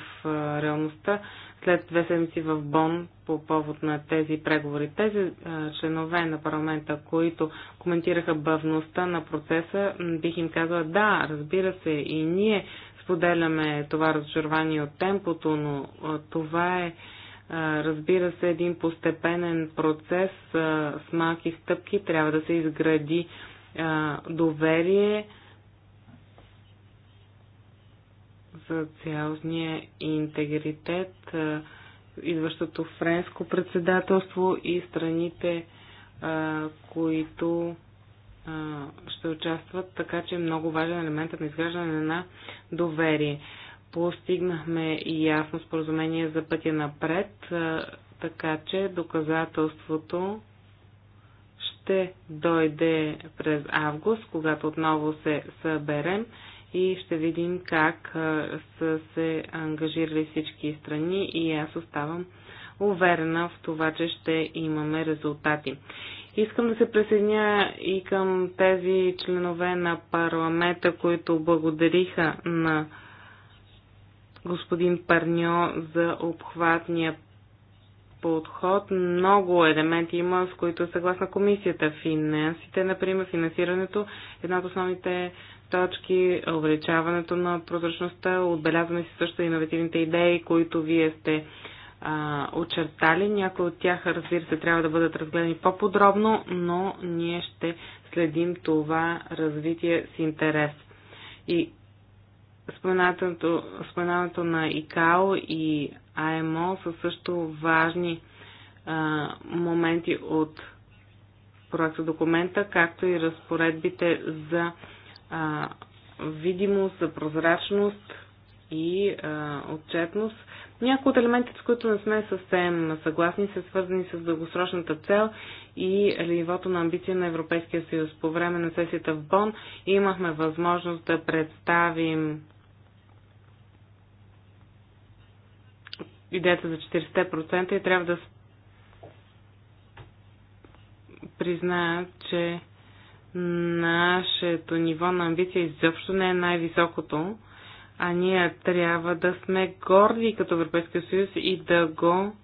F: реалността. След две седмици в Бон по повод на тези преговори. Тези членове на парламента, които коментираха бавността на процеса, бих им казала да, разбира се, и ние споделяме това разочарование от темпото, но това е разбира се, един постепенен процес с малки стъпки трябва да се изгради доверие за цялостния интегритет, идващото френско председателство и страните, които ще участват, така че е много важен елемент на изграждане на доверие. Постигнахме и ясно споразумение за пътя напред, така че доказателството ще дойде през август, когато отново се съберем и ще видим как са се ангажирали всички страни и аз оставам уверена в това, че ще имаме резултати. Искам да се присъединя и към тези членове на парламента, които благодариха на господин Парньо за обхватния подход. Много елементи има, с които съгласна комисията. Финансите, например, финансирането, една от основните точки, увеличаването на прозрачността, отбелязваме си също иновативните идеи, които вие сте а, очертали. Някои от тях, разбира се, трябва да бъдат разгледани по-подробно, но ние ще следим това развитие с интерес. И споменаването на ИКАО и АМО са също важни а, моменти от проекта документа, както и разпоредбите за а, видимост, за прозрачност и а, отчетност. Някои от елементите, с които не сме съвсем съгласни, са свързани с дългосрочната цел и нивото на амбиция на Европейския съюз. По време на сесията в Бон имахме възможност да представим идеята за 40% и трябва да призная, че нашето ниво на амбиция изобщо не е най-високото, а ние трябва да сме горди като Европейския съюз и да го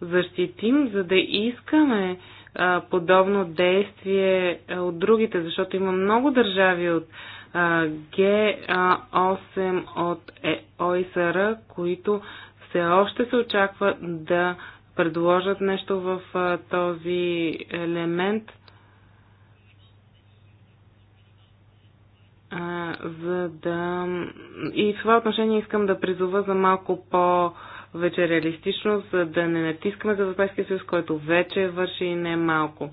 F: защитим, за да искаме а, подобно действие а, от другите, защото има много държави от а, Г8 от е, ОИСР, които все още се очаква да предложат нещо в този елемент, за да... И в това отношение искам да призова за малко по вече реалистично, за да не натискаме за Европейския съюз, който вече върши не малко.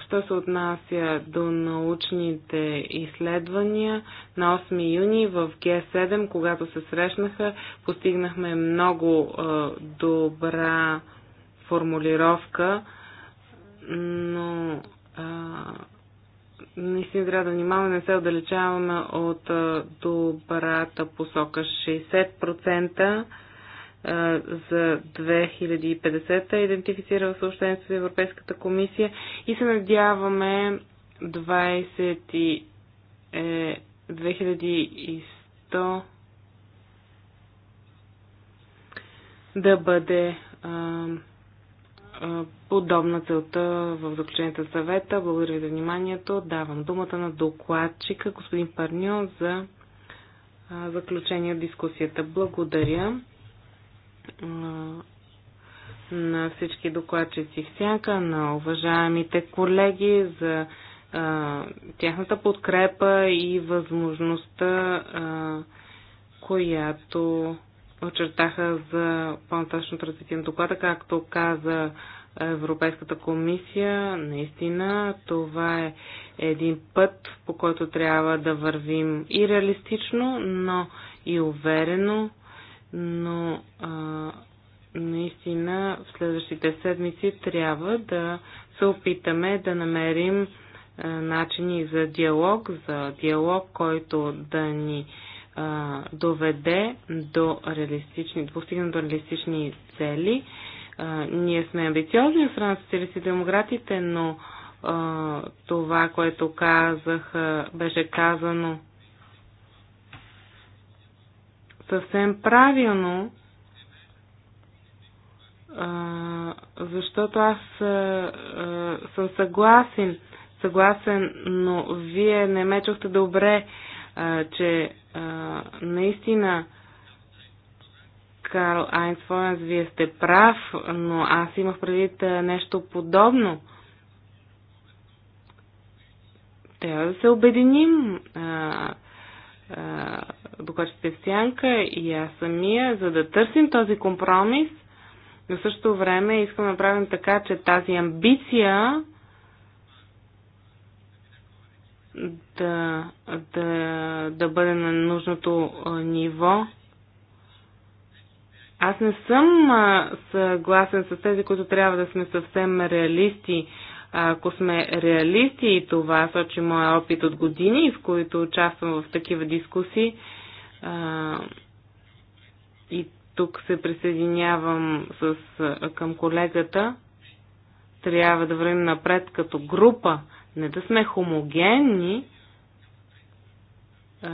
F: Що се отнася до научните изследвания, на 8 юни в Г7, когато се срещнаха, постигнахме много добра формулировка, но наистина трябва да внимаваме, не се отдалечаваме от добрата посока. 60% за 2050 идентифицира в съобщението за Европейската комисия и се надяваме 20 е, 2100 да бъде а, а, подобна целта в заключението на съвета. Благодаря ви за вниманието. Давам думата на докладчика господин Парньо за а, заключение от дискусията. Благодаря на всички докладчици в сянка, на уважаемите колеги за а, тяхната подкрепа и възможността, а, която очертаха за по-нататъчното развитие на доклада, както каза Европейската комисия. Наистина това е един път, по който трябва да вървим и реалистично, но и уверено но а, наистина в следващите седмици трябва да се опитаме да намерим а, начини за диалог, за диалог, който да ни а, доведе до реалистични, постигане до реалистични цели. А, ние сме амбициозни в французите и демократите, но а, това, което казах, беше казано съвсем правилно, защото аз съм съгласен, съгласен, но вие не ме чухте добре, че наистина Карл Айнс Фоенс, вие сте прав, но аз имах предвид нещо подобно. Трябва да се обединим. А, а, докладчите в сянка и аз самия, за да търсим този компромис. Но в същото време искам да направим така, че тази амбиция да, да, да бъде на нужното ниво. Аз не съм съгласен с тези, които трябва да сме съвсем реалисти. Ако сме реалисти и това сочи моя опит от години, в които участвам в такива дискусии, и тук се присъединявам с, към колегата. Трябва да вървим напред като група, не да сме хомогенни. А,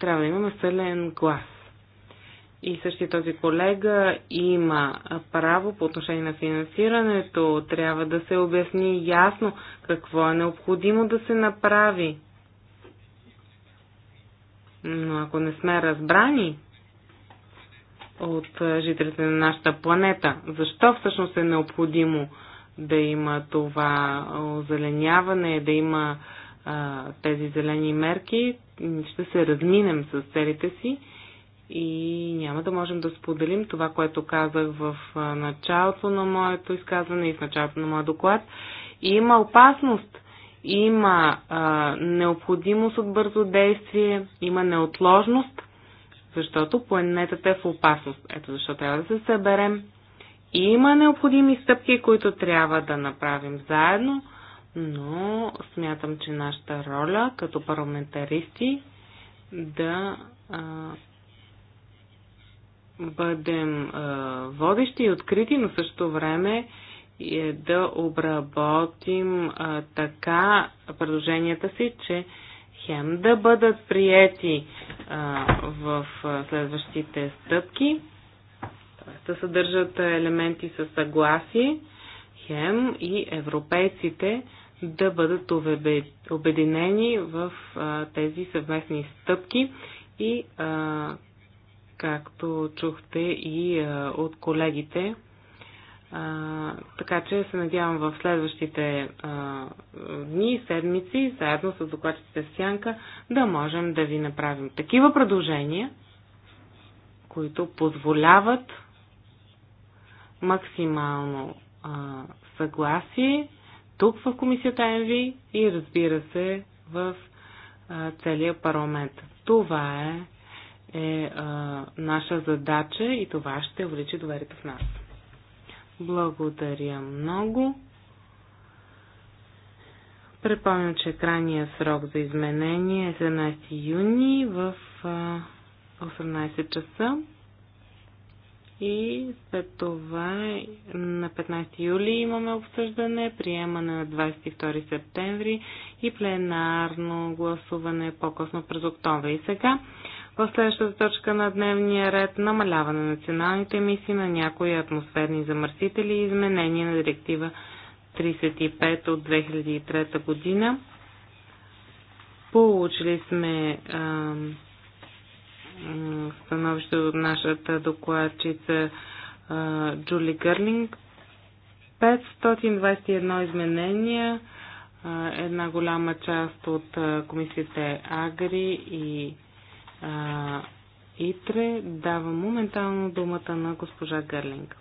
F: трябва да имаме силен глас. И същия този колега има право по отношение на финансирането. Трябва да се обясни ясно какво е необходимо да се направи но ако не сме разбрани от жителите на нашата планета, защо всъщност е необходимо да има това озеленяване, да има а, тези зелени мерки, ще се разминем с целите си и няма да можем да споделим това, което казах в началото на моето изказване и в началото на моя доклад. И има опасност има а, необходимост от бързо действие, има неотложност, защото планетата е в опасност. Ето защо трябва да се съберем. И има необходими стъпки, които трябва да направим заедно, но смятам, че нашата роля като парламентаристи да а, бъдем а, водещи и открити, но също време е да обработим а, така предложенията си, че хем да бъдат приети а, в а, следващите стъпки, т.е. да съдържат елементи със съгласие, хем и европейците да бъдат обединени в а, тези съвместни стъпки и а, както чухте и а, от колегите, а, така че се надявам в следващите а, дни, седмици, заедно с докладчите с Сянка, да можем да ви направим такива предложения, които позволяват максимално а, съгласие тук в комисията МВ и разбира се в а, целия парламент. Това е, е а, наша задача и това ще увеличи доверието в нас. Благодаря много. Препомням, че крайният срок за изменение е 17 юни в 18 часа. И след това на 15 юли имаме обсъждане, приемане на 22 септември и пленарно гласуване по-късно през октомври. И сега в следващата точка на дневния ред намаляване на националните емисии на някои атмосферни замърсители и изменение на директива 35 от 2003 година. Получили сме а, становище от нашата докладчица а, Джули Гърлинг. 521 изменения, а, една голяма част от комисиите Агри и а, ИТРЕ. Давам моментално думата на госпожа Гърлинг.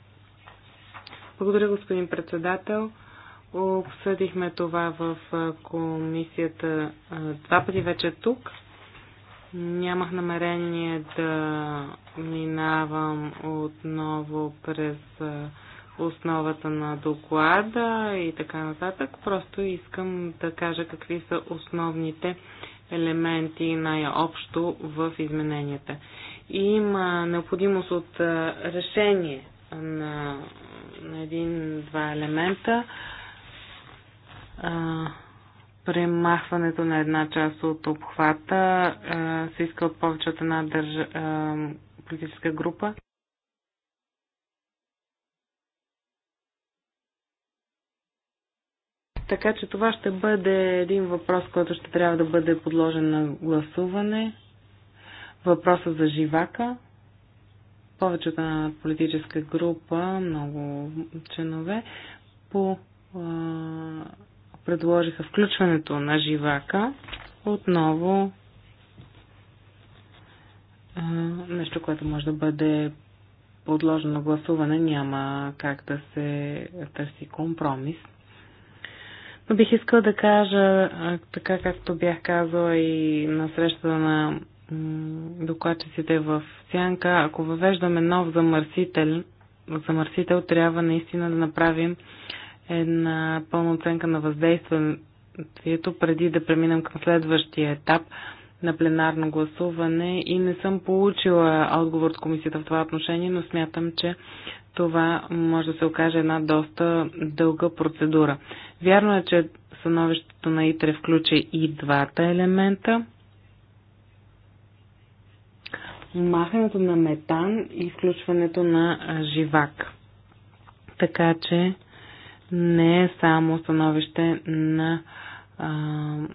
F: Благодаря, господин председател. Обсъдихме това в комисията два пъти вече тук. Нямах намерение да минавам отново през основата на доклада и така нататък. Просто искам да кажа какви са основните елементи най-общо в измененията. Има необходимост от решение на, на един-два елемента. премахването на една част от обхвата се иска от повече от една държа, политическа група. Така че това ще бъде един въпрос, който ще трябва да бъде подложен на гласуване. Въпроса за живака. Повечето на политическа група, много членове, по, а, предложиха включването на живака. Отново а, нещо, което може да бъде подложено на гласуване, няма как да се търси компромис но бих искала да кажа, така както бях казала и на срещата на докладчиците в Сянка, ако въвеждаме нов замърсител, замърсител трябва наистина да направим една пълна оценка на въздействието преди да преминем към следващия етап на пленарно гласуване и не съм получила отговор от комисията в това отношение, но смятам, че това може да се окаже една доста дълга процедура. Вярно е, че становището на ИТРЕ включи и двата елемента. Махането на метан и включването на живак. Така че не е само становище на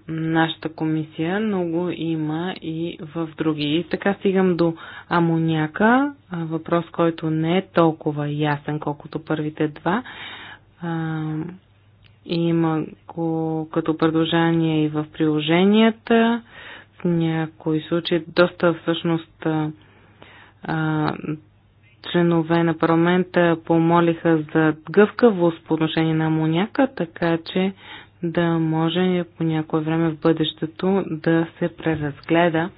F: нашата комисия, но го има и в други. И така стигам до амоняка, въпрос, който не е толкова ясен, колкото първите два. А, има го като предложение и в приложенията. В някои случаи доста всъщност а, членове на парламента помолиха за гъвкавост по отношение на амоняка, така че да може по някое време в бъдещето да се преразгледа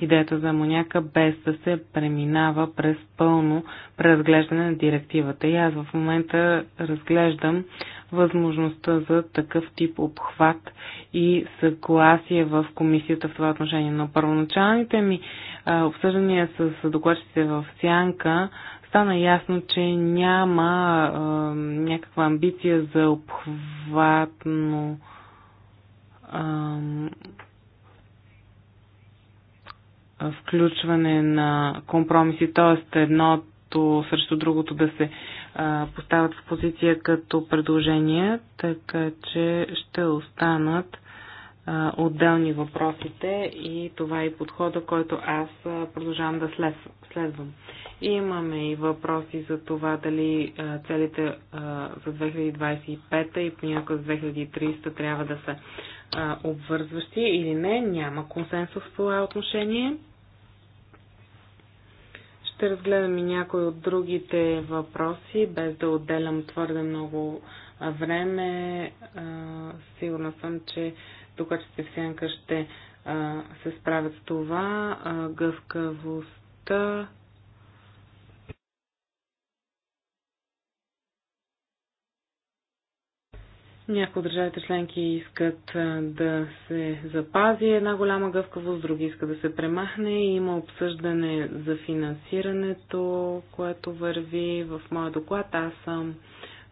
F: идеята за амоняка, без да се преминава през пълно преразглеждане на директивата. И аз в момента разглеждам възможността за такъв тип обхват и съгласие в комисията в това отношение. Но първоначалните ми обсъждания с докладчите в Сянка стана ясно, че няма а, някаква амбиция за обхватно а, включване на компромиси, т.е. едното срещу другото да се а, поставят в позиция като предложения, така че ще останат отделни въпросите и това е подхода, който аз продължавам да следвам. Имаме и въпроси за това дали целите за 2025 и понякога за 2300 трябва да са обвързващи или не. Няма консенсус в това отношение. Ще разгледам и някои от другите въпроси, без да отделям твърде много време. Сигурна съм, че докачите в сянка ще се справят с това. Гъвкавостта Някои държавите членки искат да се запази една голяма гъвкавост, други искат да се премахне. Има обсъждане за финансирането, което върви в моя доклад. Аз съм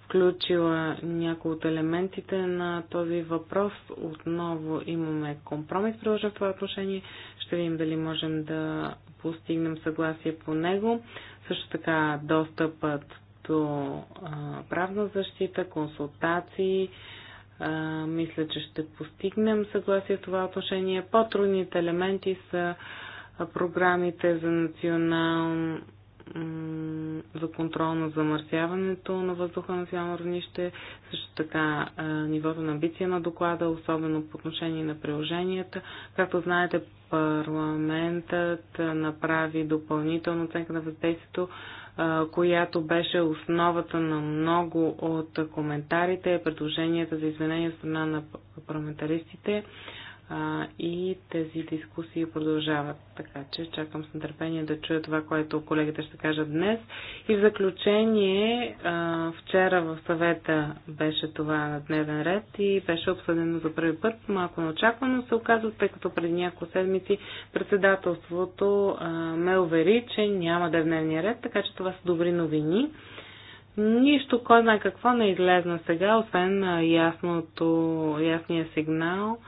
F: включила някои от елементите на този въпрос. Отново имаме компромис, приложен в това отношение. Ще видим дали можем да постигнем съгласие по него. Също така достъпът като а, правна защита, консултации. А, мисля, че ще постигнем съгласие в това отношение. По-трудните елементи са програмите за национално за контрол на замърсяването на въздуха на национално равнище, също така нивото на амбиция на доклада, особено по отношение на приложенията. Както знаете, парламентът направи допълнителна оценка на въздействието която беше основата на много от коментарите, предложенията за изменения страна на парламентаристите а, и тези дискусии продължават. Така че чакам с нетърпение да чуя това, което колегите ще кажат днес. И в заключение, а, вчера в съвета беше това на дневен ред и беше обсъдено за първи път. Малко неочаквано се оказва, тъй като преди няколко седмици председателството а, ме увери, че няма да е в дневния ред, така че това са добри новини. Нищо, кой знае какво не излезна сега, освен ясното, ясния сигнал –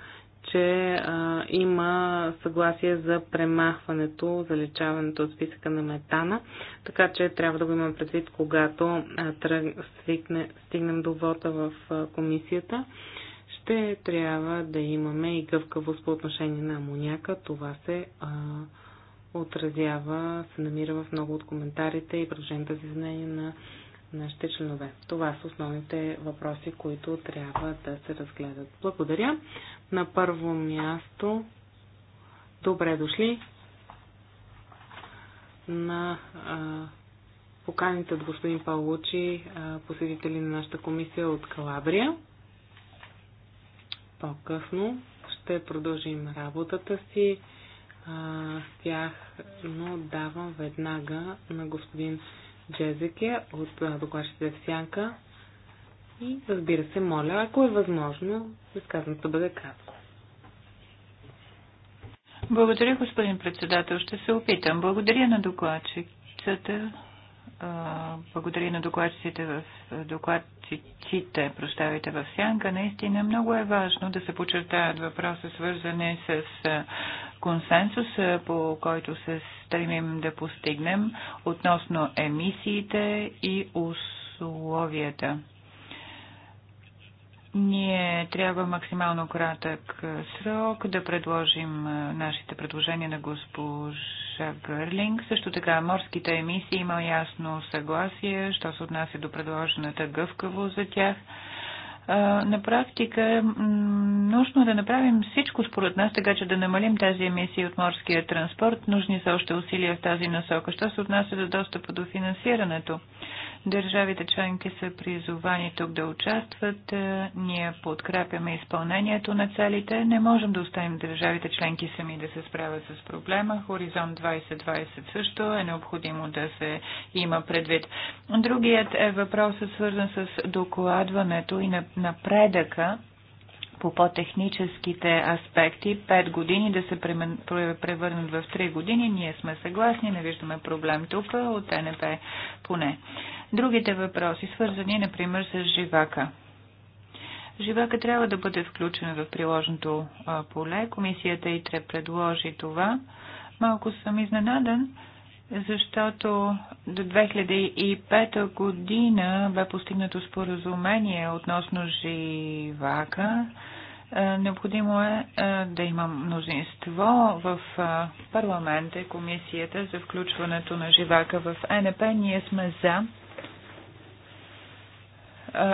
F: че а, има съгласие за премахването, заличаването от списъка на метана, така че трябва да го имам предвид, когато а, тръг, свикне, стигнем до вота в а, комисията. Ще трябва да имаме и гъвкавост по отношение на амоняка. Това се а, отразява, се намира в много от коментарите и предложенията за изменение на нашите членове. Това са основните въпроси, които трябва да се разгледат. Благодаря. На първо място, добре дошли на а, поканите от господин Палучи, посетители на нашата комисия от Калабрия. По-късно ще продължим работата си а, с тях, но давам веднага на господин Джезеке от докладчите в Сянка и разбира се, моля, ако е възможно, изказването бъде кратко.
E: Благодаря, господин председател. Ще се опитам. Благодаря на докладчицата. Благодаря на докладчиците в докладчиците, прощавайте, в сянка. Наистина много е важно да се почертаят въпроса, свързани с консенсус, по който се стремим да постигнем относно емисиите и условията. Ние трябва максимално кратък е, срок да предложим е, нашите предложения на госпожа Гърлинг. Също така морските емисии има ясно съгласие, що се отнася до предложената гъвкаво за тях е, на практика нужно да направим всичко според нас, така че да намалим тази емисии от морския транспорт. Нужни са още усилия в тази насока. Що се отнася до достъпа до финансирането? Държавите членки са призовани тук да участват. Е, Ние подкрепяме изпълнението на целите. Не можем да оставим държавите членки сами да се справят с проблема. Хоризонт 2020 също е необходимо да се има предвид. Другият е въпросът свързан с докладването и напредъка по по-техническите аспекти, 5 години да се превърнат в 3 години, ние сме съгласни, не виждаме проблем тук, от ТНП поне. Другите въпроси, свързани, например, с живака. Живака трябва да бъде включена в приложното поле. Комисията и предложи това. Малко съм изненадан, защото до 2005 година бе постигнато споразумение относно живака. Е, необходимо е, е да има мнозинство в е, парламента и комисията за включването на живака в НП. Ние сме за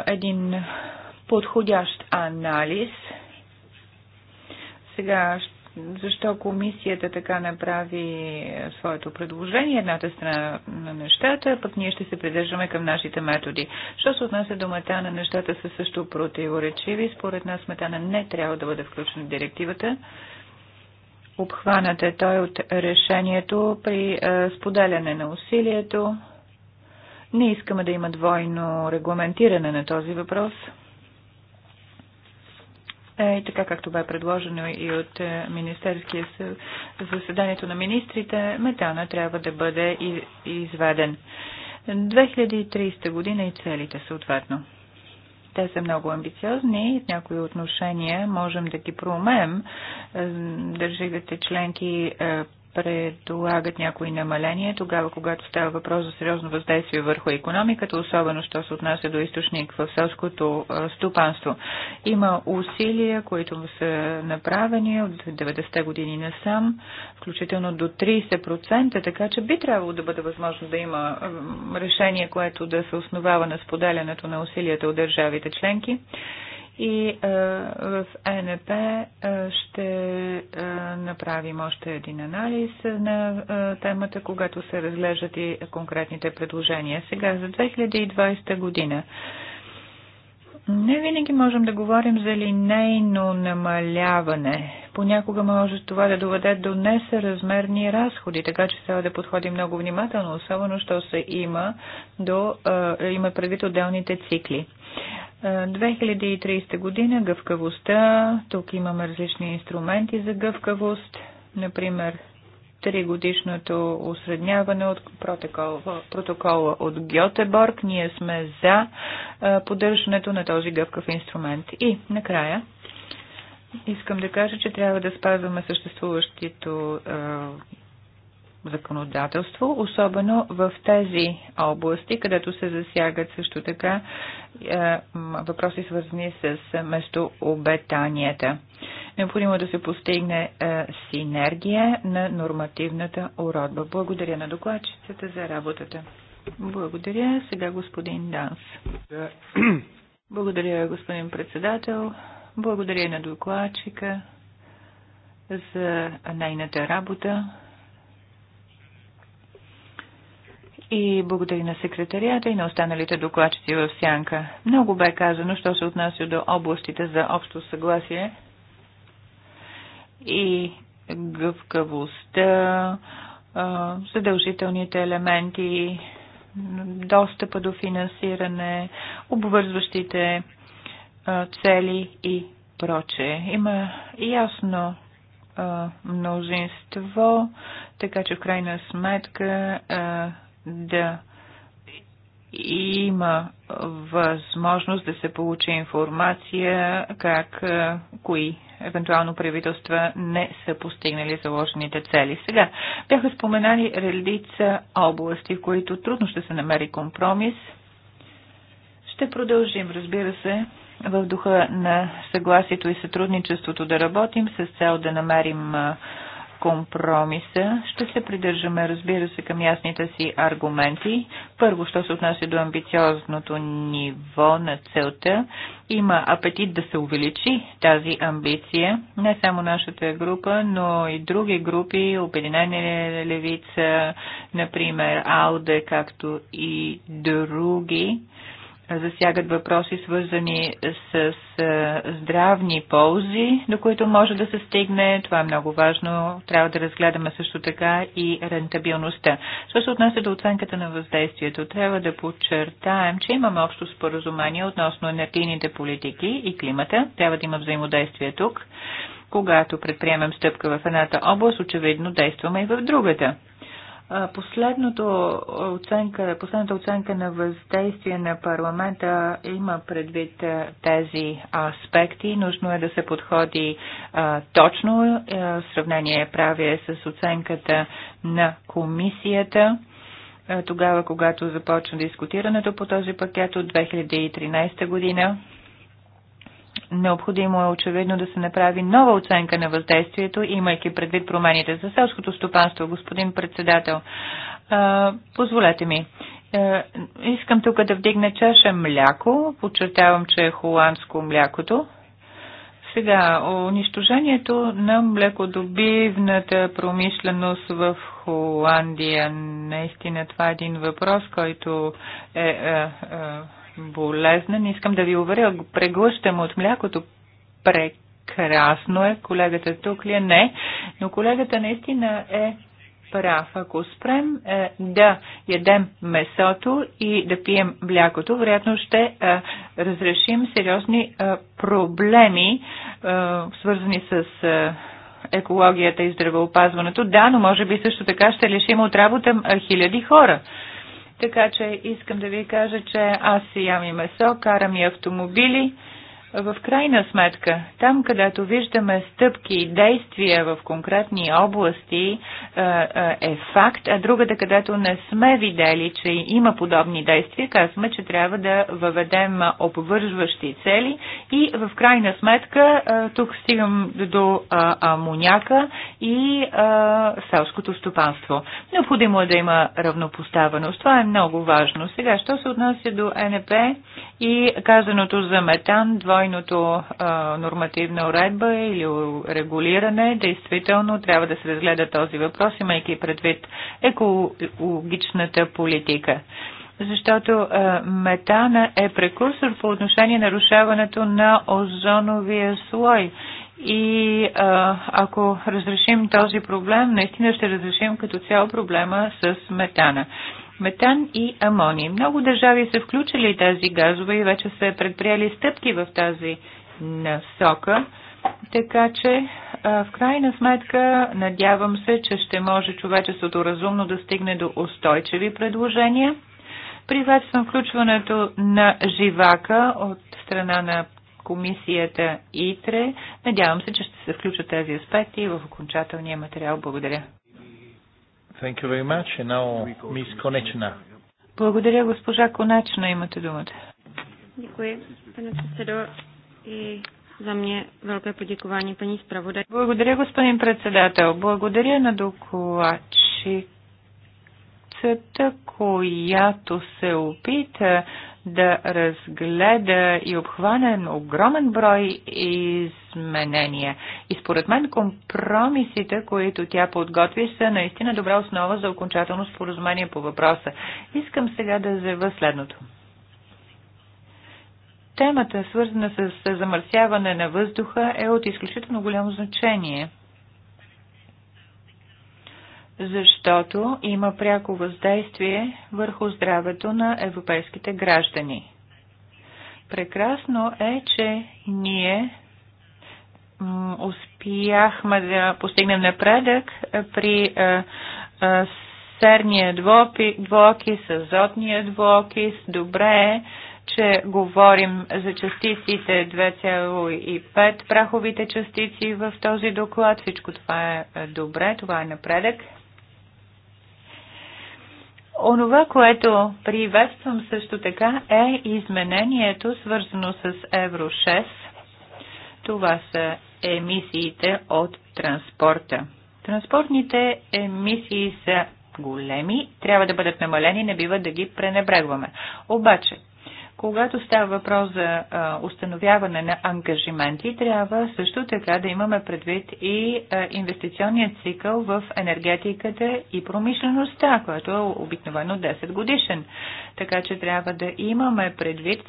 E: един подходящ анализ. Сега ще защо комисията така направи своето предложение, едната страна на нещата, пък ние ще се придържаме към нашите методи. Що се отнася до мета на нещата са също противоречиви. Според нас метана не трябва да бъде включена в директивата. Обхванат е той от решението при е, споделяне на усилието. Не искаме да има двойно регламентиране на този въпрос – е, така както бе предложено и от е, Министерския заседанието на министрите, метана трябва да бъде изведен. 2030 година и целите съответно. Те са много амбициозни и в някои отношения можем да ги проумеем. Е, държавите членки е, предлагат някои намаления, тогава когато става въпрос за сериозно въздействие върху економиката, особено що се отнася до източник в селското стопанство. Има усилия, които са направени от 90-те години насам, включително до 30%, така че би трябвало да бъде възможно да има решение, което да се основава на споделянето на усилията от държавите членки. И а, е, в НП а, е, ще а, е, направим още един анализ на а, темата, когато се разглеждат и конкретните предложения. Сега за 2020 година. Не винаги можем да говорим за линейно намаляване. Понякога може това да доведе до несъразмерни разходи, така че трябва да подходим много внимателно, особено що се има, до, а, има предвид отделните цикли. 2030 година гъвкавостта, тук имаме различни инструменти за гъвкавост, например тригодишното осредняване от протокола, протокола от Гьотеборг. Ние сме за поддържането на този гъвкав инструмент. И накрая искам да кажа, че трябва да спазваме съществуващото законодателство, особено в тези области, където се засягат също така е, въпроси свързани с местообетанията. Необходимо е да се постигне е, синергия на нормативната уродба. Благодаря на докладчицата за работата. Благодаря. Сега господин Данс. Благодаря, господин председател. Благодаря на докладчика за нейната работа. и благодаря на секретарията и на останалите докладчици в Сянка. Много бе казано, що се отнася до областите за общо съгласие и гъвкавостта, задължителните елементи, достъпа до финансиране, обвързващите цели и прочее. Има ясно мнозинство, така че в крайна сметка да има възможност да се получи информация как кои евентуално правителства не са постигнали заложените цели. Сега бяха споменали редица области, в които трудно ще се намери компромис. Ще продължим, разбира се, в духа на съгласието и сътрудничеството да работим с цел да намерим компромиса. Ще се придържаме, разбира се, към ясните си аргументи. Първо, що се отнася до амбициозното ниво на целта, има апетит да се увеличи тази амбиция. Не само нашата група, но и други групи, Обединение левица, например, АЛДЕ, както и други засягат въпроси, свързани с здравни ползи, до които може да се стигне. Това е много важно. Трябва да разгледаме също така и рентабилността. Що се отнася до оценката на въздействието, трябва да подчертаем, че имаме общо споразумение относно енергийните политики и климата. Трябва да има взаимодействие тук. Когато предприемем стъпка в едната област, очевидно действаме и в другата. Последното оценка, последната оценка на въздействие на парламента има предвид тези аспекти. Нужно е да се подходи а, точно. А, сравнение правя е с оценката на комисията тогава, когато започна дискутирането по този пакет от 2013 година. Необходимо е очевидно да се направи нова оценка на въздействието, имайки предвид промените за селското стопанство, господин председател. Позволете ми. Искам тук да вдигна чаша мляко. Подчертавам, че е холандско млякото. Сега, унищожението на млекодобивната промишленост в Холандия. Наистина това е един въпрос, който е, е, е болезнен. Искам да ви уверя, преглъщам от млякото. Прекрасно е. Колегата тук ли е? Не. Но колегата наистина е прав. Ако спрем е, да ядем месото и да пием млякото, вероятно ще е, разрешим сериозни е, проблеми, е, свързани с. Е, екологията и здравеопазването. Да, но може би също така ще лишим от работа е, хиляди хора. Така че искам да ви кажа, че аз си ям и месо, карам и автомобили в крайна сметка, там където виждаме стъпки и действия в конкретни области е, е, е факт, а другата, където не сме видели, че има подобни действия, казваме, че трябва да въведем обвържващи цели и в крайна сметка е, тук стигам до амоняка и селското стопанство. Необходимо е да има равнопоставеност. Това е много важно. Сега, що се отнася до НП и казаното за метан, двойно двойното а, нормативна уредба или регулиране, действително трябва да се разгледа този въпрос, имайки предвид екологичната политика. Защото а, метана е прекурсор по отношение нарушаването на озоновия слой. И а, ако разрешим този проблем, наистина ще разрешим като цяло проблема с метана метан и амони. Много държави са включили тези газове и вече са предприели стъпки в тази насока. Така че, в крайна сметка, надявам се, че ще може човечеството разумно да стигне до устойчиви предложения. Приветствам включването на живака от страна на комисията ИТРЕ. Надявам се, че ще се включат тези аспекти в окончателния материал. Благодаря.
B: Thank you very much. And now, Miss Konečna.
E: Благодаря, госпожа Конечна. Имате думата.
D: Děkuji, pane předsedo. I за mě velké poděkování paní zpravodaj.
E: Благодаря, господин председател. Благодаря на докладчицата, която се опита да разгледа и обхване огромен брой изменения. И според мен компромисите, които тя подготви, са наистина добра основа за окончателно споразумение по въпроса. Искам сега да заявя следното. Темата, свързана с замърсяване на въздуха, е от изключително голямо значение – защото има пряко въздействие върху здравето на европейските граждани. Прекрасно е, че ние успяхме да постигнем напредък при серния с азотния двуокис. Добре е, че говорим за частиците 2,5, праховите частици в този доклад. Всичко това е, е добре, това е напредък. Онова, което приветствам също така е изменението, свързано с Евро 6. Това са емисиите от транспорта. Транспортните емисии са големи, трябва да бъдат намалени, не бива да ги пренебрегваме. Обаче, когато става въпрос за установяване на ангажименти, трябва също така да имаме предвид и инвестиционният цикъл в енергетиката и промишлеността, което е обикновено 10 годишен. Така че трябва да имаме предвид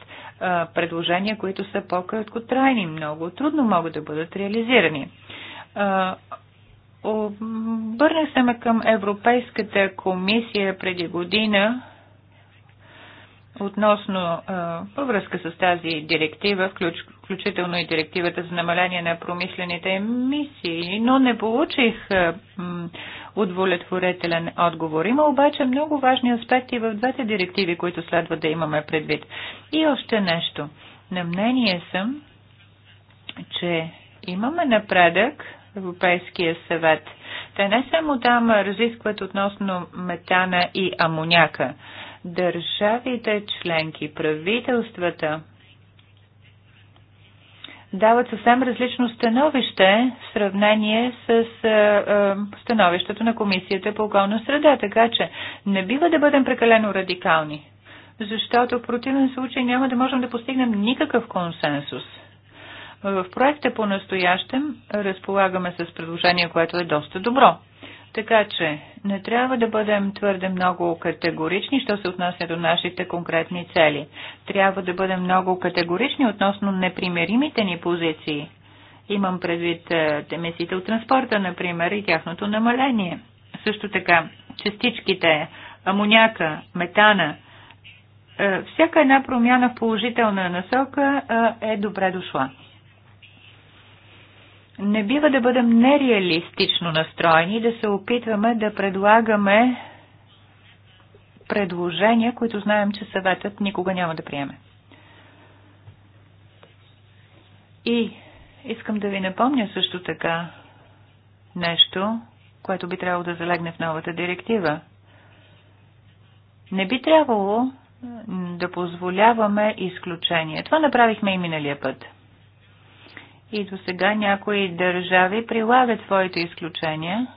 E: предложения, които са по-краткотрайни, много трудно могат да бъдат реализирани. Обърнах се към Европейската комисия преди година относно във връзка с тази директива, включ, включително и директивата за намаление на промишлените емисии, но не получих удовлетворителен отговор. Има обаче много важни аспекти в двете директиви, които следва да имаме предвид. И още нещо. На мнение съм, че имаме напредък в Европейския съвет. Те не само там разискват относно метана и амоняка. Държавите членки, правителствата дават съвсем различно становище в сравнение с е, е, становището на Комисията по околна среда. Така че не бива да бъдем прекалено радикални, защото в противен случай няма да можем да постигнем никакъв консенсус. В проекта по настоящем разполагаме с предложение, което е доста добро. Така че не трябва да бъдем твърде много категорични, що се отнася до нашите конкретни цели. Трябва да бъдем много категорични относно непримеримите ни позиции. Имам предвид е, емисиите от транспорта, например, и тяхното намаление. Също така, частичките, амоняка, метана. Е, всяка една промяна в положителна насока е, е добре дошла не бива да бъдем нереалистично настроени, да се опитваме да предлагаме предложения, които знаем, че съветът никога няма да приеме. И искам да ви напомня също така нещо, което би трябвало да залегне в новата директива. Не би трябвало да позволяваме изключение. Това направихме и миналия път. И до сега някои държави прилагат своите изключения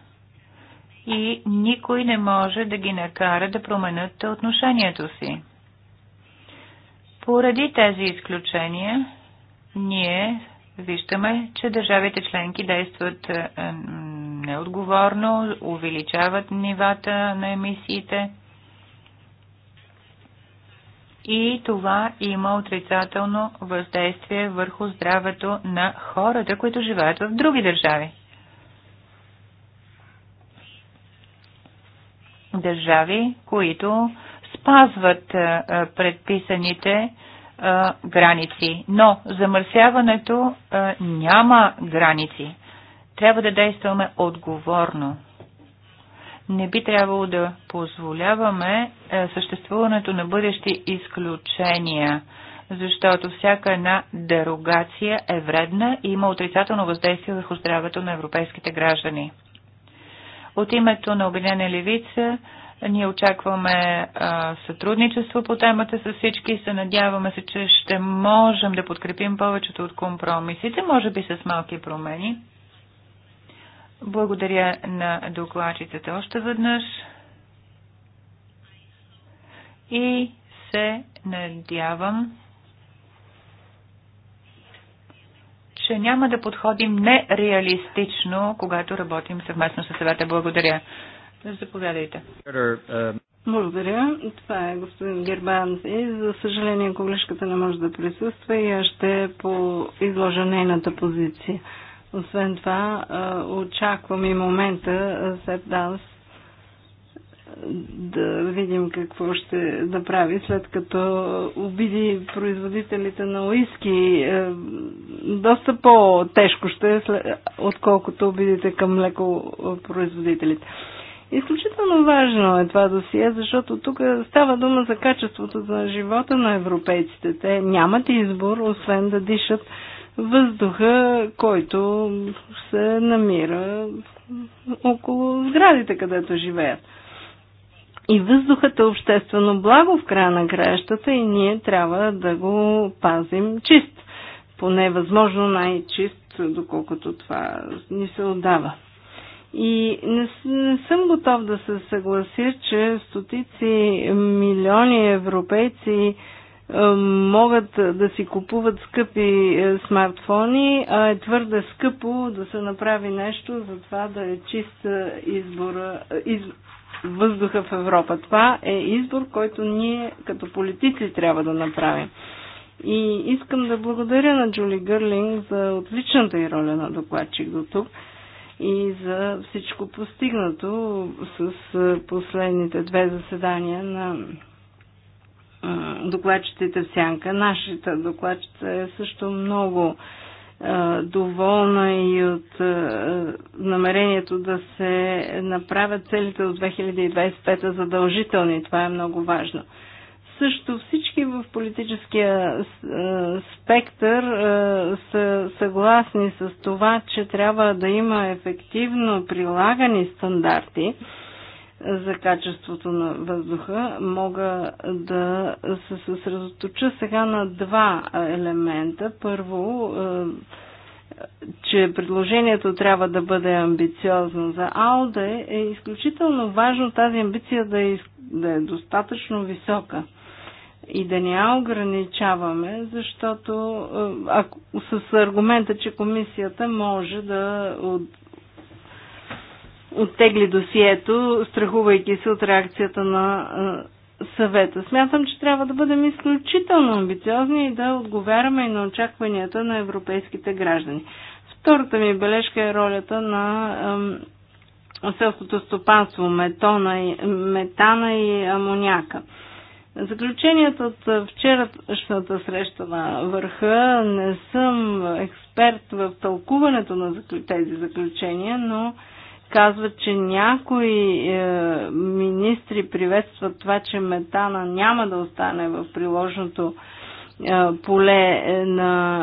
E: и никой не може да ги накара да променят отношението си. Поради тези изключения, ние виждаме, че държавите членки действат е, неотговорно, увеличават нивата на емисиите – и това има отрицателно въздействие върху здравето на хората, които живеят в други държави. Държави, които спазват предписаните граници. Но замърсяването няма граници. Трябва да действаме отговорно. Не би трябвало да позволяваме е, съществуването на бъдещи изключения, защото всяка една дерогация е вредна и има отрицателно въздействие върху здравето на европейските граждани. От името на Обединена левица ние очакваме а, е, сътрудничество по темата с всички и се надяваме се, че ще можем да подкрепим повечето от компромисите, може би с малки промени. Благодаря на докладчицата още веднъж и се надявам, че няма да подходим нереалистично, когато работим съвместно с съвета. Благодаря. Заповядайте.
C: Благодаря. Това е господин Гербан. И, за съжаление, колешката не може да присъства и аз ще по изложа нейната позиция. Освен това, очаквам и момента Сепдалс да видим какво ще направи, след като обиди производителите на уиски. Доста по-тежко ще е, отколкото обидите към леко производителите. Изключително важно е това досие, защото тук става дума за качеството на живота на европейците. Те нямат избор, освен да дишат въздуха, който се намира около сградите, където живеят. И въздухът е обществено благо в края на краищата и ние трябва да го пазим чист. Поне възможно най-чист, доколкото това ни се отдава. И не, не съм готов да се съглася, че стотици милиони европейци е, могат да си купуват скъпи е, смартфони, а е твърде скъпо да се направи нещо за това да е чист е, избора, из, въздуха в Европа. Това е избор, който ние като политици трябва да направим. И искам да благодаря на Джули Гърлинг за отличната и роля на докладчик до тук и за всичко постигнато с последните две заседания на докладчицата в сянка. Нашата докладчета е също много доволна и от намерението да се направят целите от 2025 задължителни. Това е много важно. Също всички в политическия спектър са съгласни с това, че трябва да има ефективно прилагани стандарти за качеството на въздуха, мога да се съсредоточа сега на два елемента. Първо, че предложението трябва да бъде амбициозно за АЛДЕ, е изключително важно тази амбиция да е, да е достатъчно висока и да не я ограничаваме, защото ако с аргумента, че комисията може да оттегли досието, страхувайки се от реакцията на съвета. Смятам, че трябва да бъдем изключително амбициозни и да отговаряме и на очакванията на европейските граждани. Втората ми бележка е ролята на селското стопанство, метона, метана и амоняка. Заключенията от вчерашната среща на върха не съм експерт в тълкуването на тези заключения, но казват, че някои е, министри приветстват това, че метана няма да остане в приложното е, поле е, на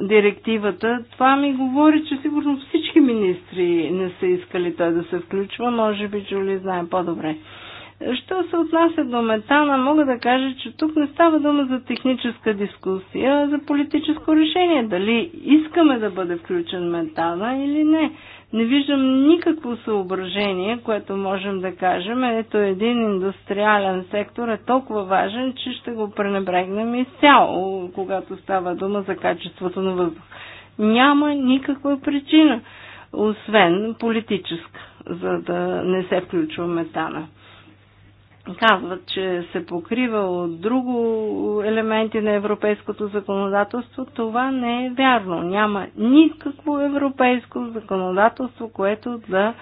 C: е, директивата, това ми говори, че сигурно всички министри не са искали той да се включва. Може би Джули знае по-добре. Що се отнася до метана, мога да кажа, че тук не става дума за техническа дискусия, а за политическо решение. Дали искаме да бъде включен метана или не. Не виждам никакво съображение, което можем да кажем. Ето един индустриален сектор е толкова важен, че ще го пренебрегнем изцяло, когато става дума за качеството на въздух. Няма никаква причина, освен политическа, за да не се включва метана казват, че се покрива от друго елементи на европейското законодателство, това не е вярно. Няма никакво европейско законодателство, което да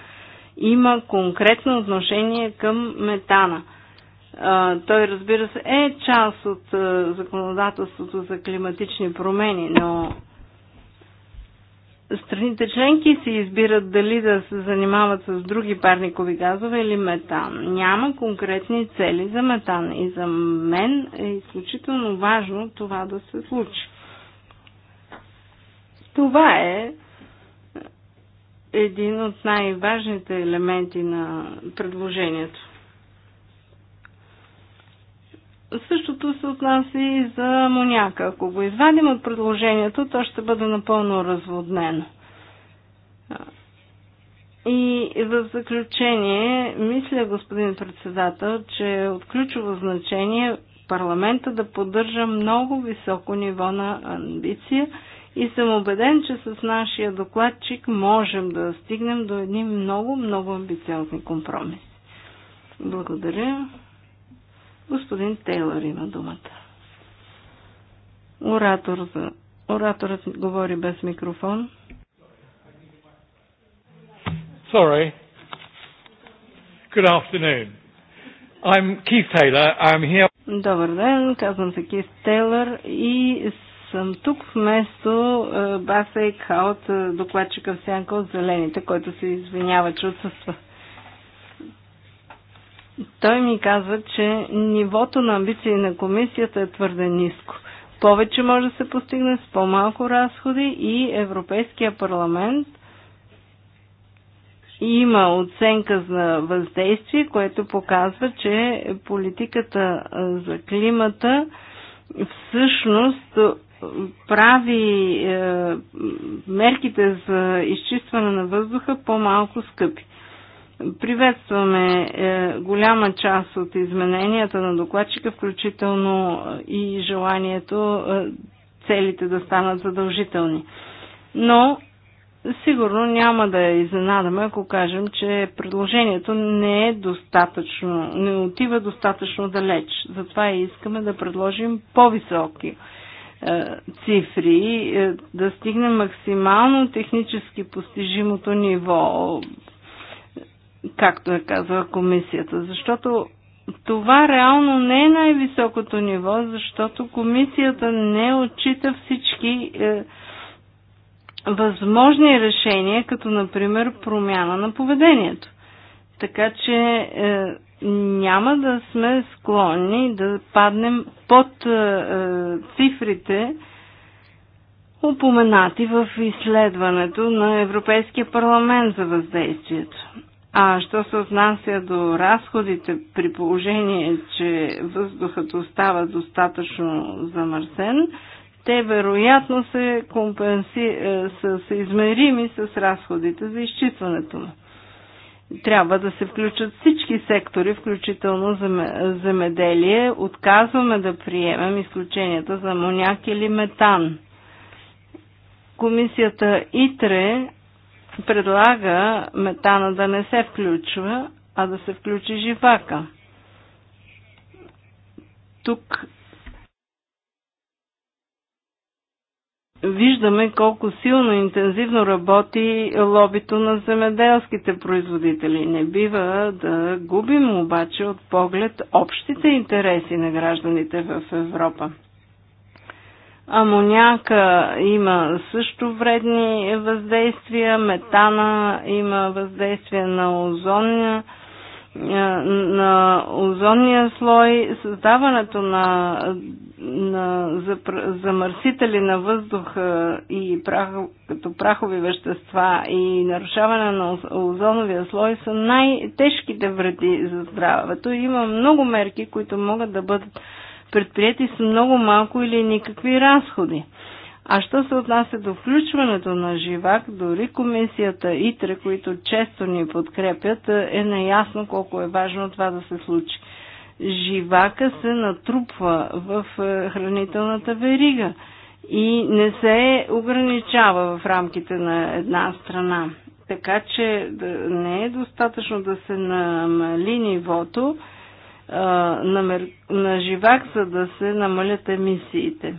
C: има конкретно отношение към метана. Той, разбира се, е част от законодателството за климатични промени, но Страните членки се избират дали да се занимават с други парникови газове или метан. Няма конкретни цели за метан и за мен е изключително важно това да се случи. Това е един от най-важните елементи на предложението. Същото се отнася и за амоняка. Ако го извадим от предложението, то ще бъде напълно разводнено. И в заключение, мисля, господин председател, че е от ключово значение парламента да поддържа много високо ниво на амбиция и съм убеден, че с нашия докладчик можем да стигнем до едни много, много амбициозни компромиси. Благодаря. Господин Тейлър има думата. Оратор за... Ораторът говори без микрофон.
B: Sorry. Good afternoon. I'm Keith Taylor. I'm here.
C: Добър ден, казвам се Кис Тейлър и съм тук вместо е, Басейк Хаут, е, докладчика в Сянко от Зелените, който се извинява, че отсъства. Той ми каза, че нивото на амбиции на комисията е твърде ниско. Повече може да се постигне с по-малко разходи и Европейския парламент има оценка за въздействие, което показва, че политиката за климата всъщност прави е, мерките за изчистване на въздуха по-малко скъпи. Приветстваме е, голяма част от измененията на докладчика, включително е, и желанието е, целите да станат задължителни. Но сигурно няма да изненадаме, ако кажем, че предложението не е достатъчно, не отива достатъчно далеч. Затова и искаме да предложим по-високи е, цифри, е, да стигнем максимално технически постижимото ниво, както е казва комисията, защото това реално не е най-високото ниво, защото комисията не отчита всички е, възможни решения, като например промяна на поведението. Така че е, няма да сме склонни да паднем под е, е цифрите, упоменати в изследването на Европейския парламент за въздействието. А що се отнася до разходите при положение, че въздухът остава достатъчно замърсен, те вероятно се компенси... Е, са, са измерими с разходите за изчистването му. Трябва да се включат всички сектори, включително земеделие. Отказваме да приемем изключенията за амоняк или метан. Комисията ИТРЕ предлага метана да не се включва, а да се включи живака. Тук виждаме колко силно и интензивно работи лобито на земеделските производители. Не бива да губим обаче от поглед общите интереси на гражданите в Европа. Амоняка има също вредни въздействия, метана има въздействие на озонния е, на озонния слой, създаването на, на замърсители на въздуха е, и прах, като прахови вещества и нарушаване на озоновия слой са най-тежките вреди за здравето. Има много мерки, които могат да бъдат предприяти с много малко или никакви разходи. А що се отнася до включването на живак, дори комисията ИТРА, които често ни подкрепят, е наясно колко е важно това да се случи. Живака се натрупва в е, хранителната верига и не се ограничава в рамките на една страна. Така че не е достатъчно да се намали нивото, на, на живак, за да се намалят емисиите.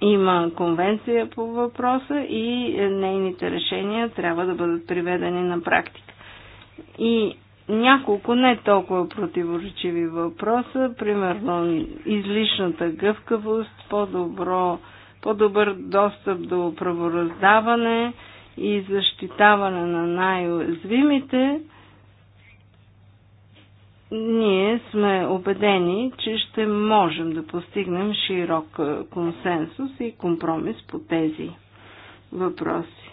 C: Има конвенция по въпроса и нейните решения трябва да бъдат приведени на практика. И няколко не толкова противоречиви въпроса, примерно излишната гъвкавост, по-добро, по-добър достъп до правораздаване и защитаване на най-уязвимите, ние сме убедени, че ще можем да постигнем широк консенсус и компромис по тези въпроси.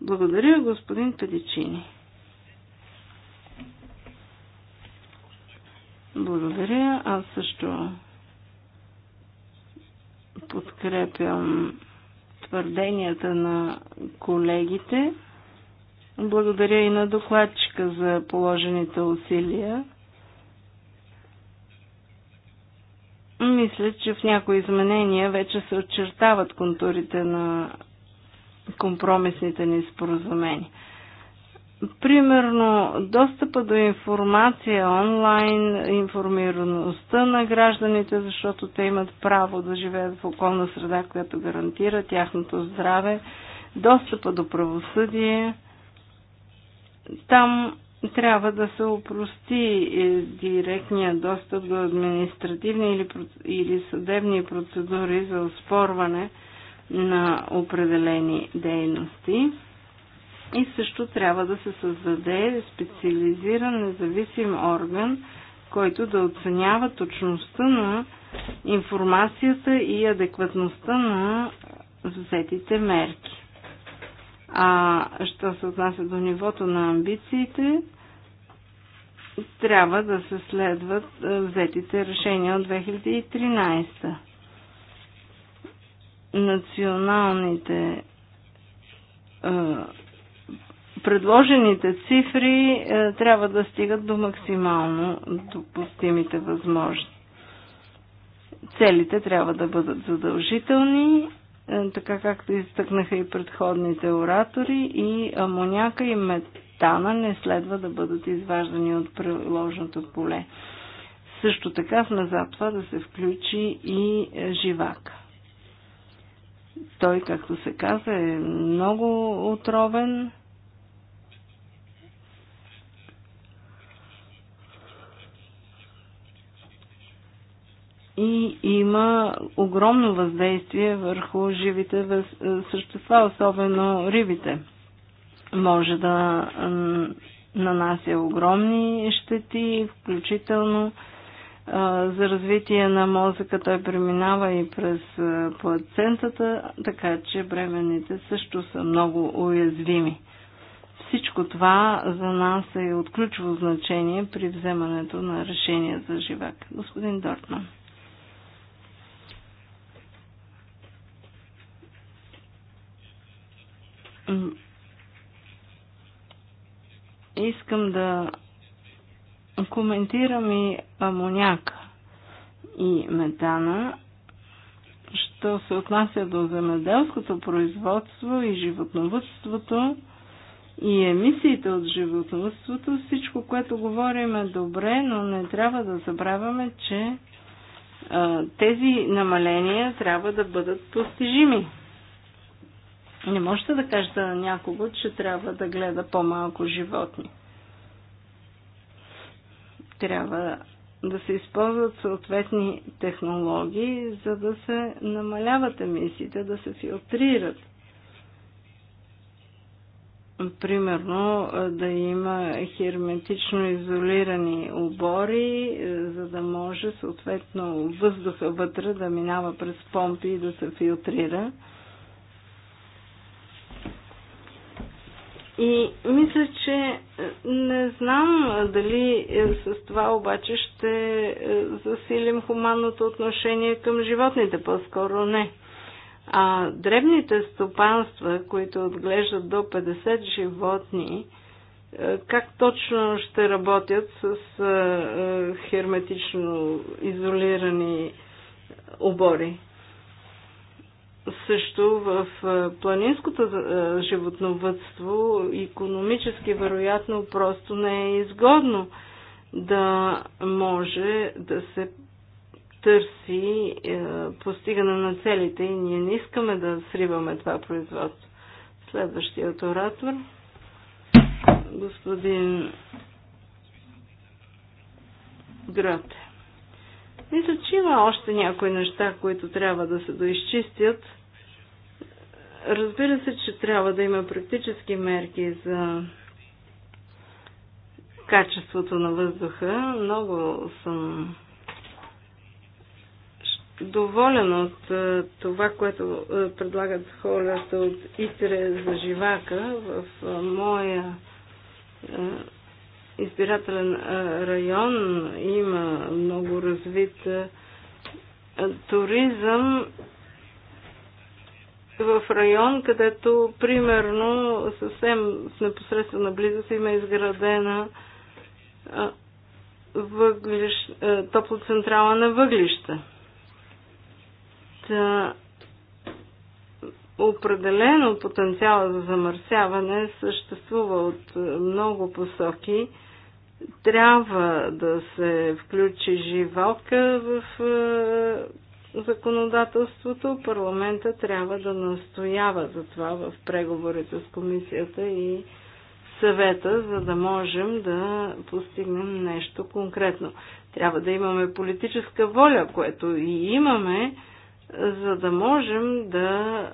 C: Благодаря, господин Педичини. Благодаря. Аз също подкрепям твърденията на колегите. Благодаря и на докладчика за положените усилия. Мисля, че в някои изменения вече се очертават контурите на компромисните ни споразумения. Примерно, достъпа до информация онлайн, информираността на гражданите, защото те имат право да живеят в околна среда, която гарантира тяхното здраве, достъпа до правосъдие. Там трябва да се опрости е, директния достъп до административни или, или съдебни процедури за оспорване на определени дейности. И също трябва да се създаде специализиран независим орган, който да оценява точността на информацията и адекватността на взетите мерки. А що се отнася до нивото на амбициите, трябва да се следват взетите решения от 2013. Националните предложените цифри трябва да стигат до максимално допустимите възможности. Целите трябва да бъдат задължителни, така както изтъкнаха и предходните оратори, и амоняка и мет стана, не следва да бъдат изваждани от приложното поле. Също така в назад това да се включи и живака. Той, както се каза, е много отровен. и има огромно въздействие върху живите същества, особено рибите може да нанася огромни щети, включително за развитие на мозъка той преминава и през плацентата, така че бременните също са много уязвими. Всичко това за нас е от ключово значение при вземането на решение за живак. Господин Дортман. Mm искам да коментирам и амоняка и метана. Що се отнася до земеделското производство и животновътството и емисиите от животновътството, всичко, което говорим е добре, но не трябва да забравяме, че тези намаления трябва да бъдат постижими. Не можете да кажете на някого, че трябва да гледа по-малко животни. Трябва да се използват съответни технологии, за да се намаляват емисиите, да се филтрират. Примерно да има херметично изолирани обори, за да може съответно въздуха вътре да минава през помпи и да се филтрира. И мисля, че е, не знам е, дали е, с това обаче ще засилим хуманното отношение към животните, по-скоро не. А древните стопанства, които отглеждат до 50 животни, как точно ще работят с херметично изолирани обори? също в планинското животновътство економически вероятно просто не е изгодно да може да се търси постигане на целите и ние не искаме да сриваме това производство. Следващият оратор, господин Грате. Мисля, че има още някои неща, които трябва да се доизчистят. Разбира се, че трябва да има практически мерки за качеството на въздуха. Много съм доволен от е, това, което е, предлагат хората от Итре за живака. В е, моя избирателен район има много развит туризъм в район, където примерно съвсем с непосредствена близост има изградена топлоцентрала на въглища. Та, определено потенциала за замърсяване съществува от много посоки трябва да се включи живалка в е, законодателството, парламента трябва да настоява за това в преговорите с комисията и съвета, за да можем да постигнем нещо конкретно. Трябва да имаме политическа воля, което и имаме, за да можем да е,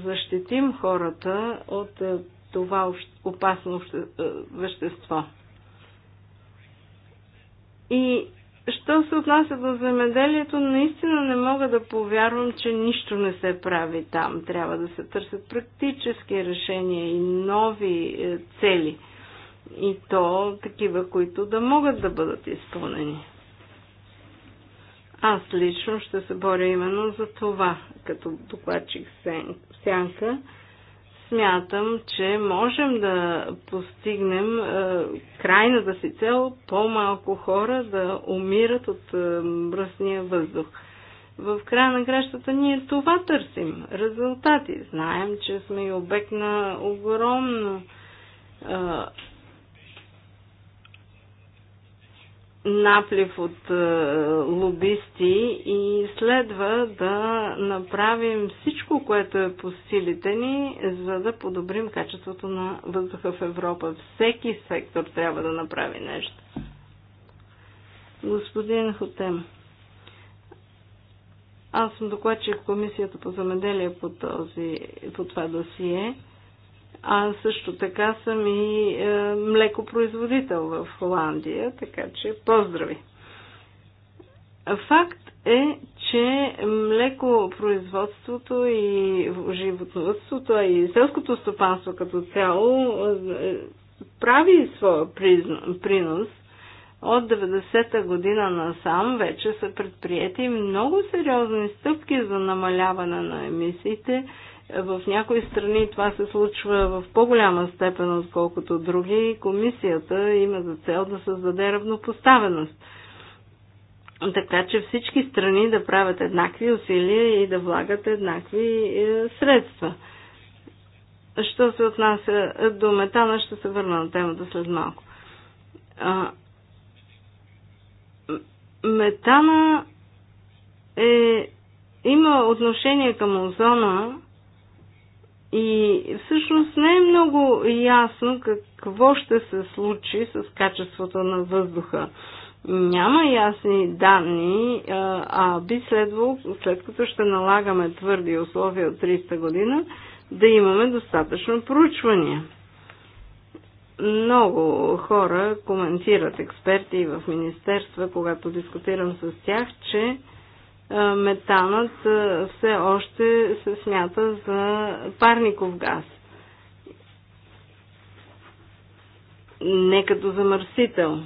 C: защитим хората от е, това опасно вещество. И що се отнася до земеделието, наистина не мога да повярвам, че нищо не се прави там. Трябва да се търсят практически решения и нови е, цели. И то такива, които да могат да бъдат изпълнени. Аз лично ще се боря именно за това, като докладчик сянка смятам, че можем да постигнем е, крайната си цел по-малко хора да умират от е, мръсния въздух. В края на кращата ние това търсим. Резултати. Знаем, че сме и обект на огромно е, наплив от е, лобисти и следва да направим всичко, което е по силите ни, за да подобрим качеството на въздуха в Европа. Всеки сектор трябва да направи нещо. Господин Хотем, аз съм докладчик в Комисията по замеделие по, този, по това досие. А също така съм и е, млекопроизводител в Холандия, така че поздрави! Факт е, че млекопроизводството и животновътството, и селското стопанство като цяло е, прави своя принос. От 90-та година насам вече са предприяти много сериозни стъпки за намаляване на емисиите, в някои страни това се случва в по-голяма степен, отколкото други. Комисията има за цел да създаде равнопоставеност. Така че всички страни да правят еднакви усилия и да влагат еднакви е, средства. Що се отнася до метана, ще се върна на темата след малко. метана е, има отношение към озона, и всъщност не е много ясно какво ще се случи с качеството на въздуха. Няма ясни данни, а би следвало, след като ще налагаме твърди условия от 300 година, да имаме достатъчно проучвания. Много хора коментират експерти в министерства, когато дискутирам с тях, че е, метанът е, все още се смята за парников газ. Не като замърсител.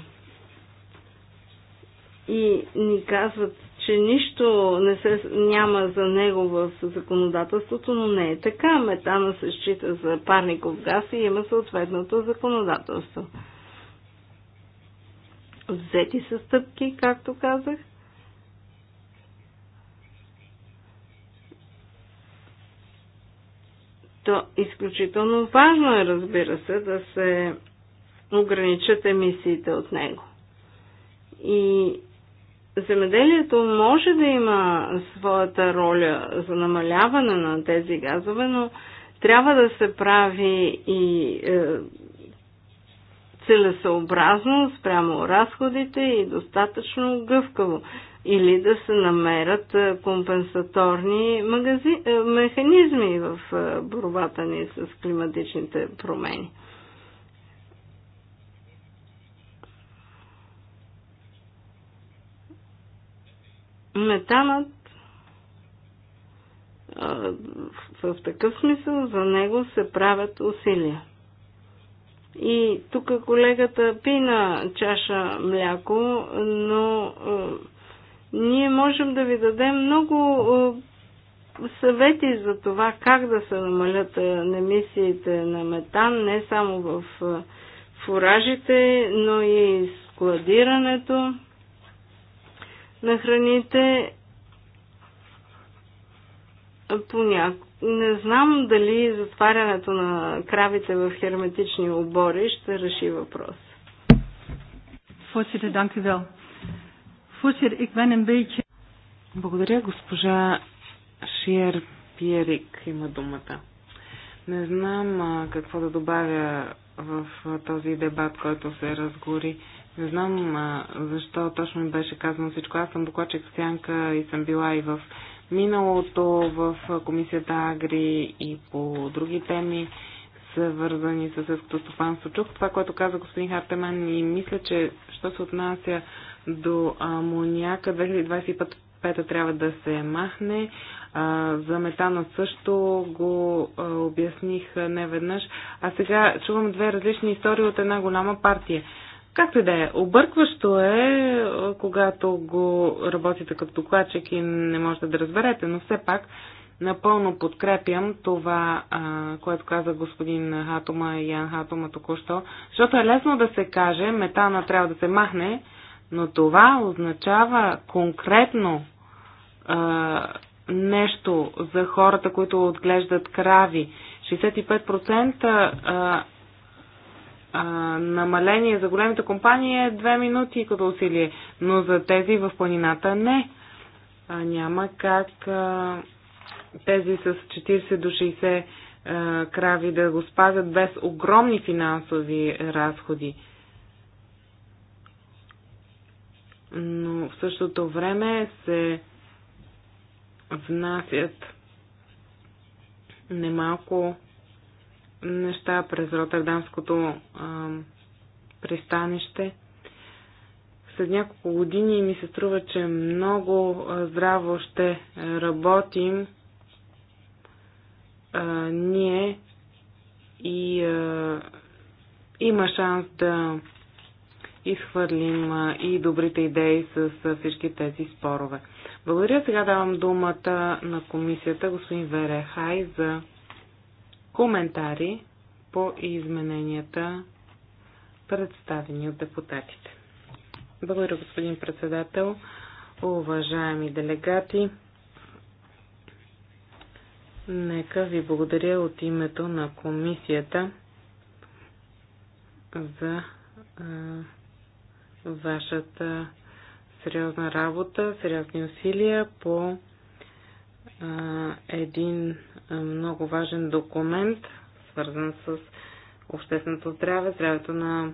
C: И ни казват, че нищо не се, няма за него в законодателството, но не е така. Метана се счита за парников газ и има съответното законодателство. Взети са стъпки, както казах То изключително важно е, разбира се, да се ограничат емисиите от него. И земеделието може да има своята роля за намаляване на тези газове, но трябва да се прави и е, целесообразно спрямо разходите и достатъчно гъвкаво или да се намерят компенсаторни магази... механизми в борбата ни с климатичните промени. Метанът в такъв смисъл за него се правят усилия. И тук колегата пина чаша мляко, но ние можем да ви дадем много е, съвети за това как да се намалят е, емисиите на метан, не само в е, фуражите, но и складирането на храните. Поняк... Не знам дали затварянето на кравите в херметични обори ще реши въпрос.
D: Voorzitter, dank u wel.
F: Фусир, ik ben een beetje... Благодаря, госпожа Шиер Пиерик има думата. Не знам а, какво да добавя в а, този дебат, който се разгори. Не знам а, защо точно ми беше казано всичко. Аз съм докладчик Сянка и съм била и в миналото, в комисията Агри и по други теми, свързани с селското стопанство. Чух това, което каза господин Хартеман и мисля, че що се отнася до амоняка 2025 трябва да се махне. За метана също го обясних неведнъж. А сега чувам две различни истории от една голяма партия. Както и да е, объркващо е, когато го работите като докладчик и не можете да разберете, но все пак напълно подкрепям това, което каза господин Хатома и Ян Хатома току-що, защото е лесно да се каже, метана трябва да се махне, но това означава конкретно а, нещо за хората, които отглеждат крави. 65% а, а, намаление за големите компании е 2 минути като усилие, но за тези в планината не. А, няма как а, тези с 40 до 60 а, крави да го спазят без огромни финансови разходи. но в същото време се внасят немалко неща през Роттердамското а, пристанище. След няколко години ми се струва, че много здраво ще работим а, ние и а, има шанс да изхвърлим и добрите идеи с всички тези спорове. Благодаря. Сега давам думата на комисията господин Верехай за коментари по измененията, представени от депутатите. Благодаря, господин председател, уважаеми делегати. Нека ви благодаря от името на комисията за вашата сериозна работа, сериозни усилия по а, един а, много важен документ, свързан с общественото здраве, здравето на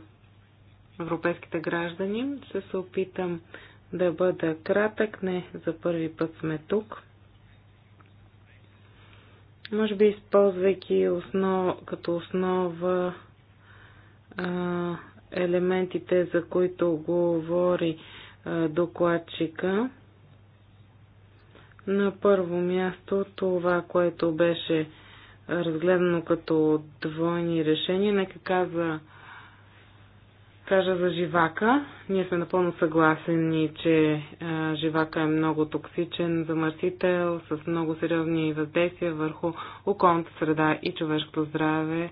F: европейските граждани. Ще се опитам да бъда кратък. Не, за първи път сме тук. Може би използвайки основ, като основа а, елементите, за които говори докладчика. На първо място това, което беше разгледано като двойни решения, нека каза, кажа за живака. Ние сме напълно съгласени, че живака е много токсичен замърсител с много сериозни въздействия върху околната среда и човешкото здраве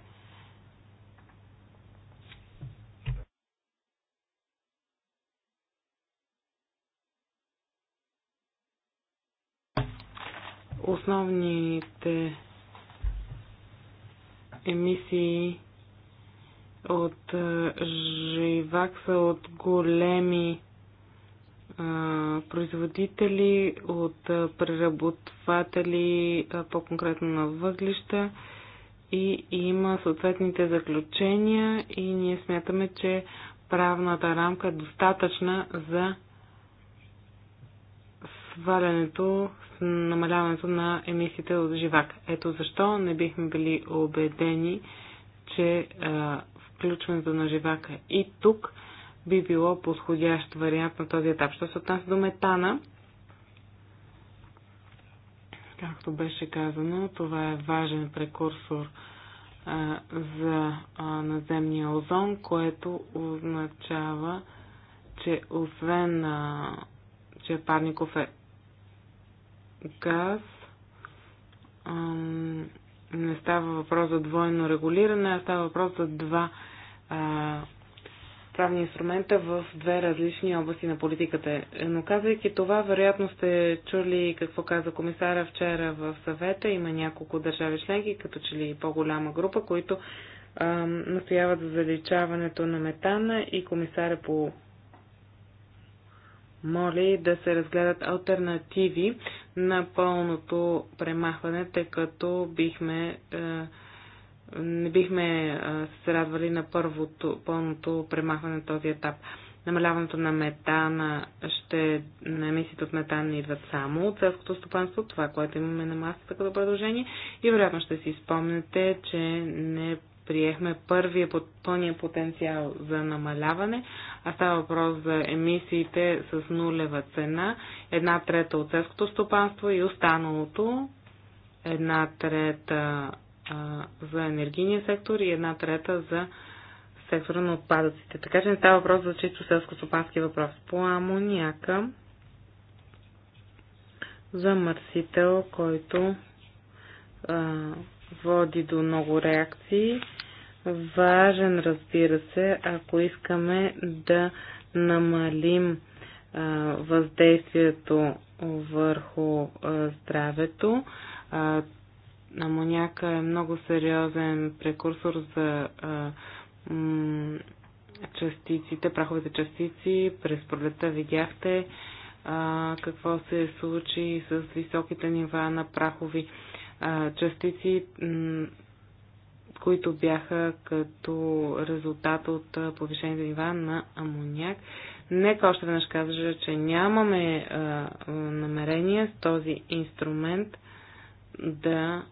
F: основните емисии от живак са от големи производители, от преработватели, по-конкретно на въглища и има съответните заключения и ние смятаме, че правната рамка е достатъчна за свалянето, намаляването на емисиите от живак. Ето защо не бихме били убедени, че а, включването на живака и тук би било подходящ вариант на този етап. Що се отнася до метана, както беше казано, това е важен прекурсор а, за а, наземния озон, което означава, че освен а, че парников е газ не става въпрос за двойно регулиране, а става въпрос за два правни инструмента в две различни области на политиката. Но казвайки това, вероятно сте чули какво каза комисара вчера в съвета. Има няколко държави членки, като че ли по-голяма група, които настояват за заличаването на метана и комисаря по моли да се разгледат альтернативи на пълното премахване, тъй като бихме, е, не бихме е, се радвали на първото пълното премахване на този етап. Намаляването на метана ще, на емисиите от метан не идват само от селското стопанство, това, което имаме на масата като предложение. И вероятно ще си спомнете, че не приехме първия под, пълния потенциал за намаляване, а става въпрос за емисиите с нулева цена, една трета от селското стопанство и останалото, една трета а, за енергийния сектор и една трета за сектора на отпадъците. Така че не става въпрос за чисто селско-стопански въпрос. По амоняка, замърсител, който а, води до много реакции. Важен, разбира се, ако искаме да намалим въздействието върху здравето. амоняка е много сериозен прекурсор за частиците, праховите частици. През пролета видяхте какво се случи с високите нива на прахови частици, които бяха като резултат от повишените нива на амоняк. Нека още веднъж кажа, че нямаме намерение с този инструмент да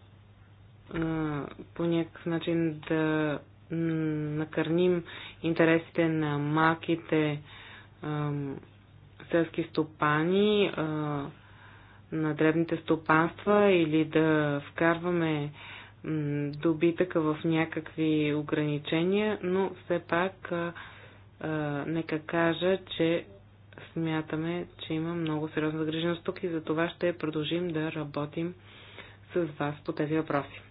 F: по някакъв начин да накърним интересите на малките селски стопани, на дребните стопанства или да вкарваме добитъка в някакви ограничения, но все пак нека кажа, че смятаме, че има много сериозна загриженост тук и за това ще продължим да работим с вас по тези въпроси.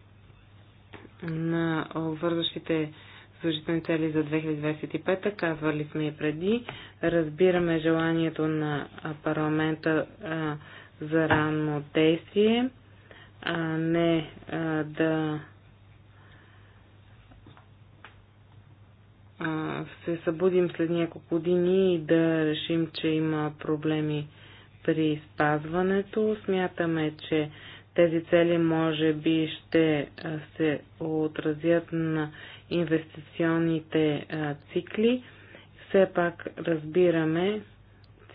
F: На вързващите служителни цели за 2025, казвали сме и преди, разбираме желанието на парламента а, за ранно действие, а не а, да а, се събудим след няколко години и да решим, че има проблеми при спазването. Смятаме, че тези цели може би ще се отразят на инвестиционните цикли. Все пак разбираме,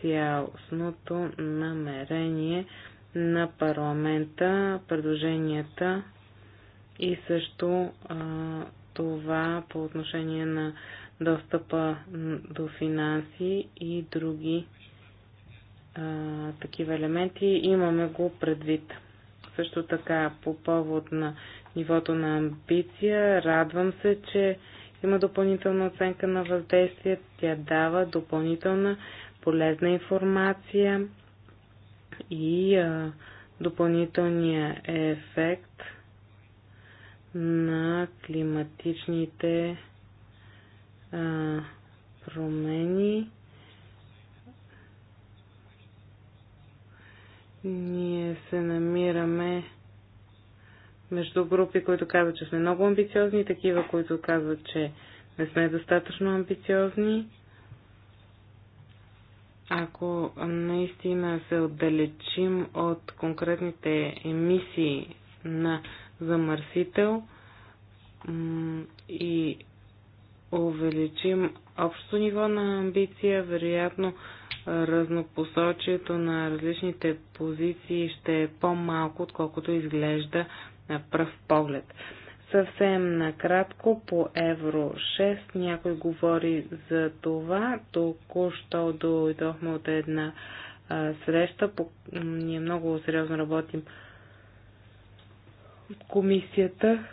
F: цялостното намерение на парламента, предложенията и също а, това по отношение на достъпа до финанси и други а, такива елементи. Имаме го предвид. Също така, по повод на нивото на амбиция, радвам се, че има допълнителна оценка на въздействие. Тя дава допълнителна полезна информация и а, допълнителния ефект на климатичните а, промени. Ние се намираме между групи, които казват, че сме много амбициозни, такива, които казват, че не сме достатъчно амбициозни ако наистина се отдалечим от конкретните емисии на замърсител и увеличим общото ниво на амбиция, вероятно разнопосочието на различните позиции ще е по-малко, отколкото изглежда на пръв поглед. Съвсем накратко по Евро 6 някой говори за това. Току-що дойдохме от една а, среща. По... Ние много сериозно работим от комисията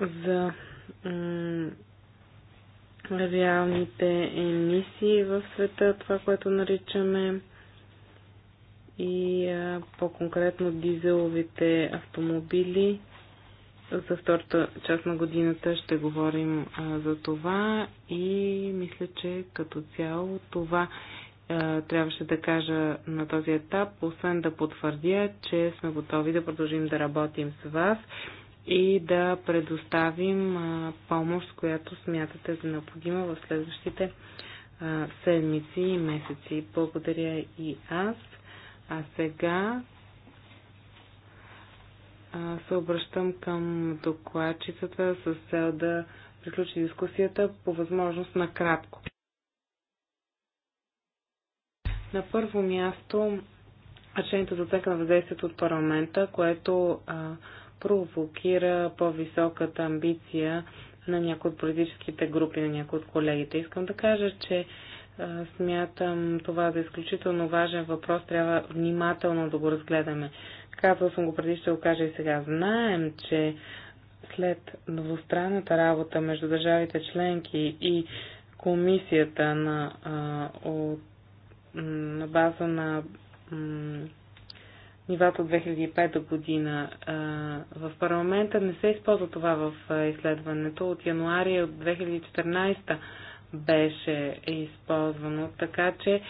F: за реалните емисии в света, това, което наричаме и по-конкретно дизеловите автомобили. За втората част на годината ще говорим а, за това и мисля, че като цяло това а, трябваше да кажа на този етап, освен да потвърдя, че сме готови да продължим да работим с вас и да предоставим а, помощ, която смятате за необходима в следващите а, седмици и месеци. Благодаря и аз. А сега се обръщам към докладчицата с цел да приключи дискусията по възможност накратко. На първо място решението за оценка на въздействието от парламента, което а, провокира по-високата амбиция на някои от политическите групи, на някои от колегите. Искам да кажа, че а, смятам това за е изключително важен въпрос, трябва внимателно да го разгледаме. Казвал съм го преди, ще го кажа и сега. Знаем, че след двустранната работа между държавите членки и комисията на, а, от, на база на нивата от 2005 година. В парламента не се използва това в изследването. От януари от 2014 беше използвано, така че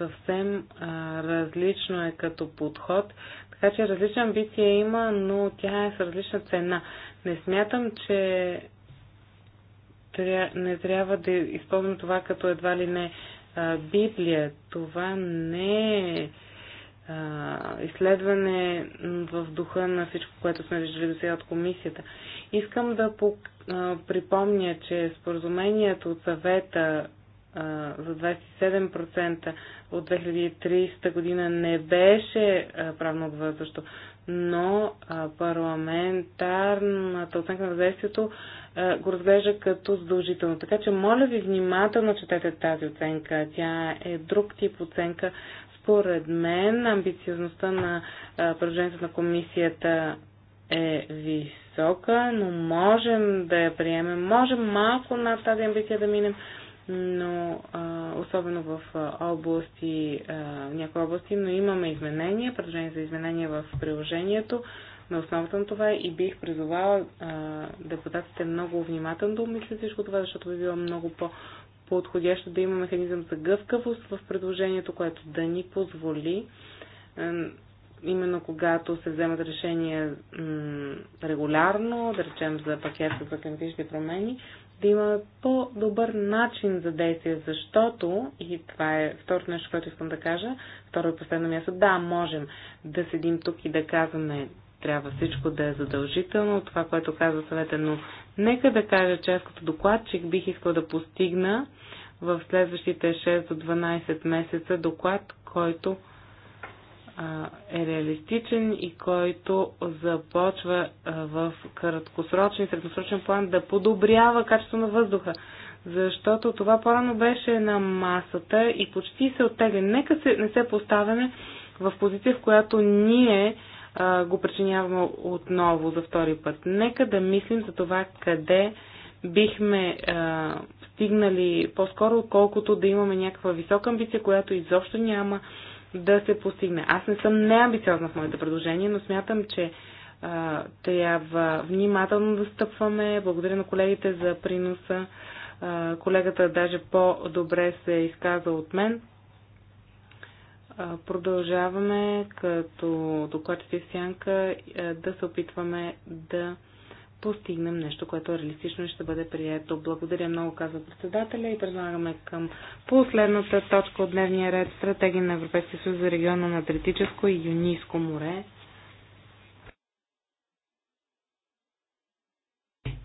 F: съвсем а, различно е като подход, така че различна амбиция има, но тя е с различна цена. Не смятам, че тря... не трябва да използвам това като едва ли не а, Библия. Това не е изследване в духа на всичко, което сме виждали до сега от комисията. Искам да припомня, че споразумението от съвета за 27% от 2030 година не беше правно обвързващо, но парламентарната оценка на въздействието го разглежда като задължително. Така че моля ви внимателно четете тази оценка. Тя е друг тип оценка. Според мен амбициозността на предложението на комисията е висока, но можем да я приемем. Можем малко над тази амбиция да минем, но а, особено в области, а, някои области, но имаме изменения, предложение за изменения в приложението. На основата на това и бих призовала депутатите много внимателно да обмислят всичко това, защото би било много по- подходящо да има механизъм за гъвкавост в предложението, което да ни позволи именно когато се вземат решения регулярно, да речем за пакета за климатични промени, да имаме по-добър начин за действие, защото, и това е второто нещо, което искам да кажа, второ и последно място, да, можем да седим тук и да казваме, трябва всичко да е задължително, това, което казва съвета, но нека да кажа, че аз като докладчик бих искал да постигна в следващите 6 до 12 месеца доклад, който е реалистичен и който започва в краткосрочен и средносрочен план да подобрява качество на въздуха. Защото това порано беше на масата и почти се оттегли. Нека се, не се поставяме в позиция, в която ние а, го причиняваме отново за втори път. Нека да мислим за това къде бихме а, стигнали по-скоро, отколкото да имаме някаква висока амбиция, която изобщо няма да се постигне. Аз не съм неамбициозна в моите предложения, но смятам, че а, трябва внимателно да стъпваме. Благодаря на колегите за приноса. А, колегата даже по-добре се е изказа от мен. А, продължаваме като докладчите сянка да се опитваме да постигнем нещо, което е реалистично и ще бъде прието. Благодаря много, каза председателя и предлагаме към последната точка от дневния ред стратегия на Европейския съюз за региона на Атлетическо и Юнийско море.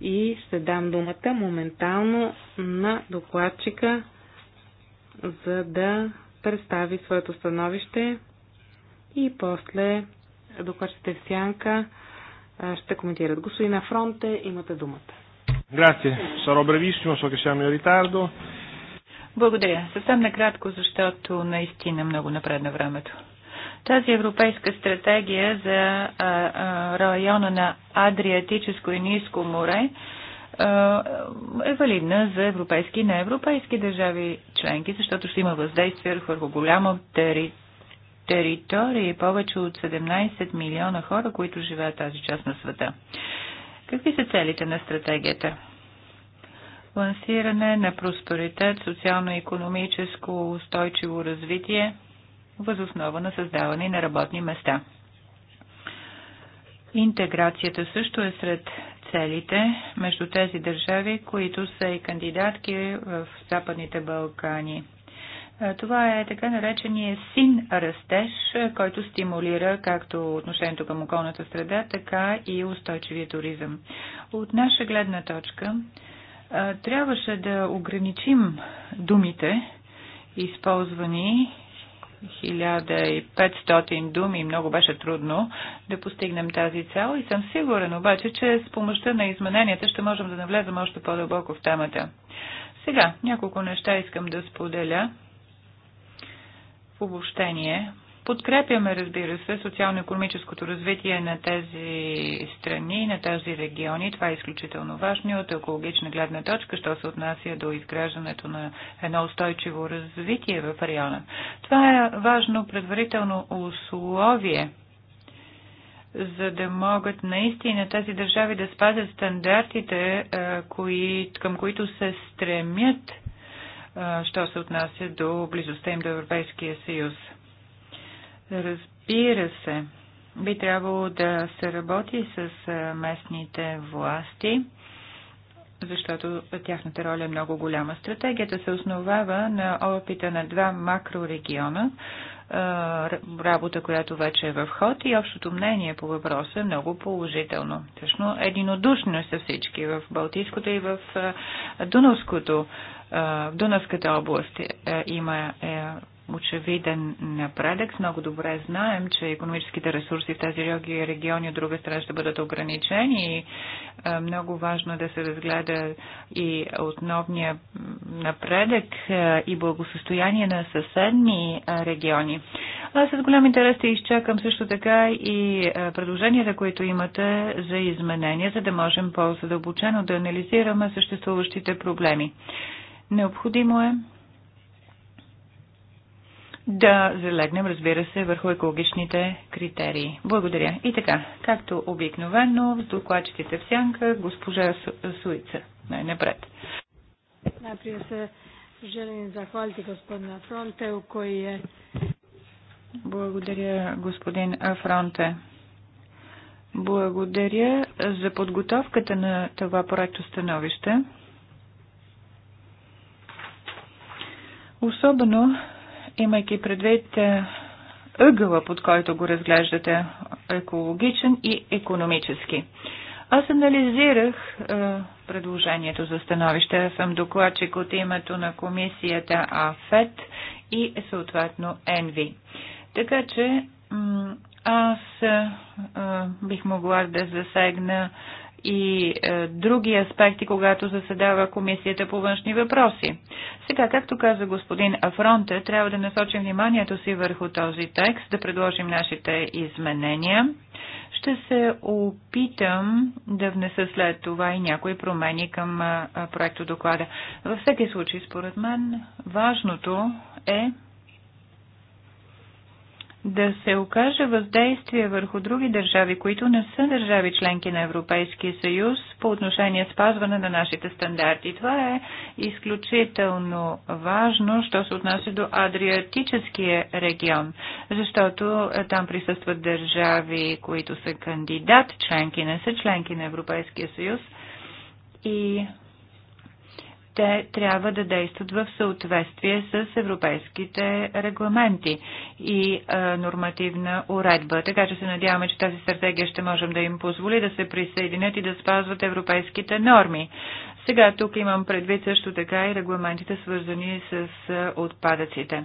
F: И ще дам думата моментално на докладчика, за да представи своето становище и после докладчите в сянка ще коментират. Господин Афронте, имате думата.
H: Саро бревисимо, so che siamo in ritardo.
F: Благодаря. Съвсем накратко,
E: защото наистина много напредна времето. Тази европейска стратегия за а, а, района на Адриатическо и Ниско море а, е валидна за европейски и неевропейски държави членки, защото ще има въздействие върху голяма територия територии повече от 17 милиона хора, които живеят тази част на света. Какви са целите на стратегията? Лансиране на просперитет, социално-економическо устойчиво развитие, възоснова на създаване на работни места. Интеграцията също е сред целите между тези държави, които са и кандидатки в Западните Балкани. Е, това е така наречения син растеж, е, който стимулира както отношението към околната среда, така и устойчивия туризъм. От наша гледна точка е, трябваше да ограничим думите, използвани 1500 думи, много беше трудно да постигнем тази цел и съм сигурен обаче, че с помощта на измененията ще можем да навлезем още по-дълбоко в темата. Сега няколко неща искам да споделя в обобщение, подкрепяме, разбира се, социално-економическото развитие на тези страни, на тези региони. Това е изключително важно от екологична гледна точка, що се отнася до изграждането на едно устойчиво развитие в района. Това е важно предварително условие за да могат наистина тези държави да спазят стандартите, кои, към които се стремят що се отнася до близостта им до Европейския съюз. Разбира се, би трябвало да се работи с местните власти, защото тяхната роля е много голяма. Стратегията се основава на опита на два макрорегиона, работа, която вече е в ход и общото мнение по въпроса е много положително. Всъщност единодушно са всички в Балтийското и в Дунавското в Дунавската област е, е, има е, очевиден напредък. Много добре знаем, че економическите ресурси в тези региони от друга страна ще бъдат ограничени и много важно е да се разгледа и основния напредък и благосостояние на съседни региони. Аз с голям интерес ще изчакам също така и предложенията, които имате за изменения, за да можем по-задълбочено да анализираме съществуващите проблеми. Необходимо е да залегнем, разбира се, върху екологичните критерии. Благодаря. И така, както обикновено, в докладчиците в сянка, госпожа Суица, най-напред.
C: Najprije se želim zahvaliti gospodina Fronteu koji je...
E: Благодаря, господин Фронте. Благодаря за подготовката на това проекто становище. Особено, имайки предвид е, ъгъла, под който го разглеждате, екологичен и економически. Аз анализирах е, предложението за становище. Аз съм докладчик от името на комисията АФЕТ и съответно ЕНВИ. Така че аз е, бих могла да засегна е, и е, други аспекти, когато заседава Комисията по външни въпроси. Сега, както каза господин Афронте, трябва да насочим вниманието си върху този текст, да предложим нашите изменения. Ще се опитам да внеса след това и някои промени към е, проекто доклада. Във всеки случай, според мен, важното е да се окаже въздействие върху други държави, които не са държави членки на Европейския съюз по отношение спазване на нашите стандарти. Това е изключително важно, що се отнася до Адриатическия регион, защото е, там присъстват държави, които са кандидат членки, не са членки на Европейския съюз и те трябва да действат в съответствие с европейските регламенти и а, нормативна уредба. Така че се надяваме, че тази стратегия ще можем да им позволи да се присъединят и да спазват европейските норми. Сега тук имам предвид също така и регламентите свързани с отпадъците.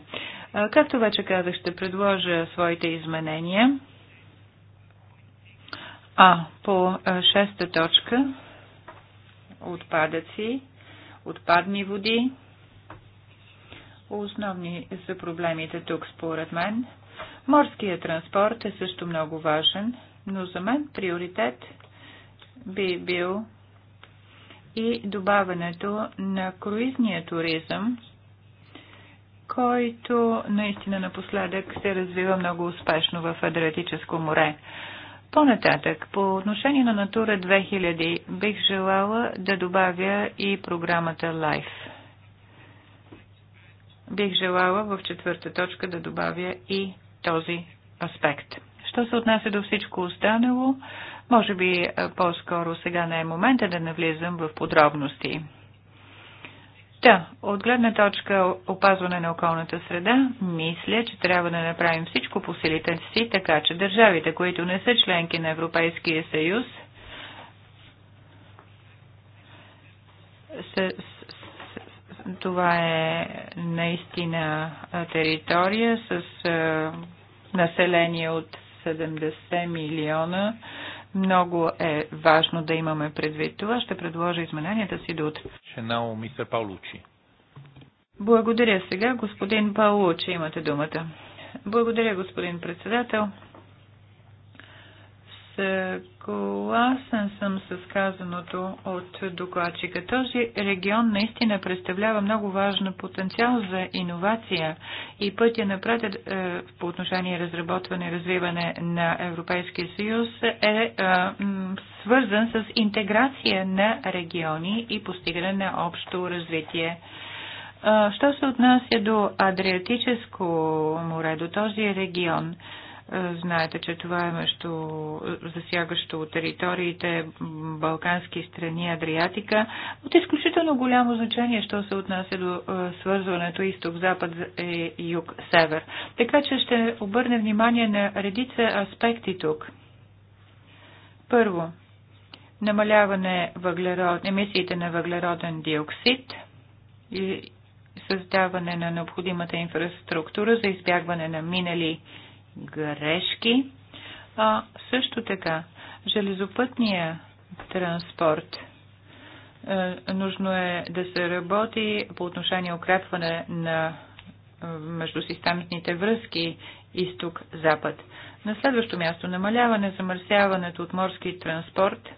E: Както вече казах, ще предложа своите изменения. А по шеста точка отпадъци отпадни води. Основни са проблемите тук, според мен. Морският транспорт е също много важен, но за мен приоритет би бил и добавянето на круизния туризъм, който наистина напоследък се развива много успешно в Адриатическо море. По-нататък, по отношение на Натура 2000, бих желала да добавя и програмата LIFE. Бих желала в четвърта точка да добавя и този аспект. Що се отнася до всичко останало, може би по-скоро сега не е момента да навлизам в подробности. Та, от гледна точка опазване на околната среда, мисля, че трябва да направим всичко по силите си, така че държавите, които не са членки на Европейския съюз, с, това е наистина територия с население от 70 милиона много е важно да имаме предвид това. Ще предложа измененията си до
B: утре. мистер Паулучи.
E: Благодаря сега, господин Паулучи, имате думата. Благодаря, господин председател. Съгласен съм с казаното от докладчика. Този регион наистина представлява много важен потенциал за иновация и пътя напред е, по отношение разработване и развиване на Европейския съюз е, е свързан с интеграция на региони и постигане на общо развитие. Е, що се отнася до Адриатическо море, до този регион – Знаете, че това е между засягащо териториите Балкански страни, Адриатика. От изключително голямо значение, що се отнася до е, свързването изток-запад и е юг-север. Така че ще обърне внимание на редица аспекти тук. Първо, намаляване въглерод, емисиите на въглероден диоксид и създаване на необходимата инфраструктура за избягване на минали грешки. А също така, железопътния транспорт е, – нужно е да се работи по отношение укрепване на е, междусистемните връзки изток-запад. На следващо място намаляване замърсяването от морски транспорт,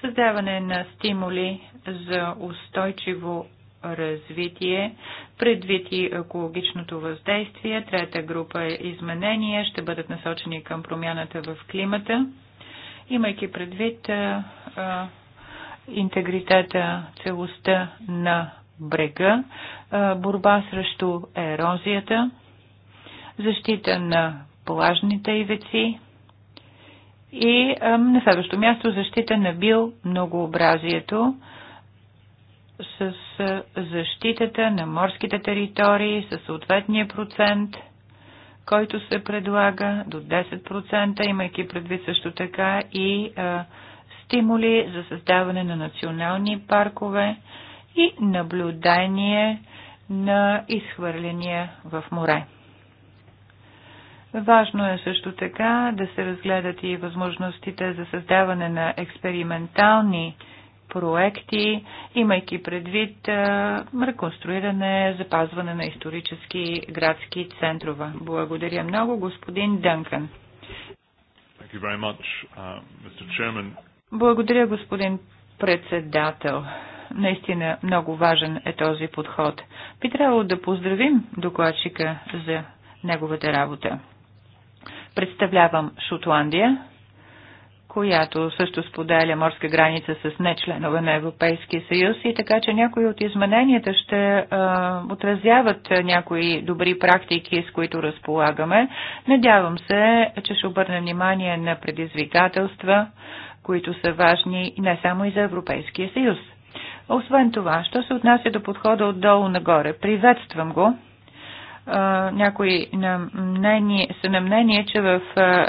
E: създаване на стимули за устойчиво развитие, предвид и екологичното въздействие. Трета група е изменения, ще бъдат насочени към промяната в климата, имайки предвид а, а, интегритета, целостта на брега, а, борба срещу ерозията, защита на плажните ивици, и на следващо място защита на бил многообразието с защитата на морските територии, с съответния процент, който се предлага до 10%, имайки предвид също така и а, стимули за създаване на национални паркове и наблюдение на изхвърления в море. Важно е също така да се разгледат и възможностите за създаване на експериментални проекти, имайки предвид реконструиране, запазване на исторически градски центрове. Благодаря много, господин Дънкан.
H: Uh,
E: Благодаря, господин председател. Наистина много важен е този подход. Би трябвало да поздравим докладчика за неговата работа. Представлявам Шотландия която също споделя морска граница с нечленове на Европейския съюз и така, че някои от измененията ще а, отразяват някои добри практики, с които разполагаме. Надявам се, че ще обърна внимание на предизвикателства, които са важни не само и за Европейския съюз. Освен това, що се отнася до подхода отдолу нагоре, приветствам го някои на мнение, са на мнение, че в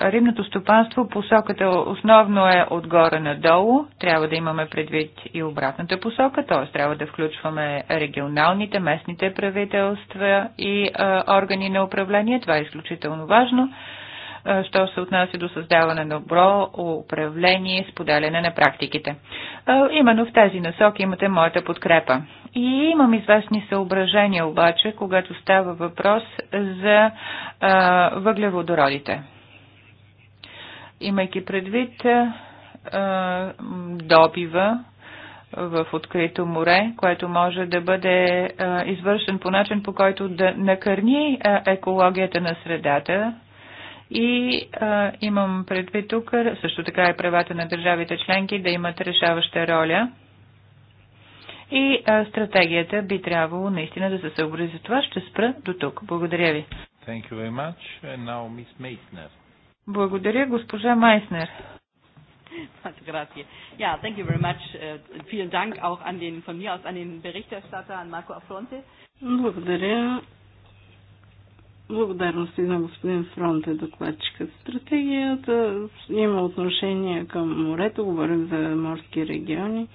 E: рибното стопанство посоката основно е отгоре надолу. Трябва да имаме предвид и обратната посока, т.е. трябва да включваме регионалните, местните правителства и органи на управление. Това е изключително важно що се отнася до създаване на добро управление и споделяне на практиките. Именно в тези насоки имате моята подкрепа. И имам известни съображения обаче, когато става въпрос за а, въглеводородите. Имайки предвид а, добива, в открито море, което може да бъде а, извършен по начин, по който да накърни а, екологията на средата. И а, имам предвид тук също така и правата на държавите членки да имат решаваща роля и а, стратегията би трябвало наистина да се съобрази за това. Ще спра до тук. Благодаря ви.
B: Thank you very much. And now Miss
E: Благодаря, госпожа Майснер.
B: Äh,
C: Благодаря. Благодарности на господин Фронте, докладчика. Стратегията има отношение към морето, говорим за морски региони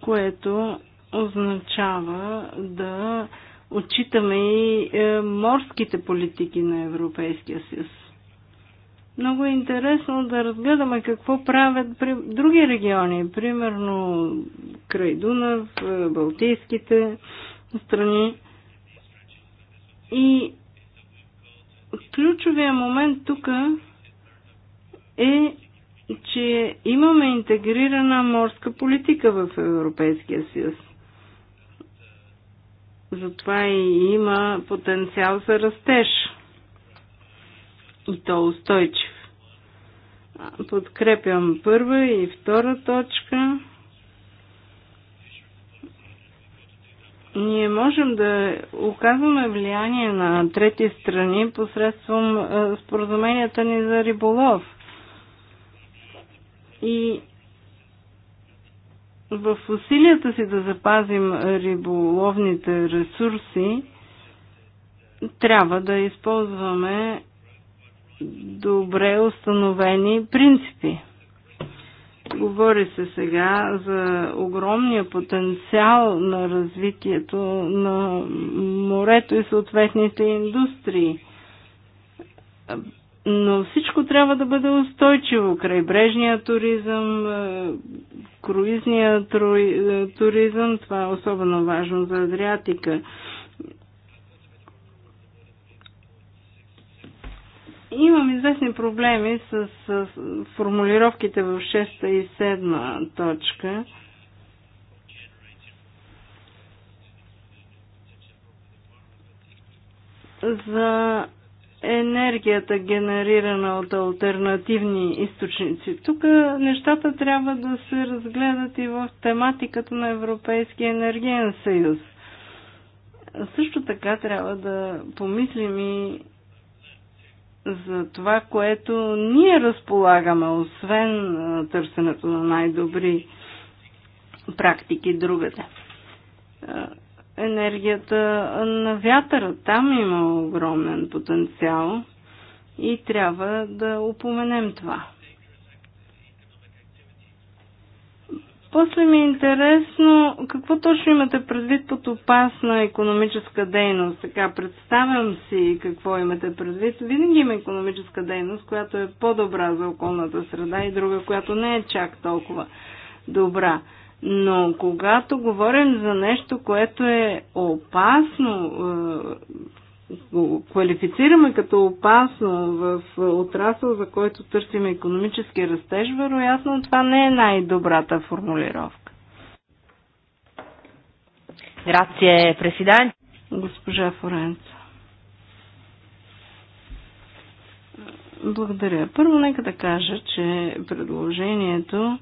C: което означава да отчитаме и е, морските политики на Европейския съюз. Много е интересно да разгледаме какво правят при други региони, примерно край Дунав, е, Балтийските страни. И ключовия момент тук е че имаме интегрирана морска политика в Европейския съюз. Затова и има потенциал за растеж. И то устойчив. Подкрепям първа и втора точка. Ние можем да оказваме влияние на трети страни посредством споразуменията ни за риболов – и в усилията си да запазим риболовните ресурси, трябва да използваме добре установени принципи. Говори се сега за огромния потенциал на развитието на морето и съответните индустрии но всичко трябва да бъде устойчиво. Крайбрежния туризъм, е, круизния е, туризъм, това е особено важно за Адриатика. Имам известни проблеми с, с формулировките в 6 и 7 точка. За енергията, генерирана от альтернативни източници. Тук нещата трябва да се разгледат и в тематиката на Европейския енергиен съюз. Също така трябва да помислим и за това, което ние разполагаме, освен търсенето на най-добри практики другата енергията на вятъра. Там има огромен потенциал и трябва да упоменем това. После ми е интересно какво точно имате предвид под опасна економическа дейност. Така, представям си какво имате предвид. Винаги има економическа дейност, която е по-добра за околната среда и друга, която не е чак толкова добра. Но когато говорим за нещо, което е опасно, е, квалифицираме като опасно в отрасъл, за който търсим економически растеж, вероятно това не е най-добрата формулировка. Грация, президент. Госпожа Форенца. Благодаря. Първо нека да кажа, че предложението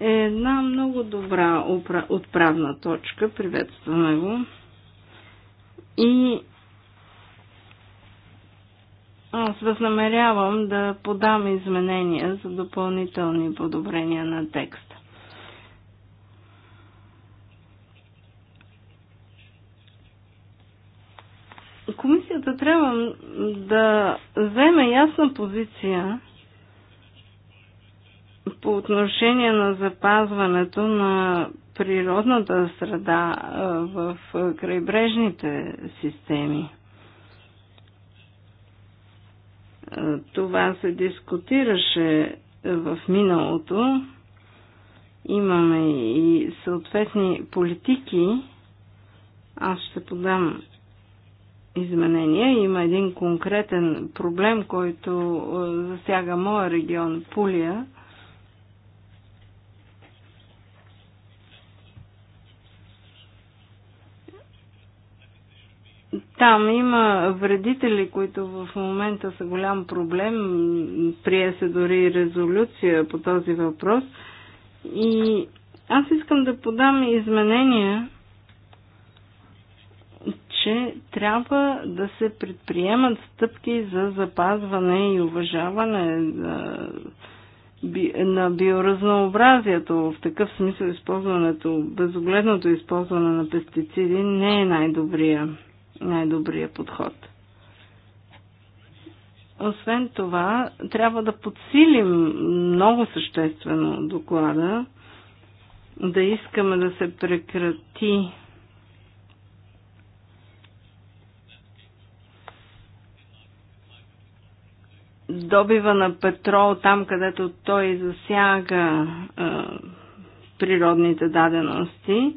C: е една много добра отправна точка. Приветстваме го. И аз възнамерявам да подам изменения за допълнителни подобрения на текста. Комисията трябва да вземе ясна позиция по отношение на запазването на природната среда в крайбрежните системи. Това се дискутираше в миналото. Имаме и съответни политики. Аз ще подам изменения. Има един конкретен проблем, който засяга моя регион Пулия Там има вредители, които в момента са голям проблем. Прие се дори резолюция по този въпрос. И аз искам да подам изменения, че трябва да се предприемат стъпки за запазване и уважаване на, на биоразнообразието. В такъв смисъл използването, безогледното използване на пестициди не е най-добрия най-добрия подход. Освен това, трябва да подсилим много съществено доклада, да искаме да се прекрати добива на петрол там, където той засяга е, природните дадености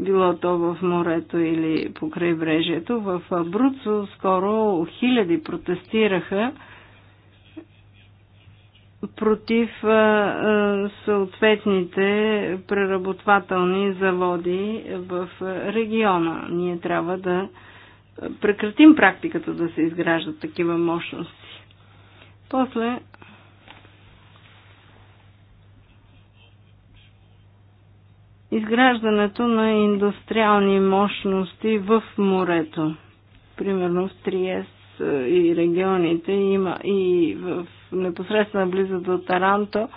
C: било то в морето или по крайбрежието. В Бруцо скоро хиляди протестираха против съответните преработвателни заводи в региона. Ние трябва да прекратим практиката да се изграждат такива мощности. После изграждането на индустриални мощности в морето. Примерно в Триес е, и регионите има и в непосредствена близо до Таранто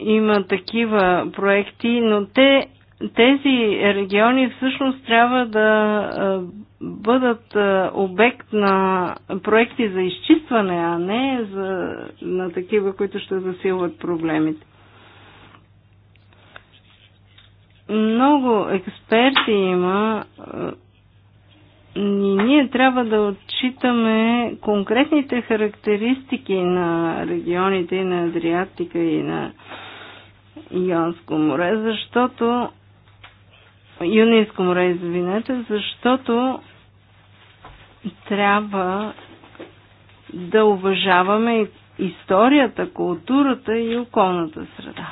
C: има такива проекти, но те, тези региони всъщност трябва да е, бъдат е, обект на проекти за изчистване, а не за, на такива, които ще засилват проблемите. много експерти има и ние трябва да отчитаме конкретните характеристики на регионите и на Адриатика и на Ионско море, защото Юнийско море, извинете, защото трябва да уважаваме историята, културата и околната среда.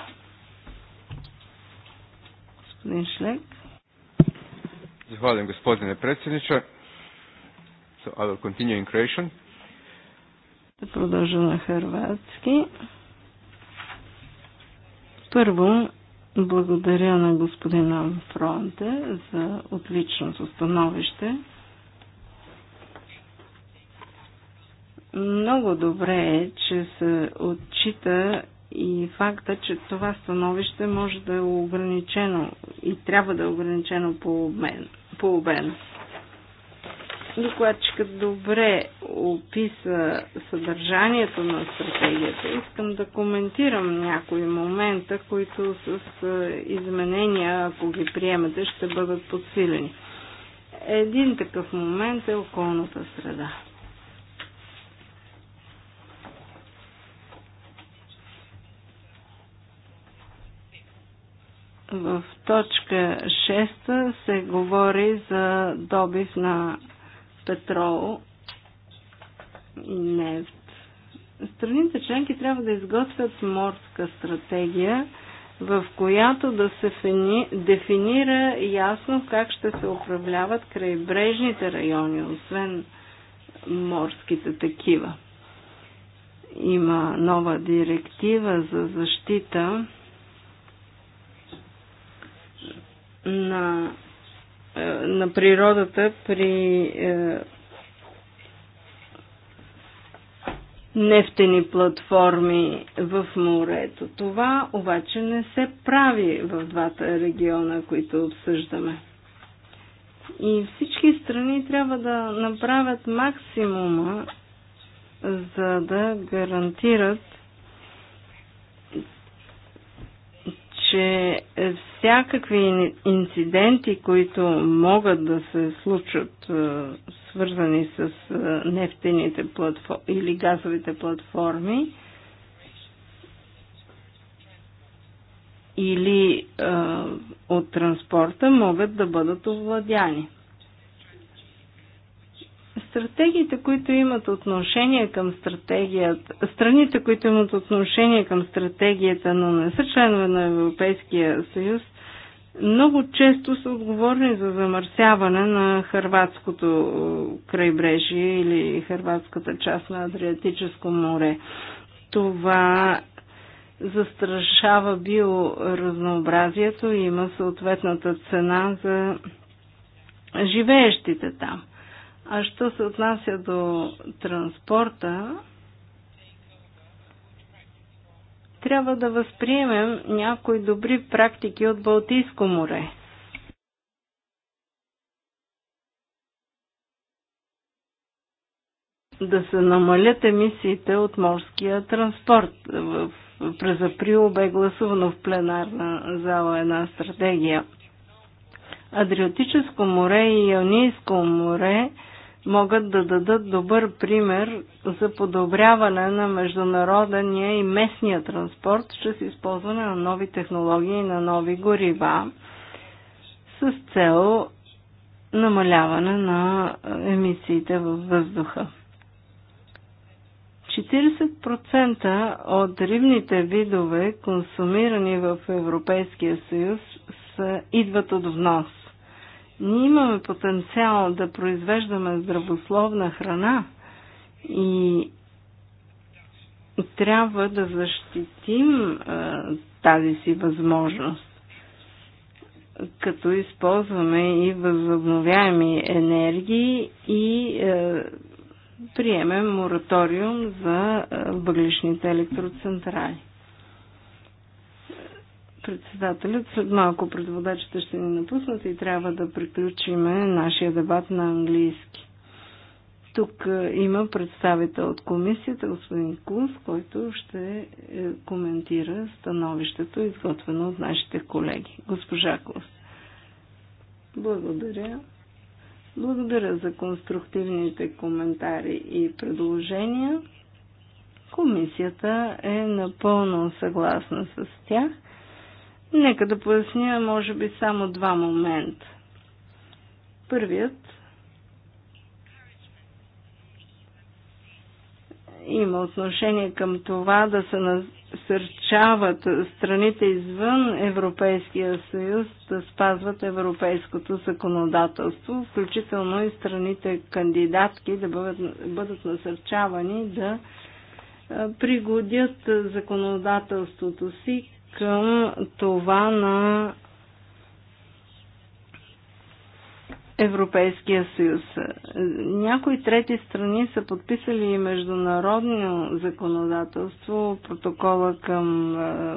C: Gospodin Šlek.
D: Zahvaljujem gospodine predsjedniče. So I will continue in Croatian.
C: Да продължа на хрватски. Първо, благодаря на господина Фронте за отличното становище. Много добре е, че се отчита и факта, че това становище може да е ограничено и трябва да е ограничено по, обмен, по обем. Докладчика добре описа съдържанието на стратегията. Искам да коментирам някои момента, които с е, изменения, ако ги приемете, ще бъдат подсилени. Един такъв момент е околната среда. В точка 6 се говори за добив на петрол и нефт. Страните членки трябва да изготвят морска стратегия, в която да се дефинира ясно как ще се управляват крайбрежните райони, освен морските такива. Има нова директива за защита на, е, на природата при е, нефтени платформи в морето. Това обаче не се прави в двата региона, които обсъждаме. И всички страни трябва да направят максимума, за да гарантират че всякакви инциденти, които могат да се случат, е, свързани с е, нефтените платформи или газовите платформи, или е, от транспорта могат да бъдат овладяни стратегиите, които имат отношение към стратегията, страните, които имат отношение към стратегията, но не са членове на Европейския съюз, много често са отговорни за замърсяване на хърватското е, крайбрежие или хърватската част на Адриатическо море. Това застрашава биоразнообразието и има съответната цена за живеещите там. А що се отнася до транспорта, трябва да възприемем някои добри практики от Балтийско море. Да се намалят емисиите от морския транспорт. през април бе гласувано в пленарна зала една стратегия. Адриотическо море и Ионийско море – могат да дадат добър пример за подобряване на международния и местния транспорт чрез използване на нови технологии и на нови горива с цел намаляване на емисиите във въздуха. 40% от рибните видове, консумирани в Европейския съюз, са, идват от внос. Ние имаме потенциал да произвеждаме здравословна храна и трябва да защитим а, тази си възможност, като използваме и възобновяеми енергии и а, приемем мораториум за въглишните електроцентрали. Председателят, след малко предводачите ще ни напуснат и трябва да приключиме нашия дебат на английски. Тук е, има представител от комисията, господин Кунс, който ще е, коментира становището, изготвено от нашите колеги. Госпожа Кунс. Благодаря. Благодаря за конструктивните коментари и предложения. Комисията е напълно съгласна с тях Нека да поясня, може би, само два момента. Първият има отношение към това да се насърчават страните извън Европейския съюз да спазват европейското законодателство, включително и страните кандидатки да бъдат, бъдат насърчавани да пригодят законодателството си към това на Европейския съюз. Някои трети страни са подписали международно законодателство, протокола към е,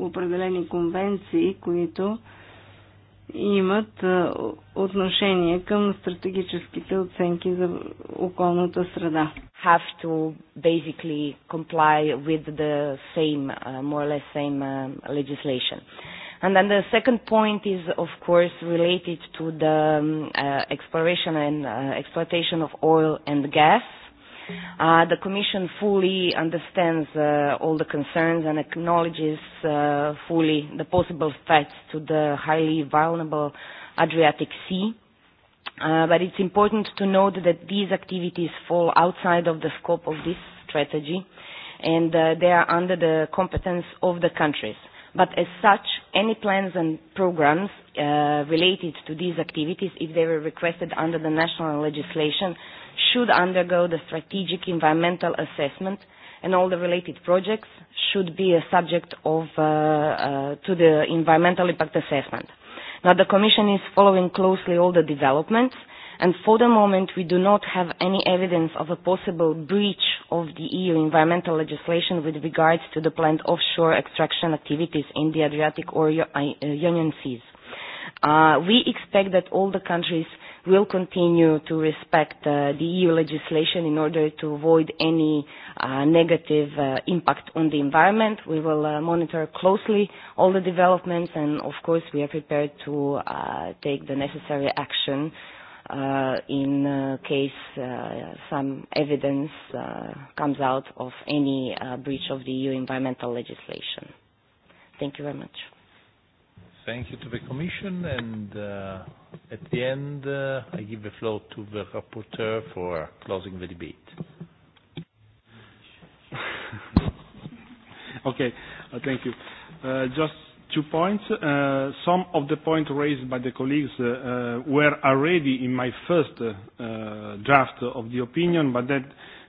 C: определени конвенции, които имат отношение към стратегическите оценки за
I: околната среда. Have to basically comply with the same, more or less same legislation. And then the second point is, of course, related to the uh, exploration and uh, exploitation of oil and gas. Uh, Uh, the Commission fully understands uh, all the concerns and acknowledges uh, fully the possible threats to the highly vulnerable Adriatic Sea. Uh, but it's important to note that these activities fall outside of the scope of this strategy and uh, they are under the competence of the countries. But as such, any plans and programs uh, related to these activities, if they were requested under the national legislation, should undergo the strategic environmental assessment and all the related projects should be a subject of, uh, uh, to the environmental impact assessment. Now the Commission is following closely all the developments and for the moment we do not have any evidence of a possible breach of the EU environmental legislation with regards to the planned offshore extraction activities in the Adriatic or Union seas. Uh, we expect that all the countries will continue to respect uh, the EU legislation in order to avoid any uh, negative uh, impact on the environment. We will uh, monitor closely all the developments and of course we are prepared to uh, take the necessary action uh, in uh, case uh, some evidence uh, comes out of any uh, breach of the EU environmental legislation. Thank you very much.
B: Thank you to the Commission. and uh At the end, uh I give the floor to the rapporteur
H: for closing the debate. Okay. uh Thank you. Uh Just two points. Uh Some of the points raised by the colleagues uh uh were already in my first uh draft of the opinion, but that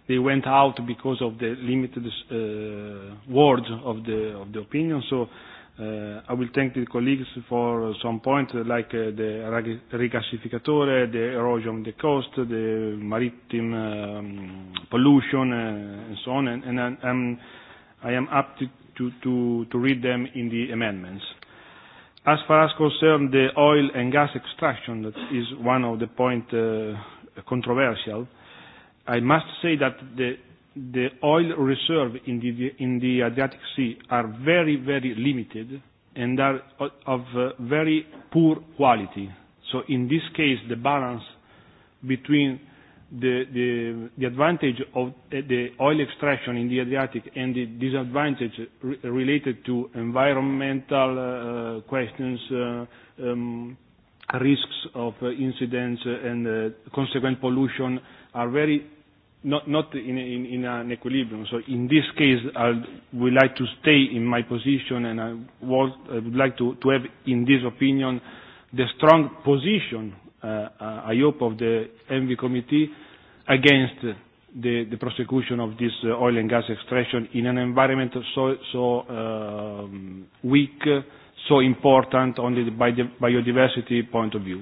H: they went out because of the limited uh words of the of the opinion. So Uh, I will thank the colleagues for some points like uh, the regasificatore, the erosion of the coast, the maritime um, pollution, uh, and so on. And, and I, I am up to, to, to, to read them in the amendments. As far as concerned the oil and gas extraction, that is one of the points uh, controversial, I must say that the the oil reserve in the, in the Adriatic Sea are very, very limited and are of uh, very poor quality. So in this case, the balance between the, the, the advantage of uh, the oil extraction in the Adriatic and the disadvantage re related to environmental uh, questions, uh, um, risks of uh, incidents and uh, consequent pollution are very not not in in in an equilibrium. So in this case, I would like to stay in my position, and I would I would like to to have, in this opinion, the strong position, uh I hope, of the ENVI committee against the the prosecution of this uh oil and gas extraction in an environment so so um weak, so important only by the biodiversity point of view.